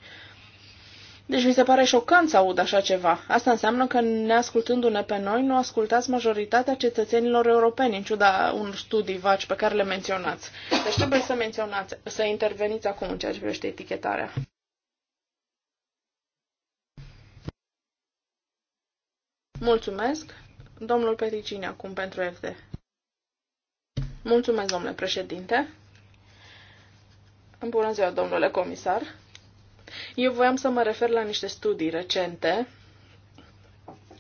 Deci mi se pare șocant să aud așa ceva. Asta înseamnă că neascultându-ne pe noi, nu ascultați majoritatea cetățenilor europeni, în ciuda unor studii vaci pe care le menționați. Deci trebuie să menționați, să interveniți acum în ceea ce privește etichetarea. Mulțumesc. Domnul Peticini acum pentru FD. Mulțumesc, domnule președinte. Bună ziua, domnule comisar. Eu voiam să mă refer la niște studii recente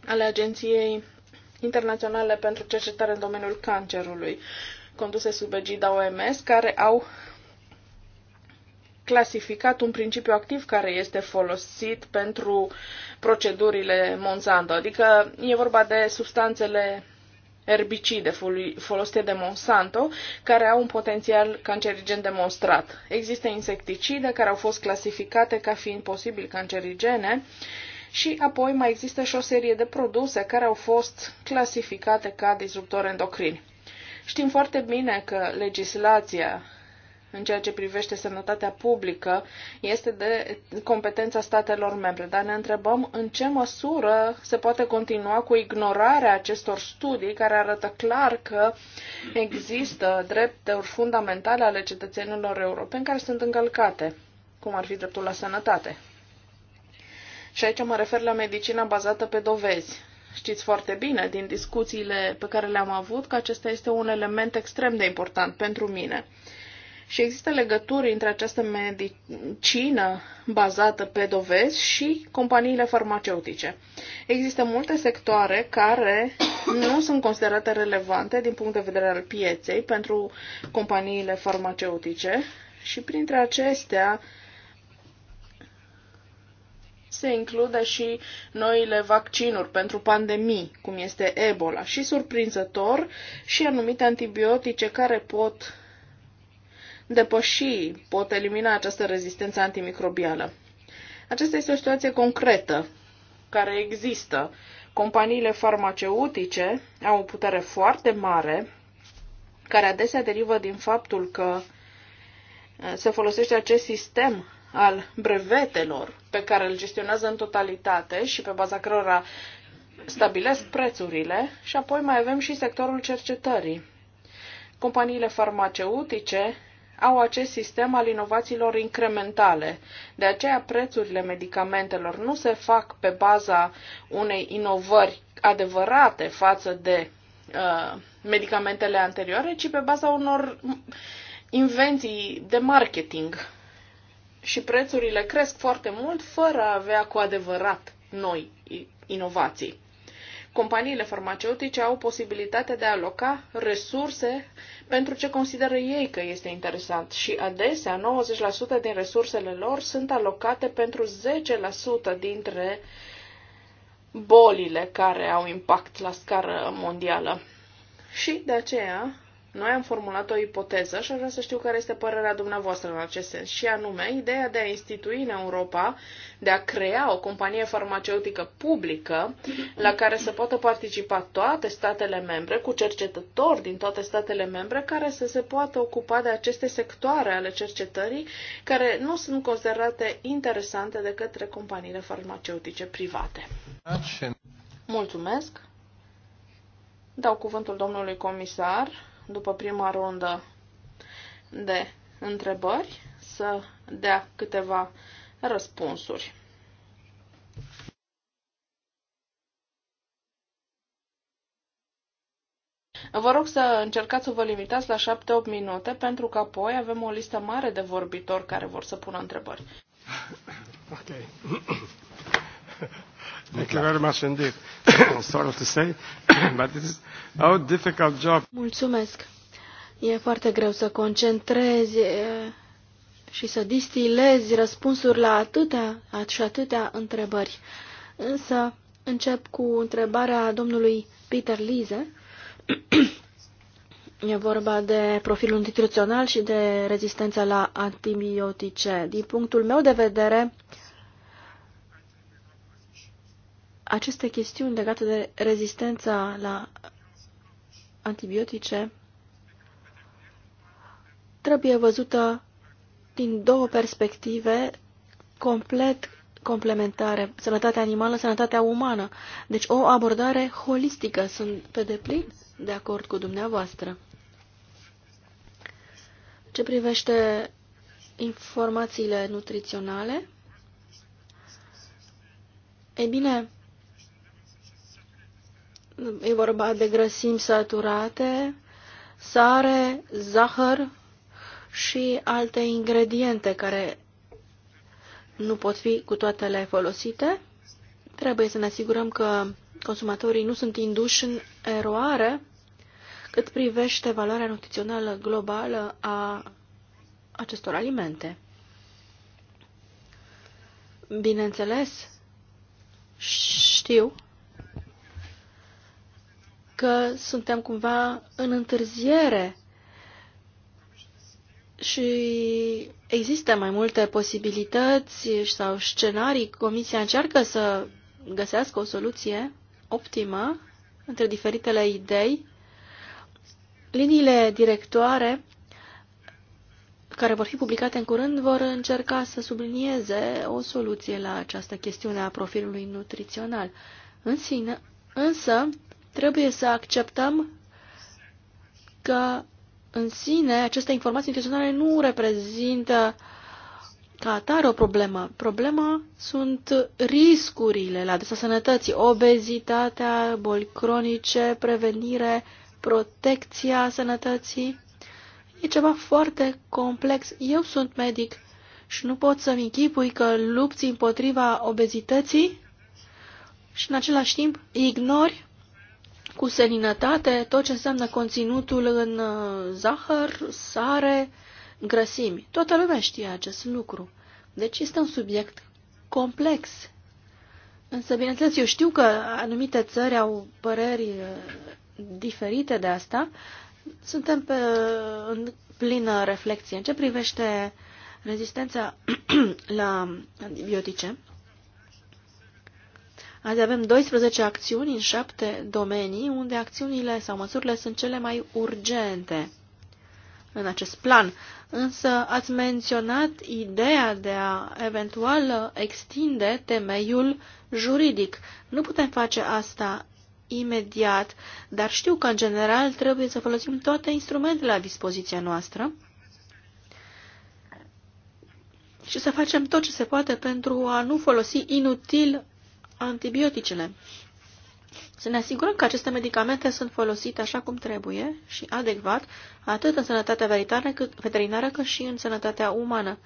ale Agenției Internaționale pentru Cercetare în domeniul cancerului, conduse sub egida OMS, care au clasificat un principiu activ care este folosit pentru procedurile Monsanto, adică e vorba de substanțele erbicide folosite de Monsanto, care au un potențial cancerigen demonstrat. Există insecticide care au fost clasificate ca fiind posibil cancerigene și apoi mai există și o serie de produse care au fost clasificate ca disruptori endocrini. Știm foarte bine că legislația în ceea ce privește sănătatea publică este de competența statelor membre, dar ne întrebăm în ce măsură se poate continua cu ignorarea acestor studii care arată clar că există drepturi fundamentale ale cetățenilor europeni care sunt încălcate, cum ar fi dreptul la sănătate. Și aici mă refer la medicina bazată pe dovezi. Știți foarte bine din discuțiile pe care le-am avut că acesta este un element extrem de important pentru mine. Și există legături între această medicină bazată pe dovezi și companiile farmaceutice. Există multe sectoare care nu sunt considerate relevante din punct de vedere al pieței pentru companiile farmaceutice și printre acestea se include și noile vaccinuri pentru pandemii, cum este Ebola, și surprinzător și anumite antibiotice care pot depăși, pot elimina această rezistență antimicrobială. Aceasta este o situație concretă care există. Companiile farmaceutice au o putere foarte mare, care adesea derivă din faptul că uh, se folosește acest sistem al brevetelor pe care îl gestionează în totalitate și pe baza cărora stabilesc prețurile și apoi mai avem și sectorul cercetării. Companiile farmaceutice au acest sistem al inovațiilor incrementale. De aceea prețurile medicamentelor nu se fac pe baza unei inovări adevărate față de uh, medicamentele anterioare, ci pe baza unor invenții de marketing. Și prețurile cresc foarte mult fără a avea cu adevărat noi inovații companiile farmaceutice au posibilitatea de a aloca resurse pentru ce consideră ei că este interesant și adesea 90% din resursele lor sunt alocate pentru 10% dintre bolile care au impact la scară mondială. Și de aceea noi am formulat o ipoteză și aș vrea să știu care este părerea dumneavoastră în acest sens, și anume ideea de a institui în Europa, de a crea o companie farmaceutică publică la care să poată participa toate statele membre, cu cercetători din toate statele membre, care să se poată ocupa de aceste sectoare ale cercetării care nu sunt considerate interesante de către companiile farmaceutice private. Mulțumesc! Dau cuvântul domnului comisar după prima rundă de întrebări, să dea câteva răspunsuri. Vă rog să încercați să vă limitați la 7-8 minute, pentru că apoi avem o listă mare de vorbitori care vor să pună întrebări. Okay. Thank you very much indeed. Sorry to say, but this is a difficult job. Mulțumesc. E foarte greu să concentrezi și să distilezi răspunsuri la atâtea și atâtea întrebări. Însă încep cu întrebarea domnului Peter Lise. E vorba de profilul nutrițional și de rezistența la antibiotice. Din punctul meu de vedere, aceste chestiuni legate de rezistența la antibiotice trebuie văzută din două perspective complet complementare, sănătatea animală, sănătatea umană. Deci o abordare holistică. Sunt pe deplin de acord cu dumneavoastră. Ce privește informațiile nutriționale, e bine, E vorba de grăsimi saturate, sare, zahăr și alte ingrediente care nu pot fi cu toate le folosite. Trebuie să ne asigurăm că consumatorii nu sunt induși în eroare cât privește valoarea nutrițională globală a acestor alimente. Bineînțeles, știu că suntem cumva în întârziere și există mai multe posibilități sau scenarii. Comisia încearcă să găsească o soluție optimă între diferitele idei. Liniile directoare care vor fi publicate în curând vor încerca să sublinieze o soluție la această chestiune a profilului nutrițional. În sine, însă, Trebuie să acceptăm că în sine aceste informații nutriționale nu reprezintă ca atare o problemă. Problema sunt riscurile la adresa sănătății, obezitatea, boli cronice, prevenire, protecția sănătății. E ceva foarte complex. Eu sunt medic și nu pot să-mi închipui că lupți împotriva obezității și în același timp ignori cu seninătate tot ce înseamnă conținutul în uh, zahăr, sare, grăsimi. Toată lumea știe acest lucru. Deci este un subiect complex. Însă, bineînțeles, eu știu că anumite țări au păreri uh, diferite de asta. Suntem pe, uh, în plină reflexie. În ce privește rezistența la antibiotice, Azi avem 12 acțiuni în 7 domenii, unde acțiunile sau măsurile sunt cele mai urgente în acest plan. Însă ați menționat ideea de a eventual extinde temeiul juridic. Nu putem face asta imediat, dar știu că în general trebuie să folosim toate instrumentele la dispoziția noastră și să facem tot ce se poate pentru a nu folosi inutil antibioticele. Să ne asigurăm că aceste medicamente sunt folosite așa cum trebuie și adecvat, atât în sănătatea veterinară cât, veterinară, cât și în sănătatea umană.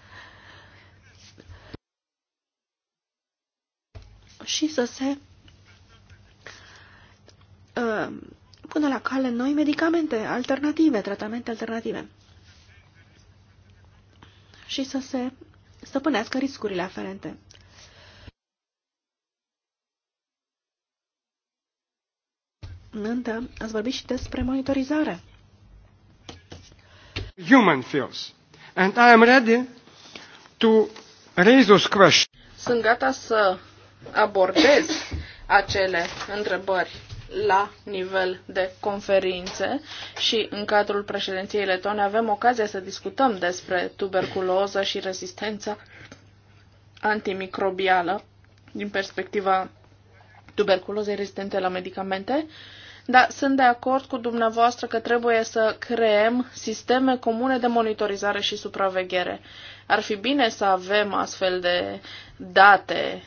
Și să se uh, pună la cale noi medicamente alternative, tratamente alternative. Și să se stăpânească riscurile aferente. Însă ați vorbit și despre monitorizare. Human feels. And I am ready to raise those questions. Sunt gata să abordez acele întrebări la nivel de conferințe și în cadrul președinției letone avem ocazia să discutăm despre tuberculoză și rezistența antimicrobială din perspectiva tuberculozei rezistente la medicamente da, sunt de acord cu dumneavoastră că trebuie să creăm sisteme comune de monitorizare și supraveghere. Ar fi bine să avem astfel de date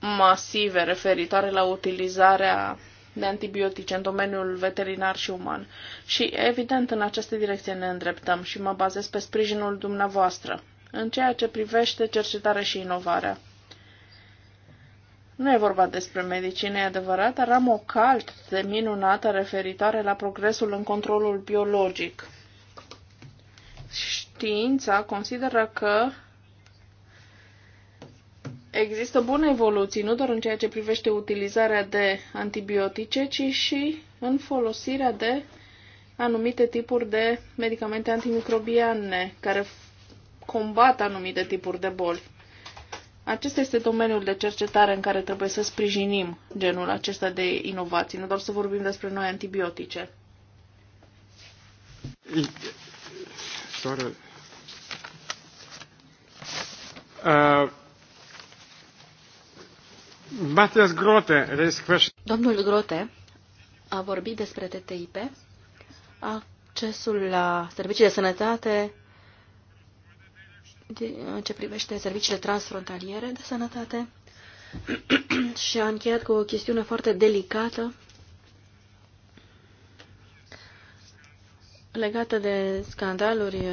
masive referitoare la utilizarea de antibiotice în domeniul veterinar și uman. Și, evident, în această direcție ne îndreptăm și mă bazez pe sprijinul dumneavoastră în ceea ce privește cercetarea și inovarea. Nu e vorba despre medicină, e adevărat, dar am o de minunată referitoare la progresul în controlul biologic. Știința consideră că există bune evoluții, nu doar în ceea ce privește utilizarea de antibiotice, ci și în folosirea de anumite tipuri de medicamente antimicrobiane care combat anumite tipuri de boli. Acesta este domeniul de cercetare în care trebuie să sprijinim genul acesta de inovații, nu doar să vorbim despre noi antibiotice. Sorry. Uh, Grote, Domnul Grote a vorbit despre TTIP, accesul la servicii de sănătate în ce privește serviciile transfrontaliere de sănătate și a încheiat cu o chestiune foarte delicată legată de scandaluri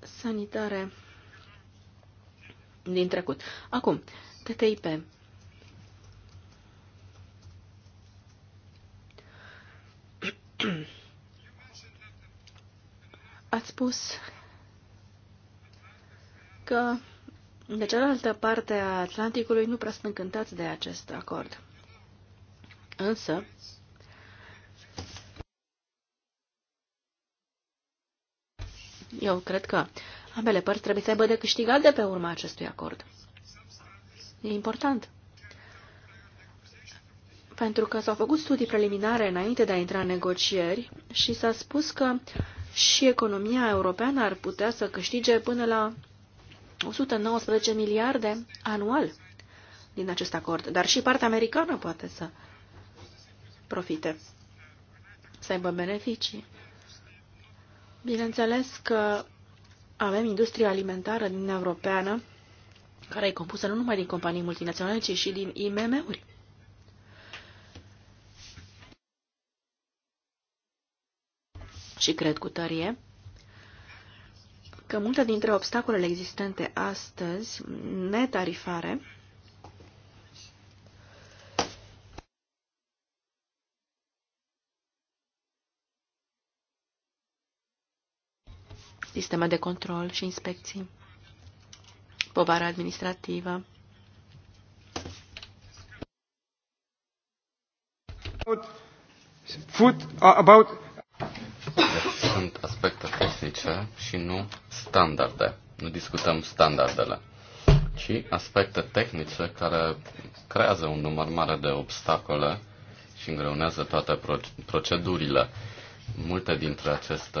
sanitare din trecut. Acum, TTIP. ați spus că de cealaltă parte a Atlanticului nu prea sunt încântați de acest acord. Însă, eu cred că ambele părți trebuie să aibă de câștigat de pe urma acestui acord. E important. Pentru că s-au făcut studii preliminare înainte de a intra în negocieri și s-a spus că și economia europeană ar putea să câștige până la 119 miliarde anual din acest acord, dar și partea americană poate să profite, să aibă beneficii. Bineînțeles că avem industria alimentară din Europeană, care e compusă nu numai din companii multinaționale, ci și din IMM-uri. și cred cu tărie că multe dintre obstacolele existente astăzi, netarifare, sisteme de control și inspecții, povara administrativă, Food, uh, about aspecte tehnice și nu standarde. Nu discutăm standardele, ci aspecte tehnice care creează un număr mare de obstacole și îngreunează toate procedurile. Multe dintre aceste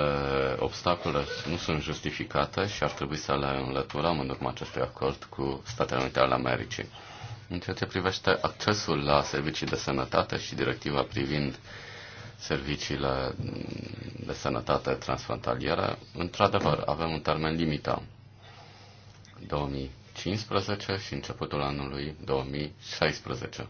obstacole nu sunt justificate și ar trebui să le înlăturăm în urma acestui acord cu Statele Unite ale Americii. În ceea ce privește accesul la servicii de sănătate și directiva privind uh, serviciile de sănătate transfrontaliere, într-adevăr, avem un termen limită 2015 și începutul anului 2016.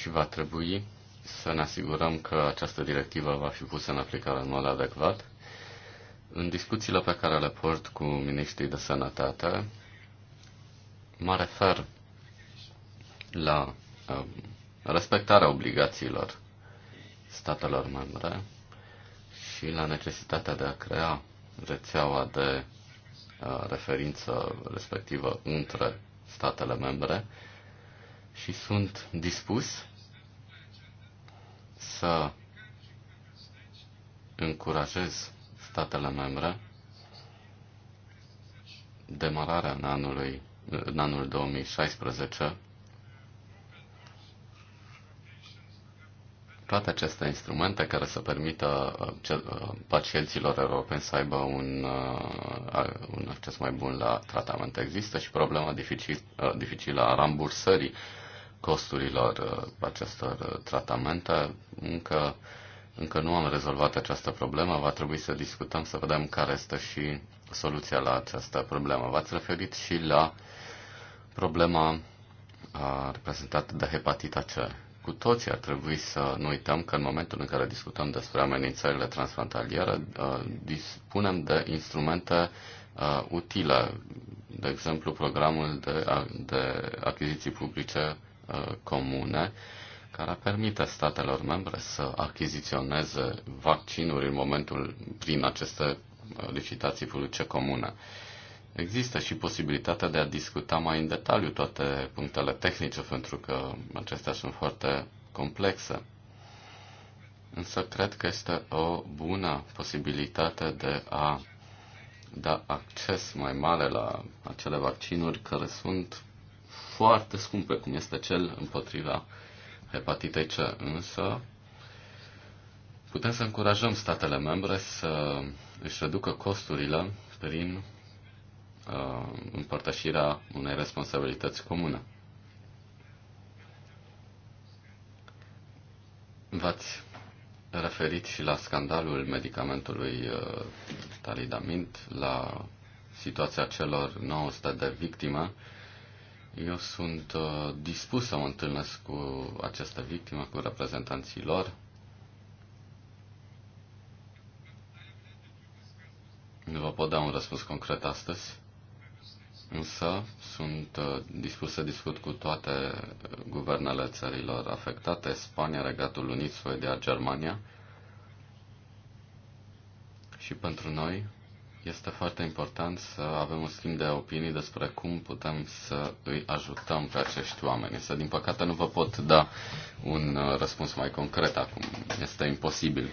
Și va trebui să ne asigurăm că această directivă va fi pusă în aplicare în mod adecvat. În discuțiile pe care le port cu ministrii de sănătate, mă refer la um, respectarea obligațiilor statelor membre și la necesitatea de a crea rețeaua de uh, referință respectivă între statele membre și sunt dispus să încurajez statele membre demararea în, anului, în anul 2016 toate aceste instrumente care să permită uh, uh, pacienților europeni să aibă un, uh, un acces mai bun la tratament. Există și problema dificil, dificilă a rambursării costurilor acestor tratamente. Încă, încă nu am rezolvat această problemă, va trebui să discutăm, să vedem care este și soluția la această problemă. V-ați referit și la problema reprezentată de hepatita C cu toții ar trebui să nu uităm că în momentul în care discutăm despre amenințările transfrontaliere, uh, dispunem de instrumente uh, utile, de exemplu programul de, de achiziții publice uh, comune, care permite statelor membre să achiziționeze vaccinuri în momentul prin aceste licitații publice comune. Uh, există și posibilitatea de a discuta mai în detaliu toate punctele tehnice, pentru că acestea sunt foarte complexe. Însă cred că este o bună posibilitate de a da acces mai mare la acele vaccinuri care sunt foarte scumpe, cum este cel împotriva hepatitei C. Însă putem să încurajăm statele membre să își reducă costurile prin Uh, împărtășirea unei responsabilități comune. V-ați referit și la scandalul medicamentului uh, talidamint, la situația celor 900 de victime. Eu sunt uh, dispus să mă întâlnesc cu aceste victime, cu reprezentanții lor. Nu vă pot da un răspuns concret astăzi însă sunt uh, dispus să discut cu toate uh, guvernele țărilor afectate, Spania, Regatul Unit, Suedia, Germania. Și pentru noi este foarte important să avem un schimb de opinii despre cum putem să îi ajutăm pe acești oameni. Însă, din păcate, nu vă pot da un uh, răspuns mai concret acum. Este imposibil.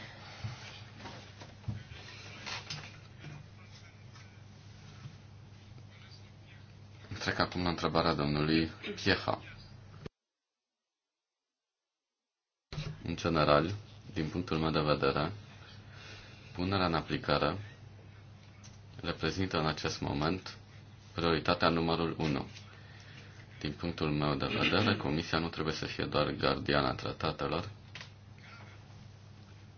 Trec acum la întrebarea domnului Chieha. În general, din punctul meu de vedere, punerea în aplicare reprezintă în acest moment prioritatea numărul 1. Din punctul meu de vedere, Comisia nu trebuie să fie doar gardiana tratatelor,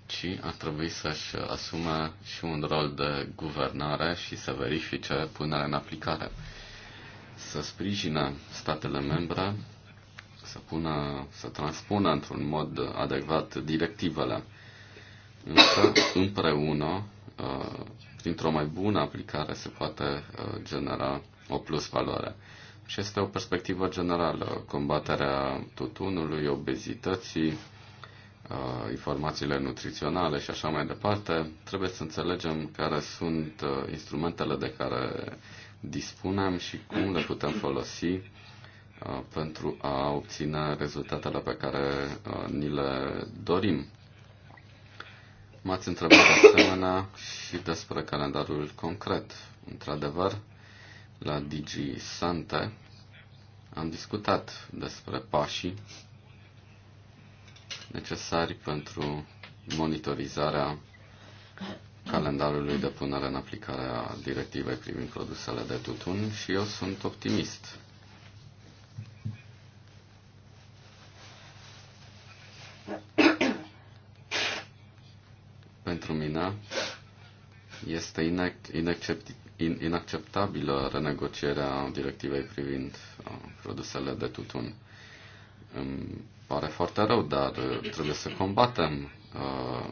ci ar trebui să-și asume și un rol de guvernare și să verifice punerea în aplicare să sprijină statele membre să, pună, să transpună într-un mod adecvat directivele. Însă, împreună, uh, printr-o mai bună aplicare se poate uh, genera o plus valoare. Și este o perspectivă generală, combaterea tutunului, obezității, uh, informațiile nutriționale și așa mai departe. Trebuie să înțelegem care sunt instrumentele de care dispunem și cum le putem folosi uh, pentru a obține rezultatele pe care uh, ni le dorim. M-ați întrebat asemenea și despre calendarul concret. Într-adevăr, la Digi Sante am discutat despre pașii necesari pentru monitorizarea calendarului de punere în aplicare a directivei privind produsele de tutun și eu sunt optimist. Pentru mine este inacceptabilă renegocierea directivei privind uh, produsele de tutun. Îmi pare foarte rău, dar trebuie să combatem uh,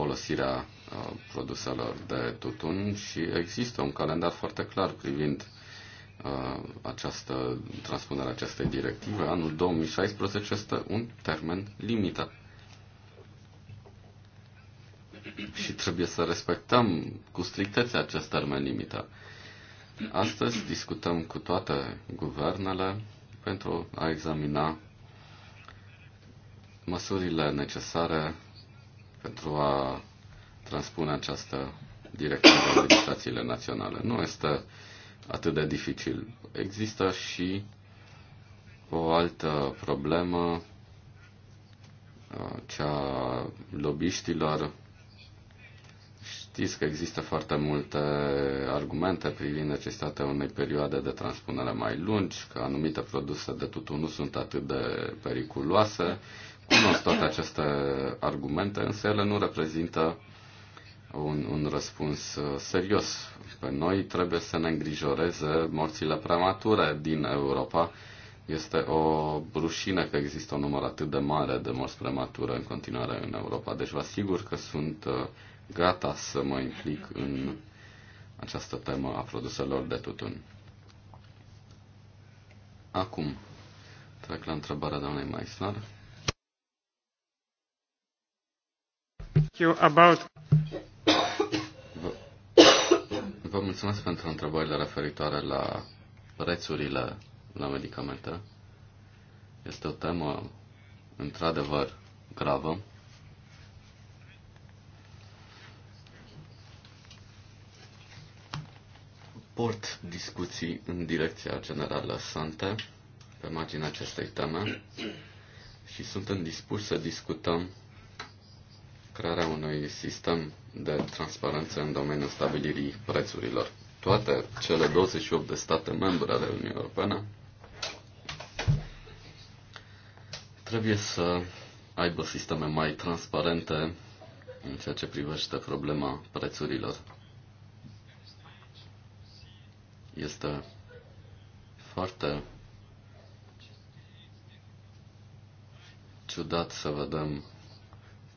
folosirea uh, produselor de tutun și există un calendar foarte clar privind uh, această transpunere acestei directive. Anul 2016 este un termen limită. Și trebuie să respectăm cu strictețe acest termen limită. Astăzi discutăm cu toate guvernele pentru a examina măsurile necesare pentru a transpune această directivă în legislațiile naționale. Nu este atât de dificil. Există și o altă problemă, uh, cea lobiștilor. Știți că există foarte multe argumente privind necesitatea unei perioade de transpunere mai lungi, că anumite produse de tutun nu sunt atât de periculoase, Cunosc toate aceste argumente, însă ele nu reprezintă un, un răspuns uh, serios. Pe noi trebuie să ne îngrijoreze morțile premature din Europa. Este o rușine că există un număr atât de mare de morți premature în continuare în Europa. Deci vă asigur că sunt uh, gata să mă implic în această temă a produselor de tutun. Acum trec la întrebarea doamnei Maisnare. About... Vă, vă mulțumesc pentru întrebările referitoare la prețurile la medicamente. Este o temă într-adevăr gravă. Port discuții în direcția generală Sante pe marginea acestei teme și suntem dispuși să discutăm crearea unui sistem de transparență în domeniul stabilirii prețurilor. Toate cele 28 de state membre ale Uniunii Europene trebuie să aibă sisteme mai transparente în ceea ce privește problema prețurilor. Este foarte ciudat să vedem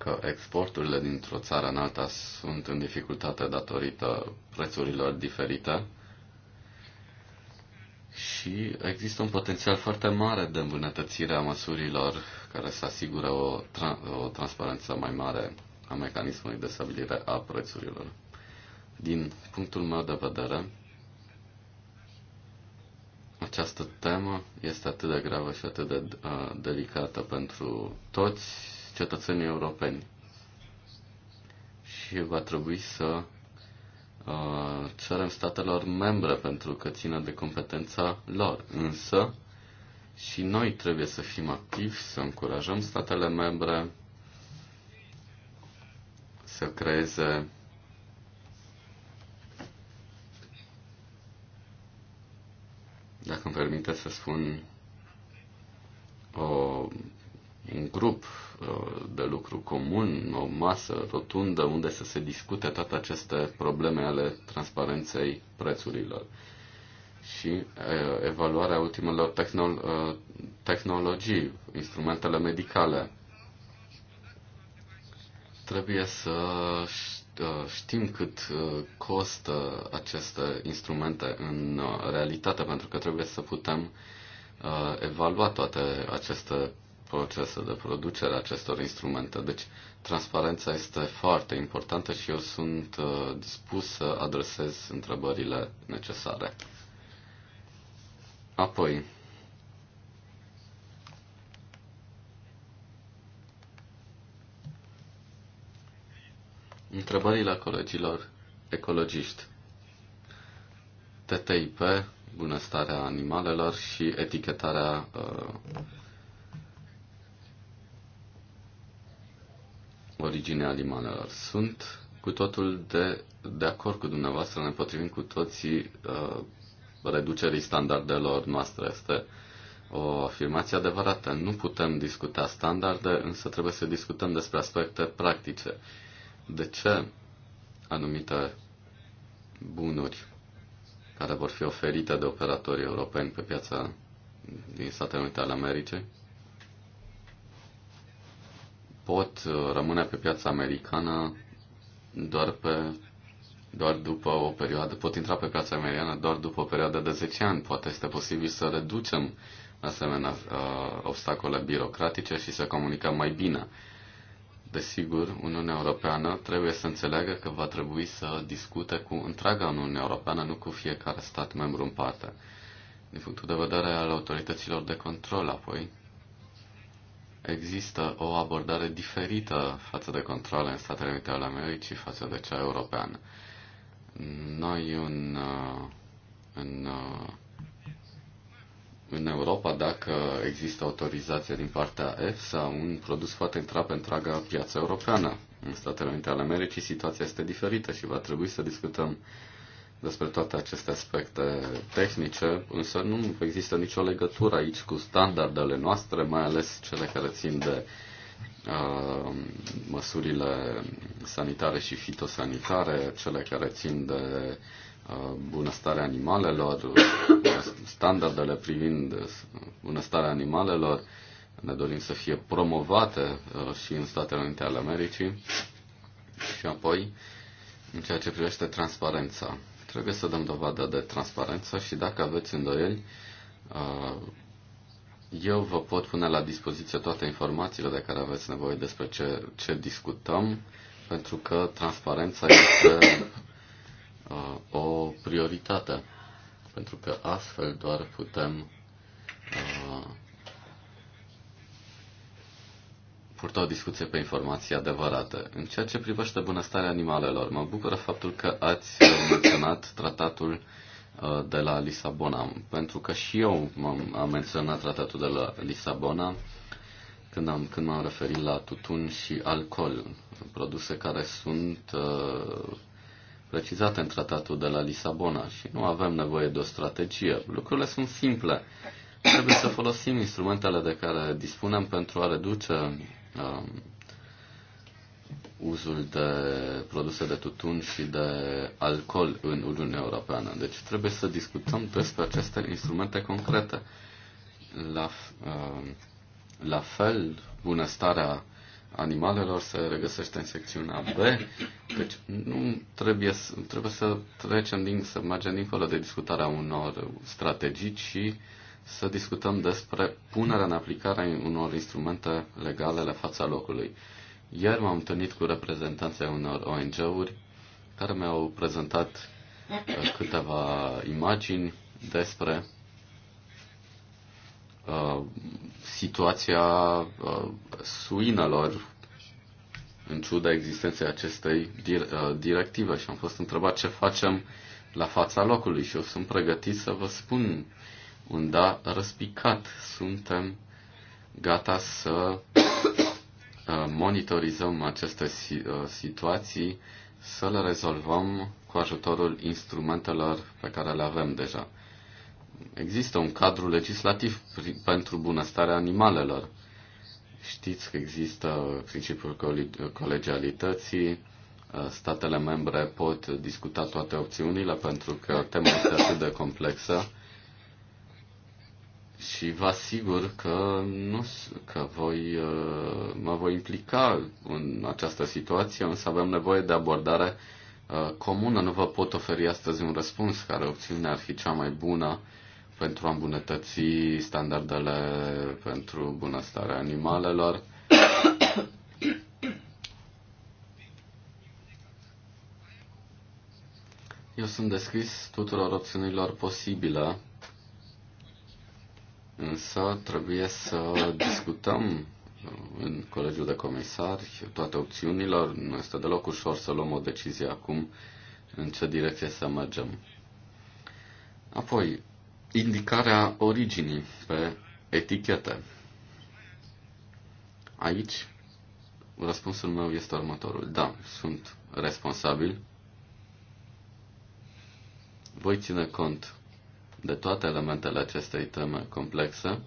că exporturile dintr-o țară în alta sunt în dificultate datorită prețurilor diferite și există un potențial foarte mare de îmbunătățire a măsurilor care să asigură o, tra- o transparență mai mare a mecanismului de stabilire a prețurilor. Din punctul meu de vedere, această temă este atât de gravă și atât de uh, delicată pentru toți cetățenii europeni. Și va trebui să uh, cerem statelor membre pentru că ține de competența lor. Însă și noi trebuie să fim activi, să încurajăm statele membre să creeze dacă îmi permite să spun o, un grup de lucru comun, o masă rotundă unde să se discute toate aceste probleme ale transparenței prețurilor și evaluarea ultimelor tehnolo- tehnologii, instrumentele medicale. Trebuie să știm cât costă aceste instrumente în realitate, pentru că trebuie să putem evalua toate aceste procese de producere a acestor instrumente. Deci, transparența este foarte importantă și eu sunt uh, dispus să adresez întrebările necesare. Apoi, întrebările colegilor ecologiști. TTIP, bunăstarea animalelor și etichetarea uh, originea animalelor. Sunt cu totul de, de acord cu dumneavoastră, ne potrivim cu toții uh, reducerii standardelor noastre. Este o afirmație adevărată. Nu putem discuta standarde, însă trebuie să discutăm despre aspecte practice. De ce anumite bunuri care vor fi oferite de operatorii europeni pe piața din Statele Unite ale Americii pot uh, rămâne pe piața americană doar pe doar după o perioadă, pot intra pe piața americană doar după o perioadă de 10 ani. Poate este posibil să reducem asemenea uh, obstacole birocratice și să comunicăm mai bine. Desigur, Uniunea Europeană trebuie să înțeleagă că va trebui să discute cu întreaga Uniunea Europeană, nu cu fiecare stat membru în parte. Din punctul de vedere al autorităților de control, apoi, există o abordare diferită față de controle în Statele Unite ale Americii față de cea europeană. Noi în, uh, în, uh, în Europa, dacă există autorizație din partea EFSA, un produs poate intra pe întreaga piață europeană. În Statele Unite ale Americii situația este diferită și va trebui să discutăm uh, despre toate aceste aspecte tehnice, însă nu există nicio legătură aici cu standardele noastre, mai ales cele care țin de uh, măsurile sanitare și fitosanitare, cele care țin de uh, bunăstarea animalelor, standardele privind bunăstarea animalelor, ne dorim să fie promovate uh, și în Statele Unite ale Americii și apoi în ceea ce privește transparența. Trebuie să dăm dovadă de transparență și dacă aveți îndoieli, uh, eu vă pot pune la dispoziție toate informațiile de care aveți nevoie despre ce, ce discutăm, pentru că transparența este uh, o prioritate, pentru că astfel doar putem uh, purta o discuție pe informații adevărate. În ceea ce privește bunăstarea animalelor, mă bucură faptul că ați uh, menționat tratatul uh, de la Lisabona, pentru că și eu am menționat tratatul de la Lisabona când, am, când m-am referit la tutun și alcool, produse care sunt uh, precizate în tratatul de la Lisabona și nu avem nevoie de o strategie. Lucrurile sunt simple. Trebuie să folosim instrumentele de care dispunem pentru a reduce uh, uzul de produse de tutun și de alcool în Uniunea Europeană. Deci trebuie să discutăm despre aceste instrumente concrete. La, uh, la fel, bunăstarea animalelor se regăsește în secțiunea B. Deci nu trebuie, trebuie să trecem din, să mergem dincolo de discutarea unor strategii, și să discutăm despre punerea în aplicare a unor instrumente legale la fața locului. Ieri m-am întâlnit cu reprezentanții unor ONG-uri care mi-au prezentat eh, câteva imagini despre uh, situația uh, suinelor în ciuda existenței acestei directive și am fost întrebat ce facem la fața locului și eu sunt pregătit să vă spun uh, un da răspicat. Suntem gata să uh, monitorizăm aceste uh, situații, să le rezolvăm cu ajutorul instrumentelor pe care le avem deja. Există un cadru legislativ pentru bunăstarea animalelor. Știți că există principiul colegialității, uh, statele membre pot discuta toate opțiunile pentru că tema este atât de complexă și vă asigur că, nu, că voi, uh, mă voi implica în această situație, însă avem nevoie de abordare uh, comună. Nu vă pot oferi astăzi un răspuns care opțiunea ar fi cea mai bună pentru a îmbunătăți standardele pentru bunăstarea animalelor. Eu sunt deschis tuturor opțiunilor posibile Însă trebuie să discutăm în Colegiul de Comisari toate opțiunile Nu este deloc ușor să luăm o decizie acum în ce direcție să mergem. Apoi, indicarea originii pe etichete. Aici, răspunsul meu este următorul. Da, sunt responsabil. Voi ține cont de toate elementele acestei teme complexe.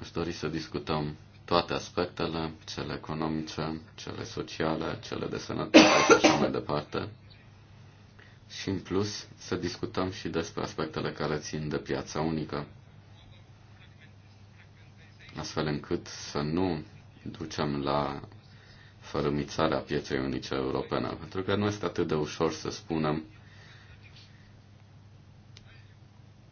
Aș dori să discutăm toate aspectele, cele economice, cele sociale, cele de sănătate și așa mai departe. Și în plus să discutăm și despre aspectele care țin de piața unică, astfel încât să nu ducem la fărâmițarea pieței unice europene, pentru că nu este atât de ușor să spunem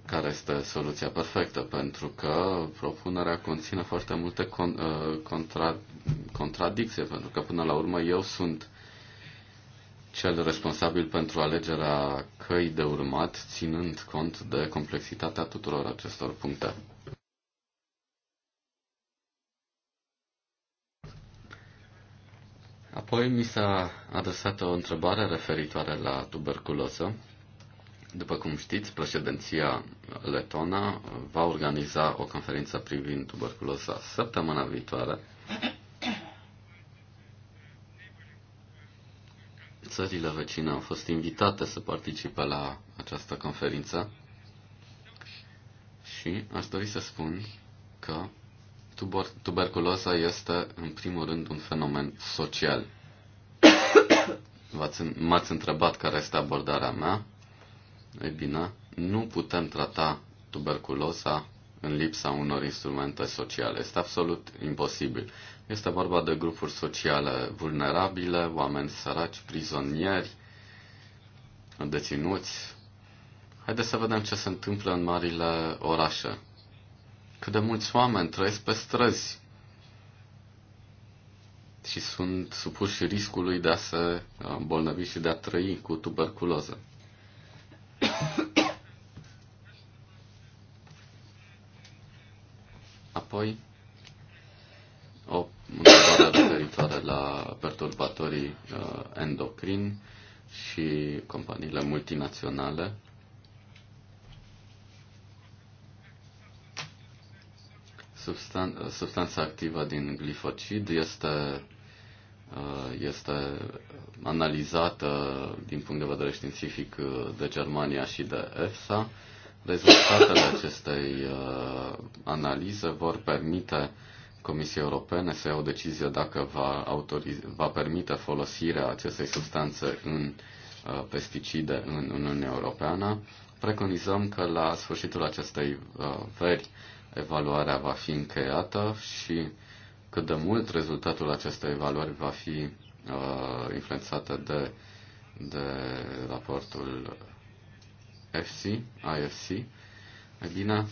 care este soluția perfectă, pentru că propunerea conține foarte multe con, uh, contra, contradicții, pentru că până la urmă eu sunt cel responsabil pentru alegerea căi de urmat, ținând cont de complexitatea tuturor acestor puncte. Apoi mi s-a adresat o întrebare referitoare la tuberculoză după cum știți, președinția letona va organiza o conferință privind tuberculoza săptămâna viitoare. Țările vecine au fost invitate să participe la această conferință și aș dori să spun că tuber- tuberculoza este, în primul rând, un fenomen social. M-ați întrebat care este abordarea mea. E bine, nu putem trata tuberculoza în lipsa unor instrumente sociale. Este absolut imposibil. Este vorba de grupuri sociale vulnerabile, oameni săraci, prizonieri, deținuți. Haideți să vedem ce se întâmplă în marile orașe. Cât de mulți oameni trăiesc pe străzi și sunt supuși riscului de a se uh, îmbolnăvi și de a trăi cu tuberculoză. Apoi, o întrebare referitoare la perturbatorii uh, endocrini și companiile multinaționale. Substan- substanța activă din glifocid este Uh, este analizată din punct de vedere științific uh, de Germania și de EFSA. Rezultatele acestei uh, analize vor permite Comisiei Europene să ia o decizie dacă va, autoriza, va permite folosirea acestei substanțe în pesticide în Uniunea Europeană. Preconizăm că la sfârșitul acestei veri evaluarea va fi încheiată și cât de mult rezultatul acestei evaluări va fi uh, influențată de, de raportul FC, IFC, e bine,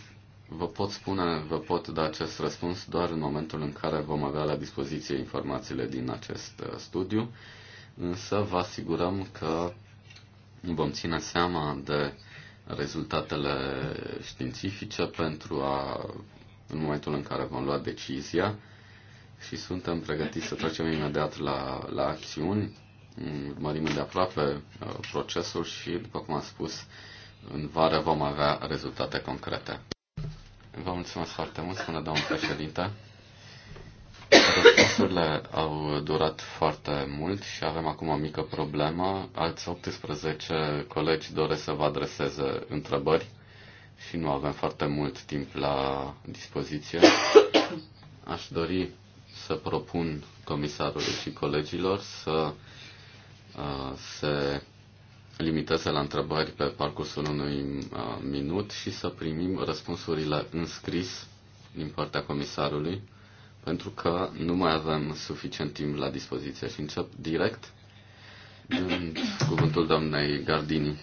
vă pot spune, vă pot da acest răspuns doar în momentul în care vom avea la dispoziție informațiile din acest uh, studiu, însă vă asigurăm că vom ține seama de rezultatele științifice pentru a, în momentul în care vom lua decizia, și suntem pregătiți să trecem imediat la, la acțiuni. Mărim de aproape uh, procesul și, după cum am spus, în vară vom avea rezultate concrete. Vă mulțumesc foarte mult, spune domnul președinte. Răspunsurile au durat foarte mult și avem acum o mică problemă. Alți 18 colegi doresc să vă adreseze întrebări și nu avem foarte mult timp la dispoziție. Aș dori să propun comisarului și colegilor să se limiteze la întrebări pe parcursul unui minut și să primim răspunsurile înscris din partea comisarului, pentru că nu mai avem suficient timp la dispoziție și încep direct în cuvântul doamnei Gardini.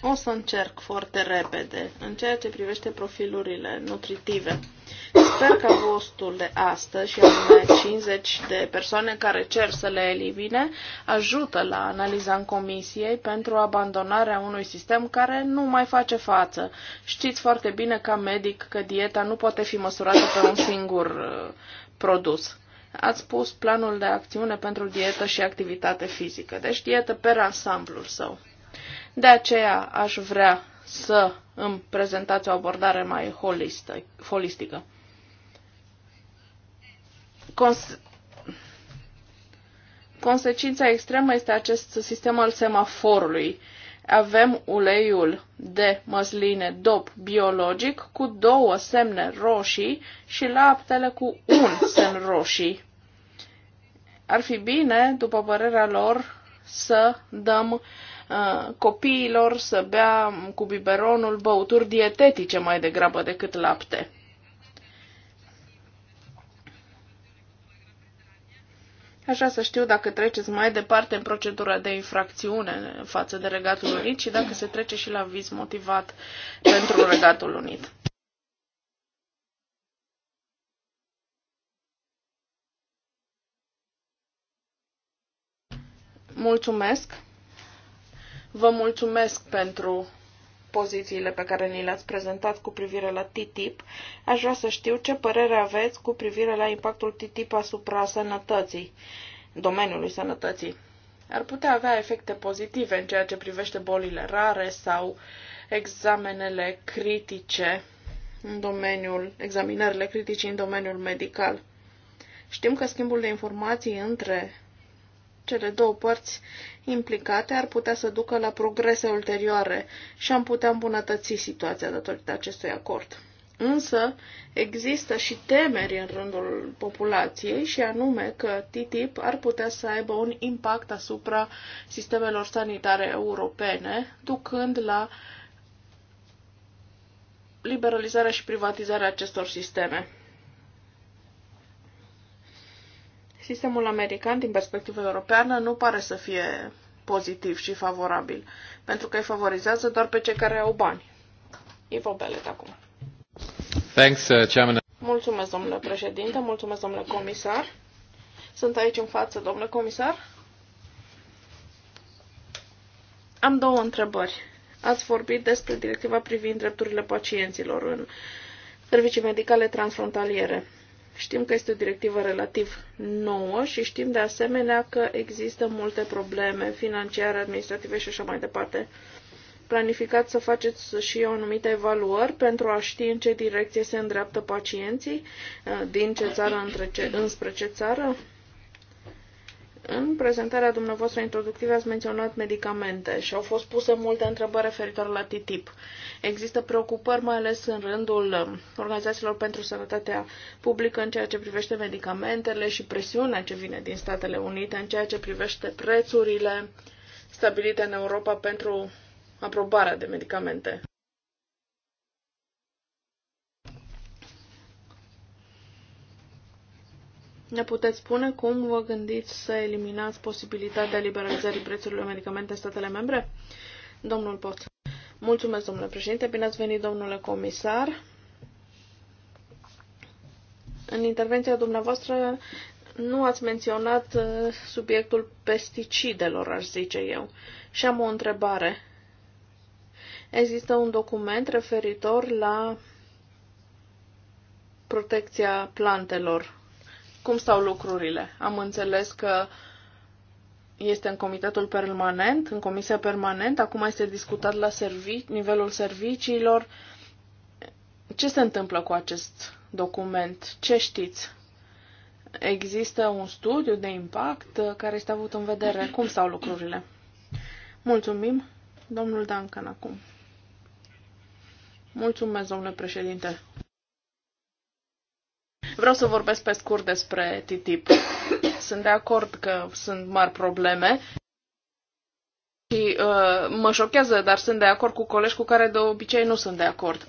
O să încerc foarte repede în ceea ce privește profilurile nutritive. Uh, Sper că postul de astăzi, și anume 50 de persoane care cer să le elimine, ajută la analiza în comisiei pentru abandonarea unui sistem care nu mai face față. Știți foarte bine ca medic că dieta nu poate fi măsurată pe un singur uh, produs. Ați spus planul de acțiune pentru dietă și activitate fizică, deci dietă pe ansamblul său. De aceea aș vrea să îmi prezentați o abordare mai holistă, holistică. Conse Consecința extremă este acest sistem al semaforului. Avem uleiul de măsline dop biologic cu două semne roșii și laptele cu un semn roșii. Ar fi bine, după părerea lor, să dăm uh, copiilor să bea cu biberonul băuturi dietetice mai degrabă decât lapte. Aș vrea să știu dacă treceți mai departe în procedura de infracțiune față de Regatul Unit și dacă se trece și la viz motivat pentru Regatul Unit. Mulțumesc! Vă mulțumesc pentru pozițiile pe care ni le-ați prezentat cu privire la TTIP, aș vrea să știu ce părere aveți cu privire la impactul TTIP asupra sănătății, domeniului sănătății. Ar putea avea efecte pozitive în ceea ce privește bolile rare sau examenele critice în domeniul, examinările critice în domeniul medical. Știm că schimbul de informații între cele două părți implicate ar putea să ducă la progrese ulterioare și am putea îmbunătăți situația datorită acestui acord. Însă există și temeri în rândul populației și anume că TTIP ar putea să aibă un impact asupra sistemelor sanitare europene, ducând la liberalizarea și privatizarea acestor sisteme. Sistemul american, din perspectivă europeană, nu pare să fie pozitiv și favorabil, pentru că îi favorizează doar pe cei care au bani. Ivo Belet acum. Thanks, uh, Chairman. Mulțumesc, domnule președinte, mulțumesc, domnule comisar. Sunt aici în față, domnule comisar. Am două întrebări. Ați vorbit despre directiva privind drepturile pacienților în servicii medicale transfrontaliere. Știm că este o directivă relativ nouă și știm de asemenea că există multe probleme financiare, administrative și așa mai departe. Planificați să faceți și anumite evaluări pentru a ști în ce direcție se îndreaptă pacienții, uh, din ce țară ce, înspre ce țară? În prezentarea dumneavoastră introductivă ați menționat medicamente și au fost puse multe întrebări referitor la TTIP. Există preocupări, mai ales în rândul um, organizațiilor pentru sănătatea publică în ceea ce privește medicamentele și presiunea ce vine din Statele Unite în ceea ce privește prețurile stabilite în Europa pentru aprobarea de medicamente. Ne puteți spune cum vă gândiți să eliminați posibilitatea liberalizării prețurilor medicamente în statele membre? Domnul Pot. Mulțumesc, domnule președinte. Bine ați venit, domnule comisar. În intervenția dumneavoastră nu ați menționat uh, subiectul pesticidelor, aș zice eu. Și am o întrebare. Există un document referitor la protecția plantelor cum stau lucrurile? Am înțeles că este în comitetul permanent, în comisia permanentă, acum este discutat la servici, nivelul serviciilor. Ce se întâmplă cu acest document? Ce știți? Există un studiu de impact care este avut în vedere? Cum stau lucrurile? Mulțumim, domnul Duncan, acum. Mulțumesc, domnule președinte. Vreau să vorbesc pe scurt despre TTIP. Sunt de acord că sunt mari probleme. Și uh, mă șochează, dar sunt de acord cu colegi cu care de obicei nu sunt de acord.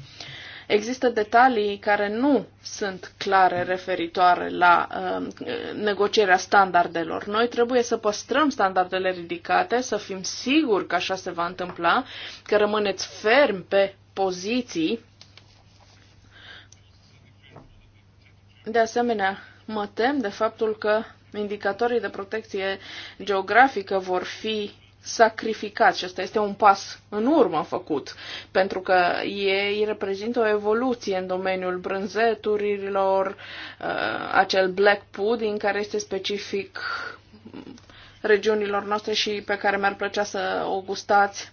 Există detalii care nu sunt clare referitoare la uh, negocierea standardelor. Noi trebuie să păstrăm standardele ridicate, să fim siguri că așa se va întâmpla, că rămâneți ferm pe poziții De asemenea, mă tem de faptul că indicatorii de protecție geografică vor fi sacrificat și asta este un pas în urmă făcut, pentru că ei reprezintă o evoluție în domeniul brânzeturilor, uh, acel black pudding care este specific regiunilor noastre și pe care mi-ar plăcea să o gustați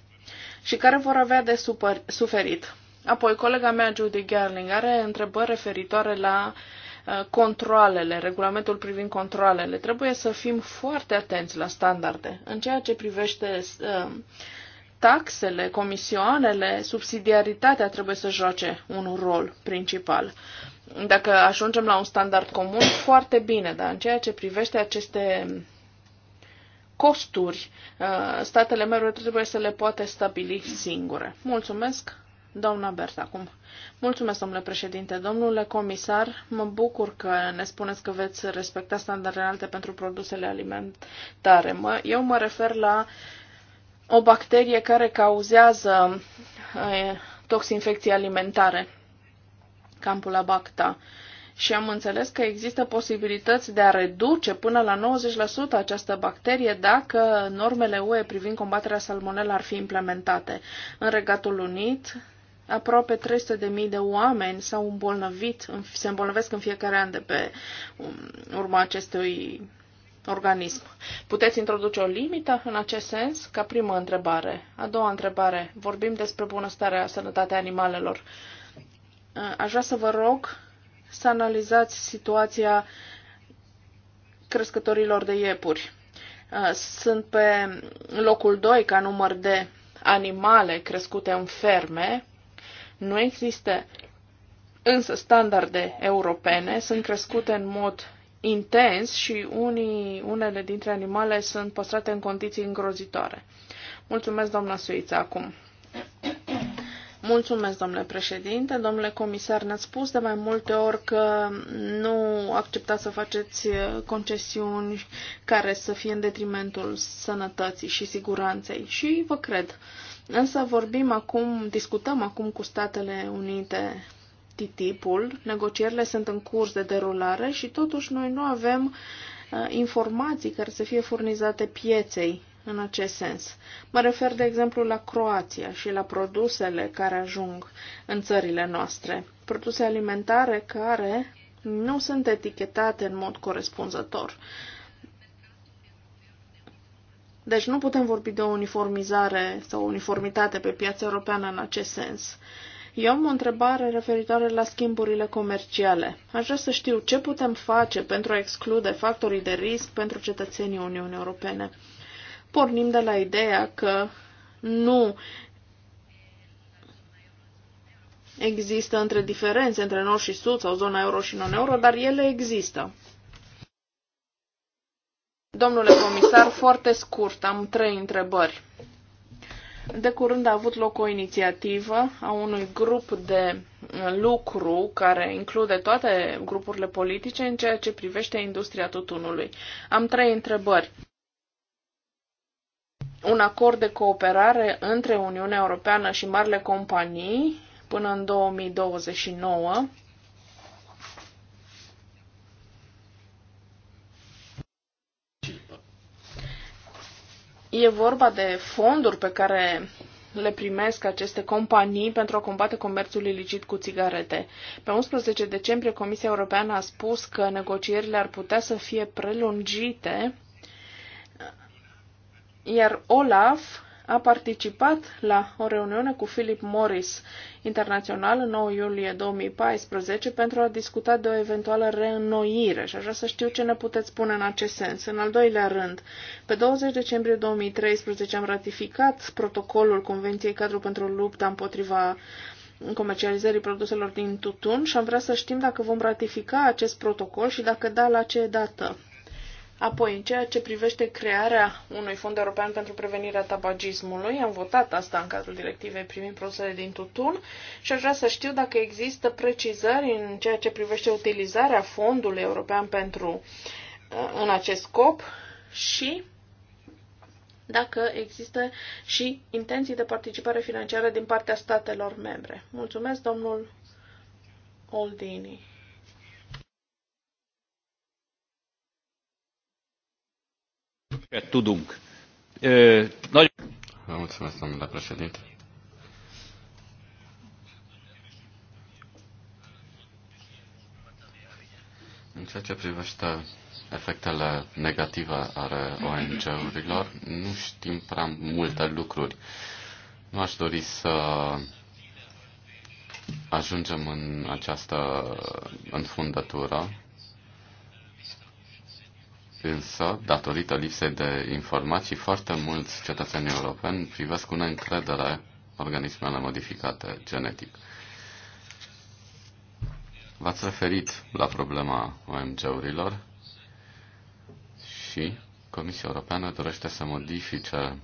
și care vor avea de super, suferit. Apoi, colega mea, Judy Gerling, are întrebări referitoare la uh, Uh, controlele, regulamentul privind controlele. Trebuie să fim foarte atenți la standarde. În ceea ce privește uh, taxele, comisioanele, subsidiaritatea trebuie să joace un rol principal. Dacă ajungem la un standard comun, foarte bine, dar în ceea ce privește aceste costuri, uh, statele membre trebuie să le poate stabili singure. Mulțumesc! Doamna Bert, acum. Mulțumesc, domnule președinte. Domnule comisar, mă bucur că ne spuneți că veți respecta standardele alte pentru produsele alimentare. Mă, eu mă refer la o bacterie care cauzează e, toxinfecții alimentare, Campylobacter și am înțeles că există posibilități de a reduce până la 90% această bacterie dacă normele UE privind combaterea salmonelă ar fi implementate. În Regatul Unit, Aproape 300.000 de oameni s-au îmbolnăvit, se îmbolnăvesc în fiecare an de pe um, urma acestui organism. Puteți introduce o limită în acest sens? Ca primă întrebare. A doua întrebare. Vorbim despre bunăstarea, sănătatea animalelor. Uh, aș vrea să vă rog să analizați situația crescătorilor de iepuri. Uh, sunt pe locul 2 ca număr de animale crescute în ferme nu există însă standarde europene, sunt crescute în mod intens și unii, unele dintre animale sunt păstrate în condiții îngrozitoare. Mulțumesc, doamna Suiță, acum. Mulțumesc, domnule președinte. Domnule comisar, ne-ați spus de mai multe ori că nu acceptați să faceți uh, concesiuni care să fie în detrimentul sănătății și siguranței. Și vă cred. Uh, Însă vorbim acum, discutăm acum cu Statele Unite TTIP-ul, negocierile sunt în curs de derulare și totuși noi nu avem uh, informații care să fie furnizate pieței în acest sens. Mă refer, de exemplu, la Croația și la produsele care ajung în țările noastre. Produse alimentare care nu sunt etichetate în mod corespunzător. Deci nu putem vorbi de o uniformizare sau uniformitate pe piața europeană în acest sens. Eu am o întrebare referitoare la schimburile comerciale. Aș vrea să știu ce putem face pentru a exclude factorii de risc pentru cetățenii Uniunii Europene. Pornim de la ideea că nu există între diferențe între nord și sud sau zona euro și non-euro, dar ele există. Domnule comisar, foarte scurt, am trei întrebări. De curând a avut loc o inițiativă a unui grup de lucru care include toate grupurile politice în ceea ce privește industria tutunului. Am trei întrebări. Un acord de cooperare între Uniunea Europeană și marile companii până în 2029 E vorba de fonduri pe care le primesc aceste companii pentru a combate comerțul ilicit cu țigarete. Pe 11 decembrie, Comisia Europeană a spus că negocierile ar putea să fie prelungite, iar Olaf a participat la o reuniune cu Philip Morris Internațional în 9 iulie 2014 pentru a discuta de o eventuală reînnoire și aș vrea să știu ce ne puteți spune în acest sens. În al doilea rând, pe 20 decembrie 2013 am ratificat protocolul Convenției Cadru pentru lupta împotriva comercializării produselor din tutun și am vrea să știm dacă vom ratifica acest protocol și dacă da, la ce dată. Apoi, în ceea ce privește crearea unui fond european pentru prevenirea tabagismului, am votat asta în cadrul directivei privind produsele din tutun și aș vrea să știu dacă există precizări în ceea ce privește utilizarea fondului european pentru uh, în acest scop și dacă există și intenții de participare financiară din partea statelor membre. Mulțumesc, domnul Oldini. Tudunk. Vă mulțumesc, domnule președinte. În ceea ce privește efectele negative ale ONG-urilor, nu știm prea multe lucruri. Nu aș dori să ajungem în această înfundătură. Însă, datorită lipsei de informații, foarte mulți cetățeni europeni privesc cu neîncredere organismele modificate genetic. V-ați referit la problema OMG-urilor și Comisia Europeană dorește să modifice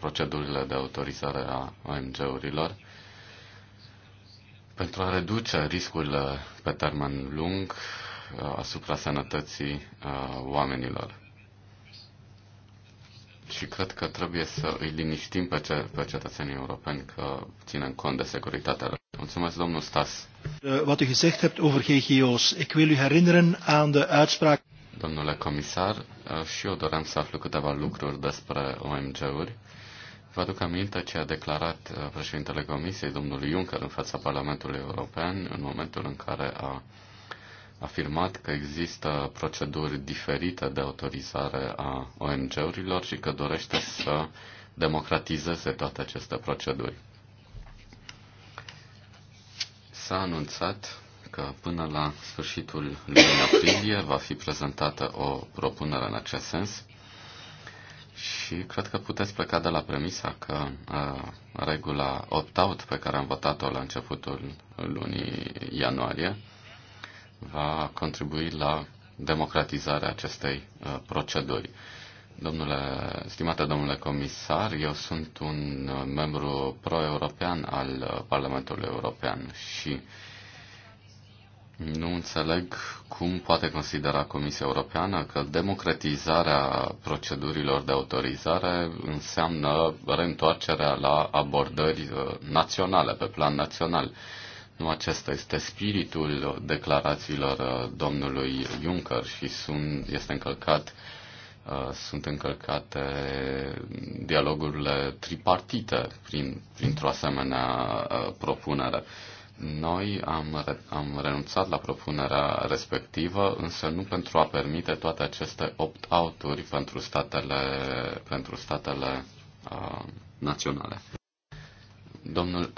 procedurile de autorizare a OMG-urilor pentru a reduce riscurile pe termen lung Uh, asupra sănătății uh, oamenilor. Și cred că trebuie să îi liniștim pe, ce, pe cetățenii europeni că ținem cont de securitatea lor. Mulțumesc, domnul Stas. Eh, wat u gezegd hebt over GGO's, ik wil u herinneren aan de uitspraak... Domnule comisar, eh, și eu doream să aflu câteva lucruri despre OMG-uri. Vă aduc aminte ce a declarat eh, președintele Comisiei, domnul Juncker, în fața Parlamentului European, în momentul în care a afirmat că există proceduri diferite de autorizare a OMG-urilor și că dorește să democratizeze toate aceste proceduri. S-a anunțat că până la sfârșitul lunii aprilie va fi prezentată o propunere în acest sens și cred că puteți pleca de la premisa că uh, regula opt-out pe care am votat-o la începutul lunii ianuarie va contribui la democratizarea acestei uh, proceduri. Domnule, stimate domnule comisar, eu sunt un uh, membru pro-european al uh, Parlamentului European și nu înțeleg cum poate considera Comisia Europeană că democratizarea procedurilor de autorizare înseamnă reîntoarcerea la abordări naționale, pe plan național. Nu acesta este spiritul declarațiilor uh, domnului Juncker și sunt, este încălcat, uh, sunt încălcate dialogurile tripartite prin, printr-o asemenea uh, propunere. Noi am, am renunțat la propunerea respectivă, însă nu pentru a permite toate aceste opt-out-uri pentru statele, pentru statele uh, naționale. Domnul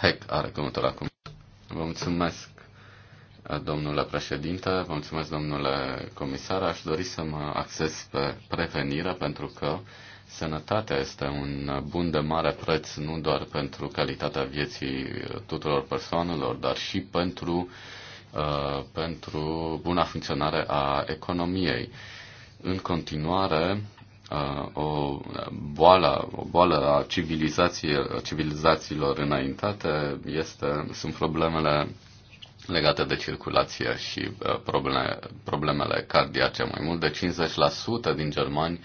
Hec are cuvântul acum. Vă mulțumesc, domnule președinte, vă mulțumesc, domnule comisar. Aș dori să mă acces pe prevenire, pentru că sănătatea este un bun de mare preț, nu doar pentru calitatea vieții tuturor persoanelor, dar și pentru, uh, pentru buna funcționare a economiei. În continuare, Uh, o boală, o boală a civilizației, a civilizațiilor înaintate este, sunt problemele legate de circulație și uh, probleme, problemele cardiace. Mai mult de 50% din germani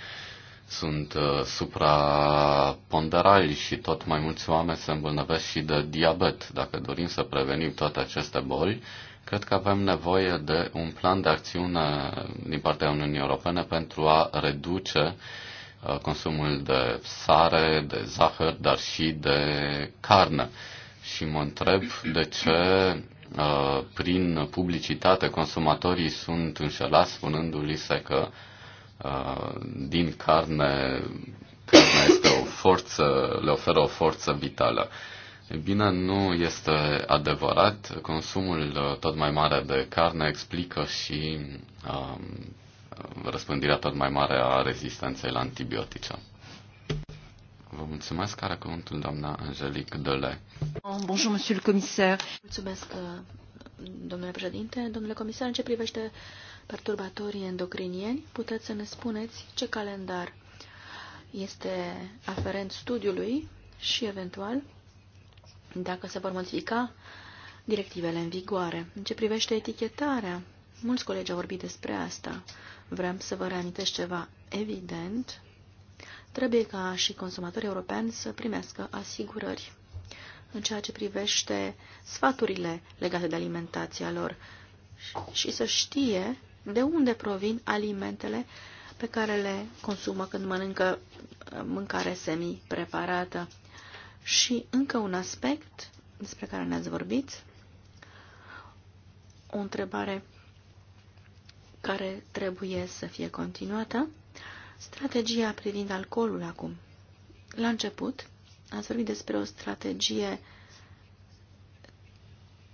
sunt uh, supraponderali și tot mai mulți oameni se îmbolnăvesc și de diabet. Dacă dorim să prevenim toate aceste boli, Cred că avem nevoie de un plan de acțiune din partea Uniunii Europene pentru a reduce uh, consumul de sare, de zahăr, dar și de carne. Și mă întreb de ce uh, prin publicitate consumatorii sunt înșelați spunându-li se că uh, din carne, carne este o forță, le oferă o forță vitală. E bine, nu este adevărat. Consumul uh, tot mai mare de carne explică și um, răspândirea tot mai mare a rezistenței la antibiotice. Vă mulțumesc, care cuvântul doamna angelic Dele. Bonjour, monsieur le commissaire. Mulțumesc, uh, domnule președinte. Domnule comisar, în ce privește perturbatorii endocrinieni, puteți să ne spuneți ce calendar este aferent studiului și, eventual, dacă se vor modifica directivele în vigoare. În ce privește etichetarea, mulți colegi au vorbit despre asta. Vrem să vă reamintesc ceva evident. Trebuie ca și consumatorii europeni să primească asigurări în ceea ce privește sfaturile legate de alimentația lor și să știe de unde provin alimentele pe care le consumă când mănâncă mâncare semi-preparată. Și încă un aspect despre care ne-ați vorbit, o întrebare care trebuie să fie continuată, strategia privind alcoolul acum. La început, ați vorbit despre o strategie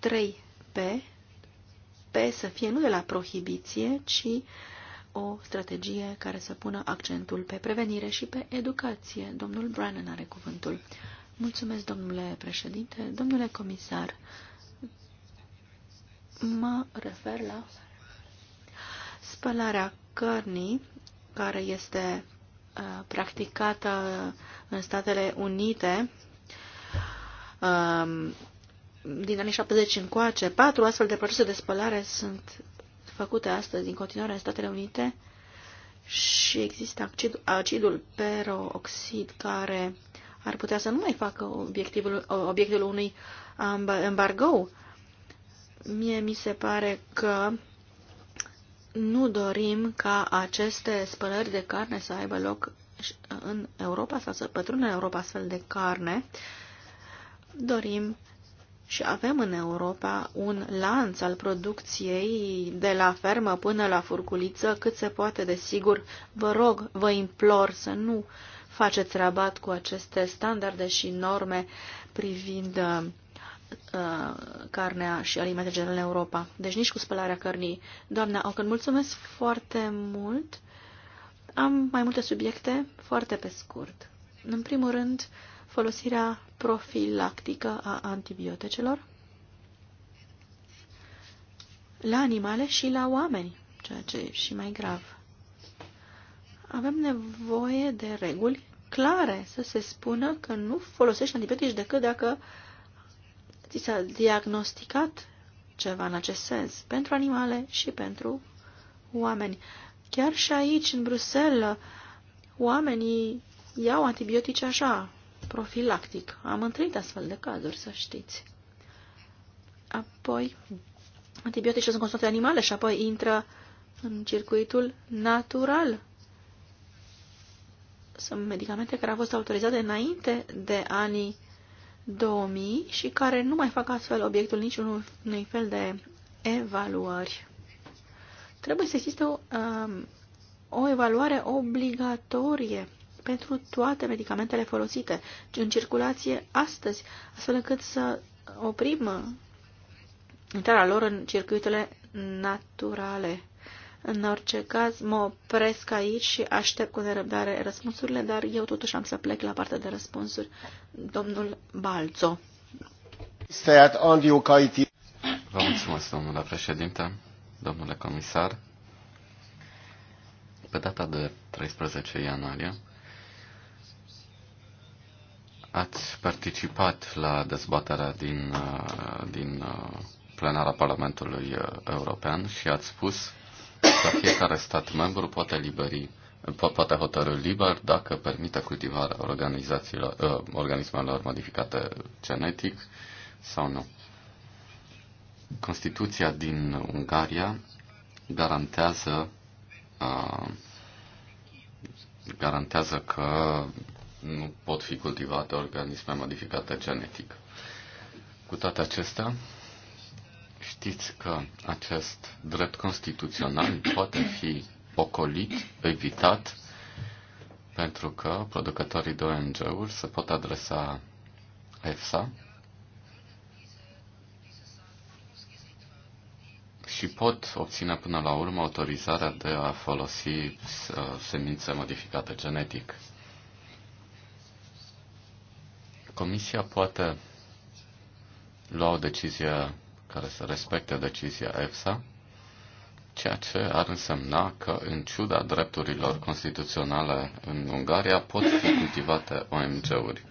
3P, P să fie nu de la prohibiție, ci o strategie care să pună accentul pe prevenire și pe educație. Domnul Brannan are cuvântul. Mulțumesc, domnule președinte. Domnule comisar, mă refer la spălarea cărnii care este uh, practicată în Statele Unite um, din anii 70 încoace. Patru astfel de procese de spălare sunt făcute astăzi în continuare în Statele Unite și există acid, acidul peroxid care ar putea să nu mai facă obiectivul, obiectul unui embargo. Mie mi se pare că nu dorim ca aceste spălări de carne să aibă loc uh, în Europa sau să pătrună în Europa astfel de carne. Dorim și avem în Europa un lanț al producției de la fermă până la furculiță cât se poate de sigur. Vă rog, vă implor să nu uh, faceți rabat cu aceste standarde și norme privind uh, uh carnea și alimente generale în Europa. Deci nici cu spălarea cărnii. Doamna Ocan, mulțumesc foarte mult. Am mai multe subiecte, foarte pe scurt. În primul rând, folosirea profilactică a antibioticelor la animale și la oameni, ceea ce e și mai grav. Avem nevoie de reguli clare să se spună că nu folosești antibiotici decât dacă ți s-a diagnosticat ceva în acest sens, pentru animale și pentru oameni. Chiar și aici, în Bruxelles, oamenii iau antibiotici așa, profilactic. Am întâlnit astfel de cazuri, să știți. Apoi, antibiotice sunt consumate animale și apoi intră în circuitul natural sunt medicamente care au fost autorizate înainte de anii 2000 și care nu mai fac astfel obiectul niciunui fel de evaluări. Trebuie să existe o, um, o evaluare obligatorie pentru toate medicamentele folosite în circulație astăzi, astfel încât să oprim intrarea lor în circuitele naturale. În orice caz, mă opresc aici și aștept cu nerăbdare răspunsurile, dar eu totuși am să plec la partea de răspunsuri. Domnul Balzo. Vă mulțumesc, domnule președinte, domnule comisar. Pe data de 13 ianuarie, ați participat la dezbaterea din, din plenara Parlamentului European și ați spus ca fiecare stat membru poate liberi po- poate hotărâ liber dacă permite cultivarea organizațiilor, uh, organismelor modificate genetic sau nu. Constituția din Ungaria garantează uh, garantează că nu pot fi cultivate organisme modificate genetic. Cu toate acestea, Știți că acest drept constituțional poate fi ocolit, evitat, pentru că producătorii de ONG-uri se pot adresa EFSA și pot obține până la urmă autorizarea de a folosi uh, semințe modificate genetic. Comisia poate lua o decizie care să respecte decizia EFSA, ceea ce ar însemna că, în ciuda drepturilor constituționale în Ungaria, pot fi cultivate OMG-uri.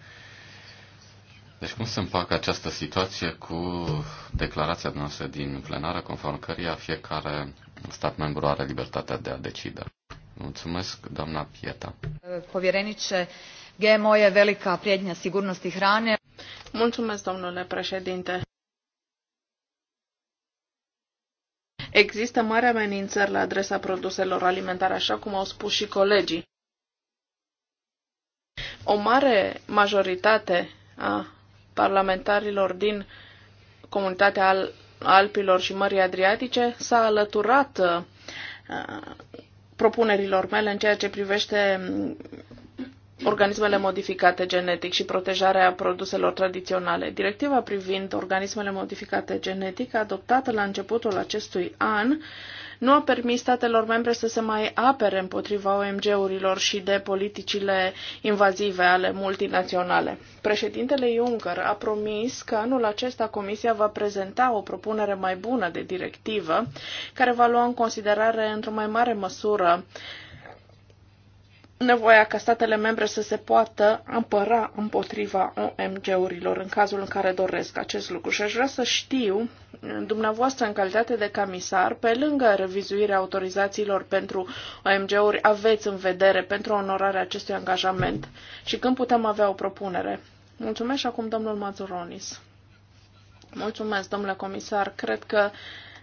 Deci cum se împacă această situație cu declarația noastră din plenară, conform căreia fiecare stat membru are libertatea de a decide? Mulțumesc, doamna Pieta. Povierenice, GMO e velica prietnia sigurnosti hrane. Mulțumesc, domnule președinte. Există mari amenințări la adresa produselor alimentare, așa cum au spus și colegii. O mare majoritate a parlamentarilor din comunitatea al Alpilor și Mării Adriatice s-a alăturat uh, propunerilor mele în ceea ce privește organismele modificate genetic și protejarea produselor tradiționale. Directiva privind organismele modificate genetic, adoptată la începutul acestui an, nu a permis statelor membre să se mai apere împotriva OMG-urilor și de politicile invazive ale multinaționale. Președintele Juncker a promis că anul acesta Comisia va prezenta o propunere mai bună de directivă, care va lua în considerare într-o mai mare măsură uh, nevoia ca statele membre să se poată apăra împotriva OMG-urilor în cazul în care doresc acest lucru. Și aș vrea să știu, dumneavoastră, în calitate de comisar, pe lângă revizuirea autorizațiilor pentru OMG-uri, aveți în vedere pentru onorarea acestui angajament și când putem avea o propunere. Mulțumesc și acum domnul Mazuronis. Mulțumesc, domnule comisar. Cred că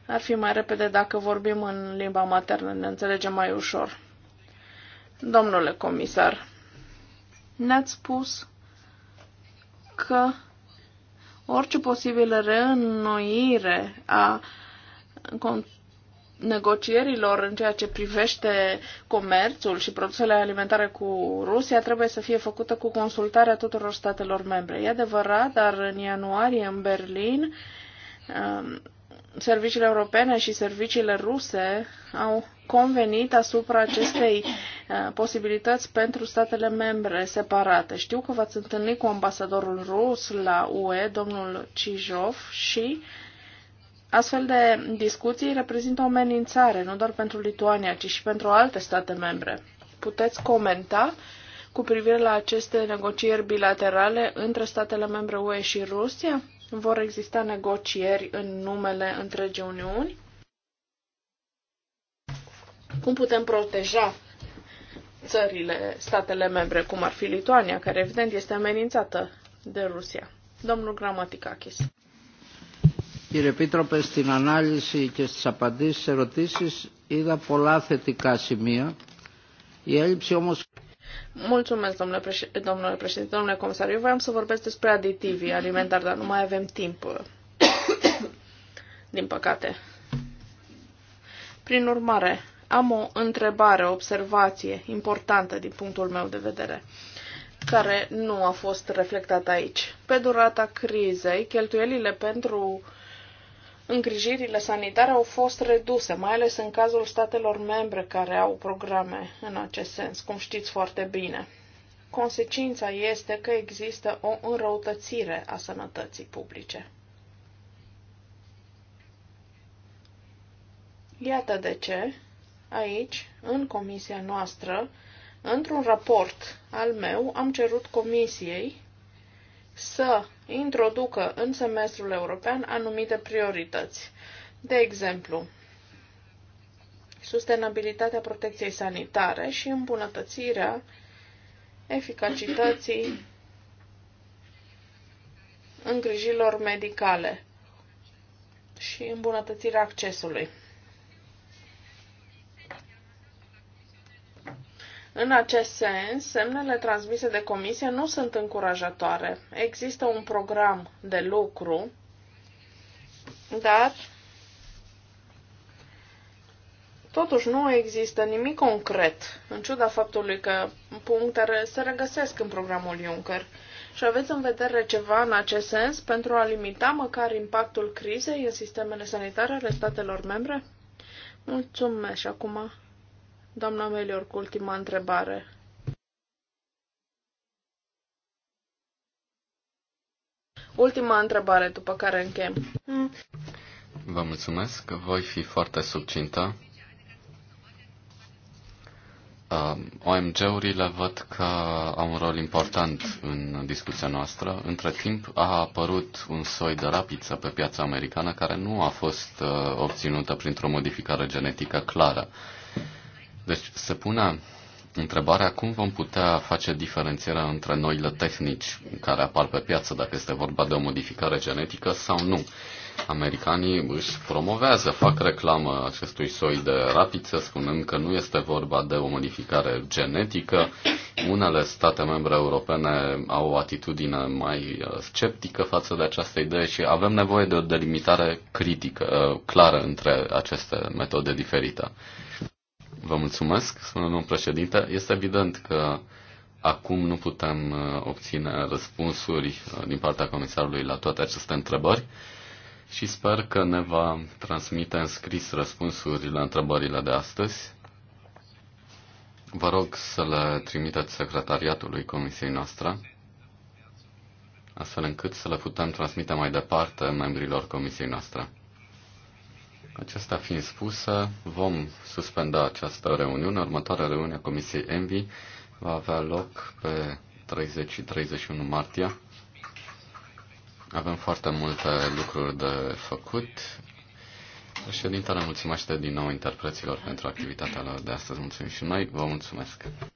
ar fi mai repede dacă vorbim în limba maternă, ne înțelegem mai ușor. Domnule comisar, ne-ați spus că orice posibilă reînnoire a negocierilor în ceea ce privește comerțul și produsele alimentare cu Rusia trebuie să fie făcută cu consultarea tuturor statelor membre. E adevărat, dar în ianuarie în Berlin um, serviciile europene și serviciile ruse au convenit asupra acestei uh, posibilități pentru statele membre separate. Știu că v-ați întâlnit cu ambasadorul rus la UE, domnul Cijov, și astfel de discuții reprezintă o amenințare, nu doar pentru Lituania, ci și pentru alte state membre. Puteți comenta cu privire la aceste negocieri bilaterale între statele membre UE și Rusia? vor exista negocieri în numele întregii Uniuni? Cum putem proteja țările, statele membre, cum ar fi Lituania, care evident este amenințată de Rusia? Domnul Gramaticakis. Κύριε Επίτροπε, στην ανάλυση και στις απαντήσεις ερωτήσεις είδα πολλά θετικά σημεία. Η έλλειψη όμως... Mulțumesc, domnule, președinte, domnule președinte, domnule comisar. Eu voiam să vorbesc despre aditivii alimentari, dar nu mai avem timp, din păcate. Prin urmare, am o întrebare, o observație importantă din punctul meu de vedere, care nu a fost reflectată aici. Pe durata crizei, cheltuielile pentru uh, îngrijirile sanitare au fost reduse, mai ales în cazul statelor membre care au programe în acest sens, cum știți foarte bine. Consecința este că există o înrăutățire a sănătății publice. Iată de ce, aici, în comisia noastră, într-un raport al meu, am cerut comisiei să introducă în semestrul european anumite priorități. De exemplu, sustenabilitatea protecției sanitare și îmbunătățirea eficacității îngrijilor medicale și îmbunătățirea accesului. În acest sens, semnele transmise de comisie nu sunt încurajatoare. Există un program de lucru, dar Totuși nu există nimic concret, în ciuda faptului că punctele se regăsesc în programul Juncker. Și aveți în vedere ceva în acest sens pentru a limita măcar impactul crizei în sistemele sanitare ale statelor membre? Mulțumesc acum Doamna Melior, cu ultima întrebare. Ultima întrebare, după care încheiem. Vă mulțumesc, voi fi foarte subcintă. Um, OMG-urile văd că au un rol important în discuția noastră. Între timp a apărut un soi de rapiță pe piața americană care nu a fost uh, obținută printr-o modificare genetică clară. Deci se pune întrebarea cum vom putea face diferențierea între noile tehnici care apar pe piață, dacă este vorba de o modificare genetică sau nu. Americanii își promovează, fac reclamă acestui soi de rapiță, spunând că nu este vorba de o modificare genetică. Unele state membre europene au o atitudine mai uh, sceptică față de această idee și avem nevoie de o delimitare critică, uh, clară între aceste metode diferite. Vă mulțumesc, spune domnul președinte. Este evident că acum nu putem uh, obține răspunsuri uh, din partea comisarului la toate aceste întrebări și sper că ne va transmite în scris răspunsuri la întrebările de astăzi. Vă rog să le trimiteți secretariatului comisiei noastre, astfel încât să le putem transmite mai departe membrilor comisiei noastre. Acesta fiind spusă, vom suspenda această reuniune. Următoarea reuniune a Comisiei ENVI va avea loc pe 30 și 31 martie. Avem foarte multe lucruri de făcut. Președintele mulțumește din nou interpreților pentru activitatea lor de astăzi. Mulțumim și noi. Vă mulțumesc.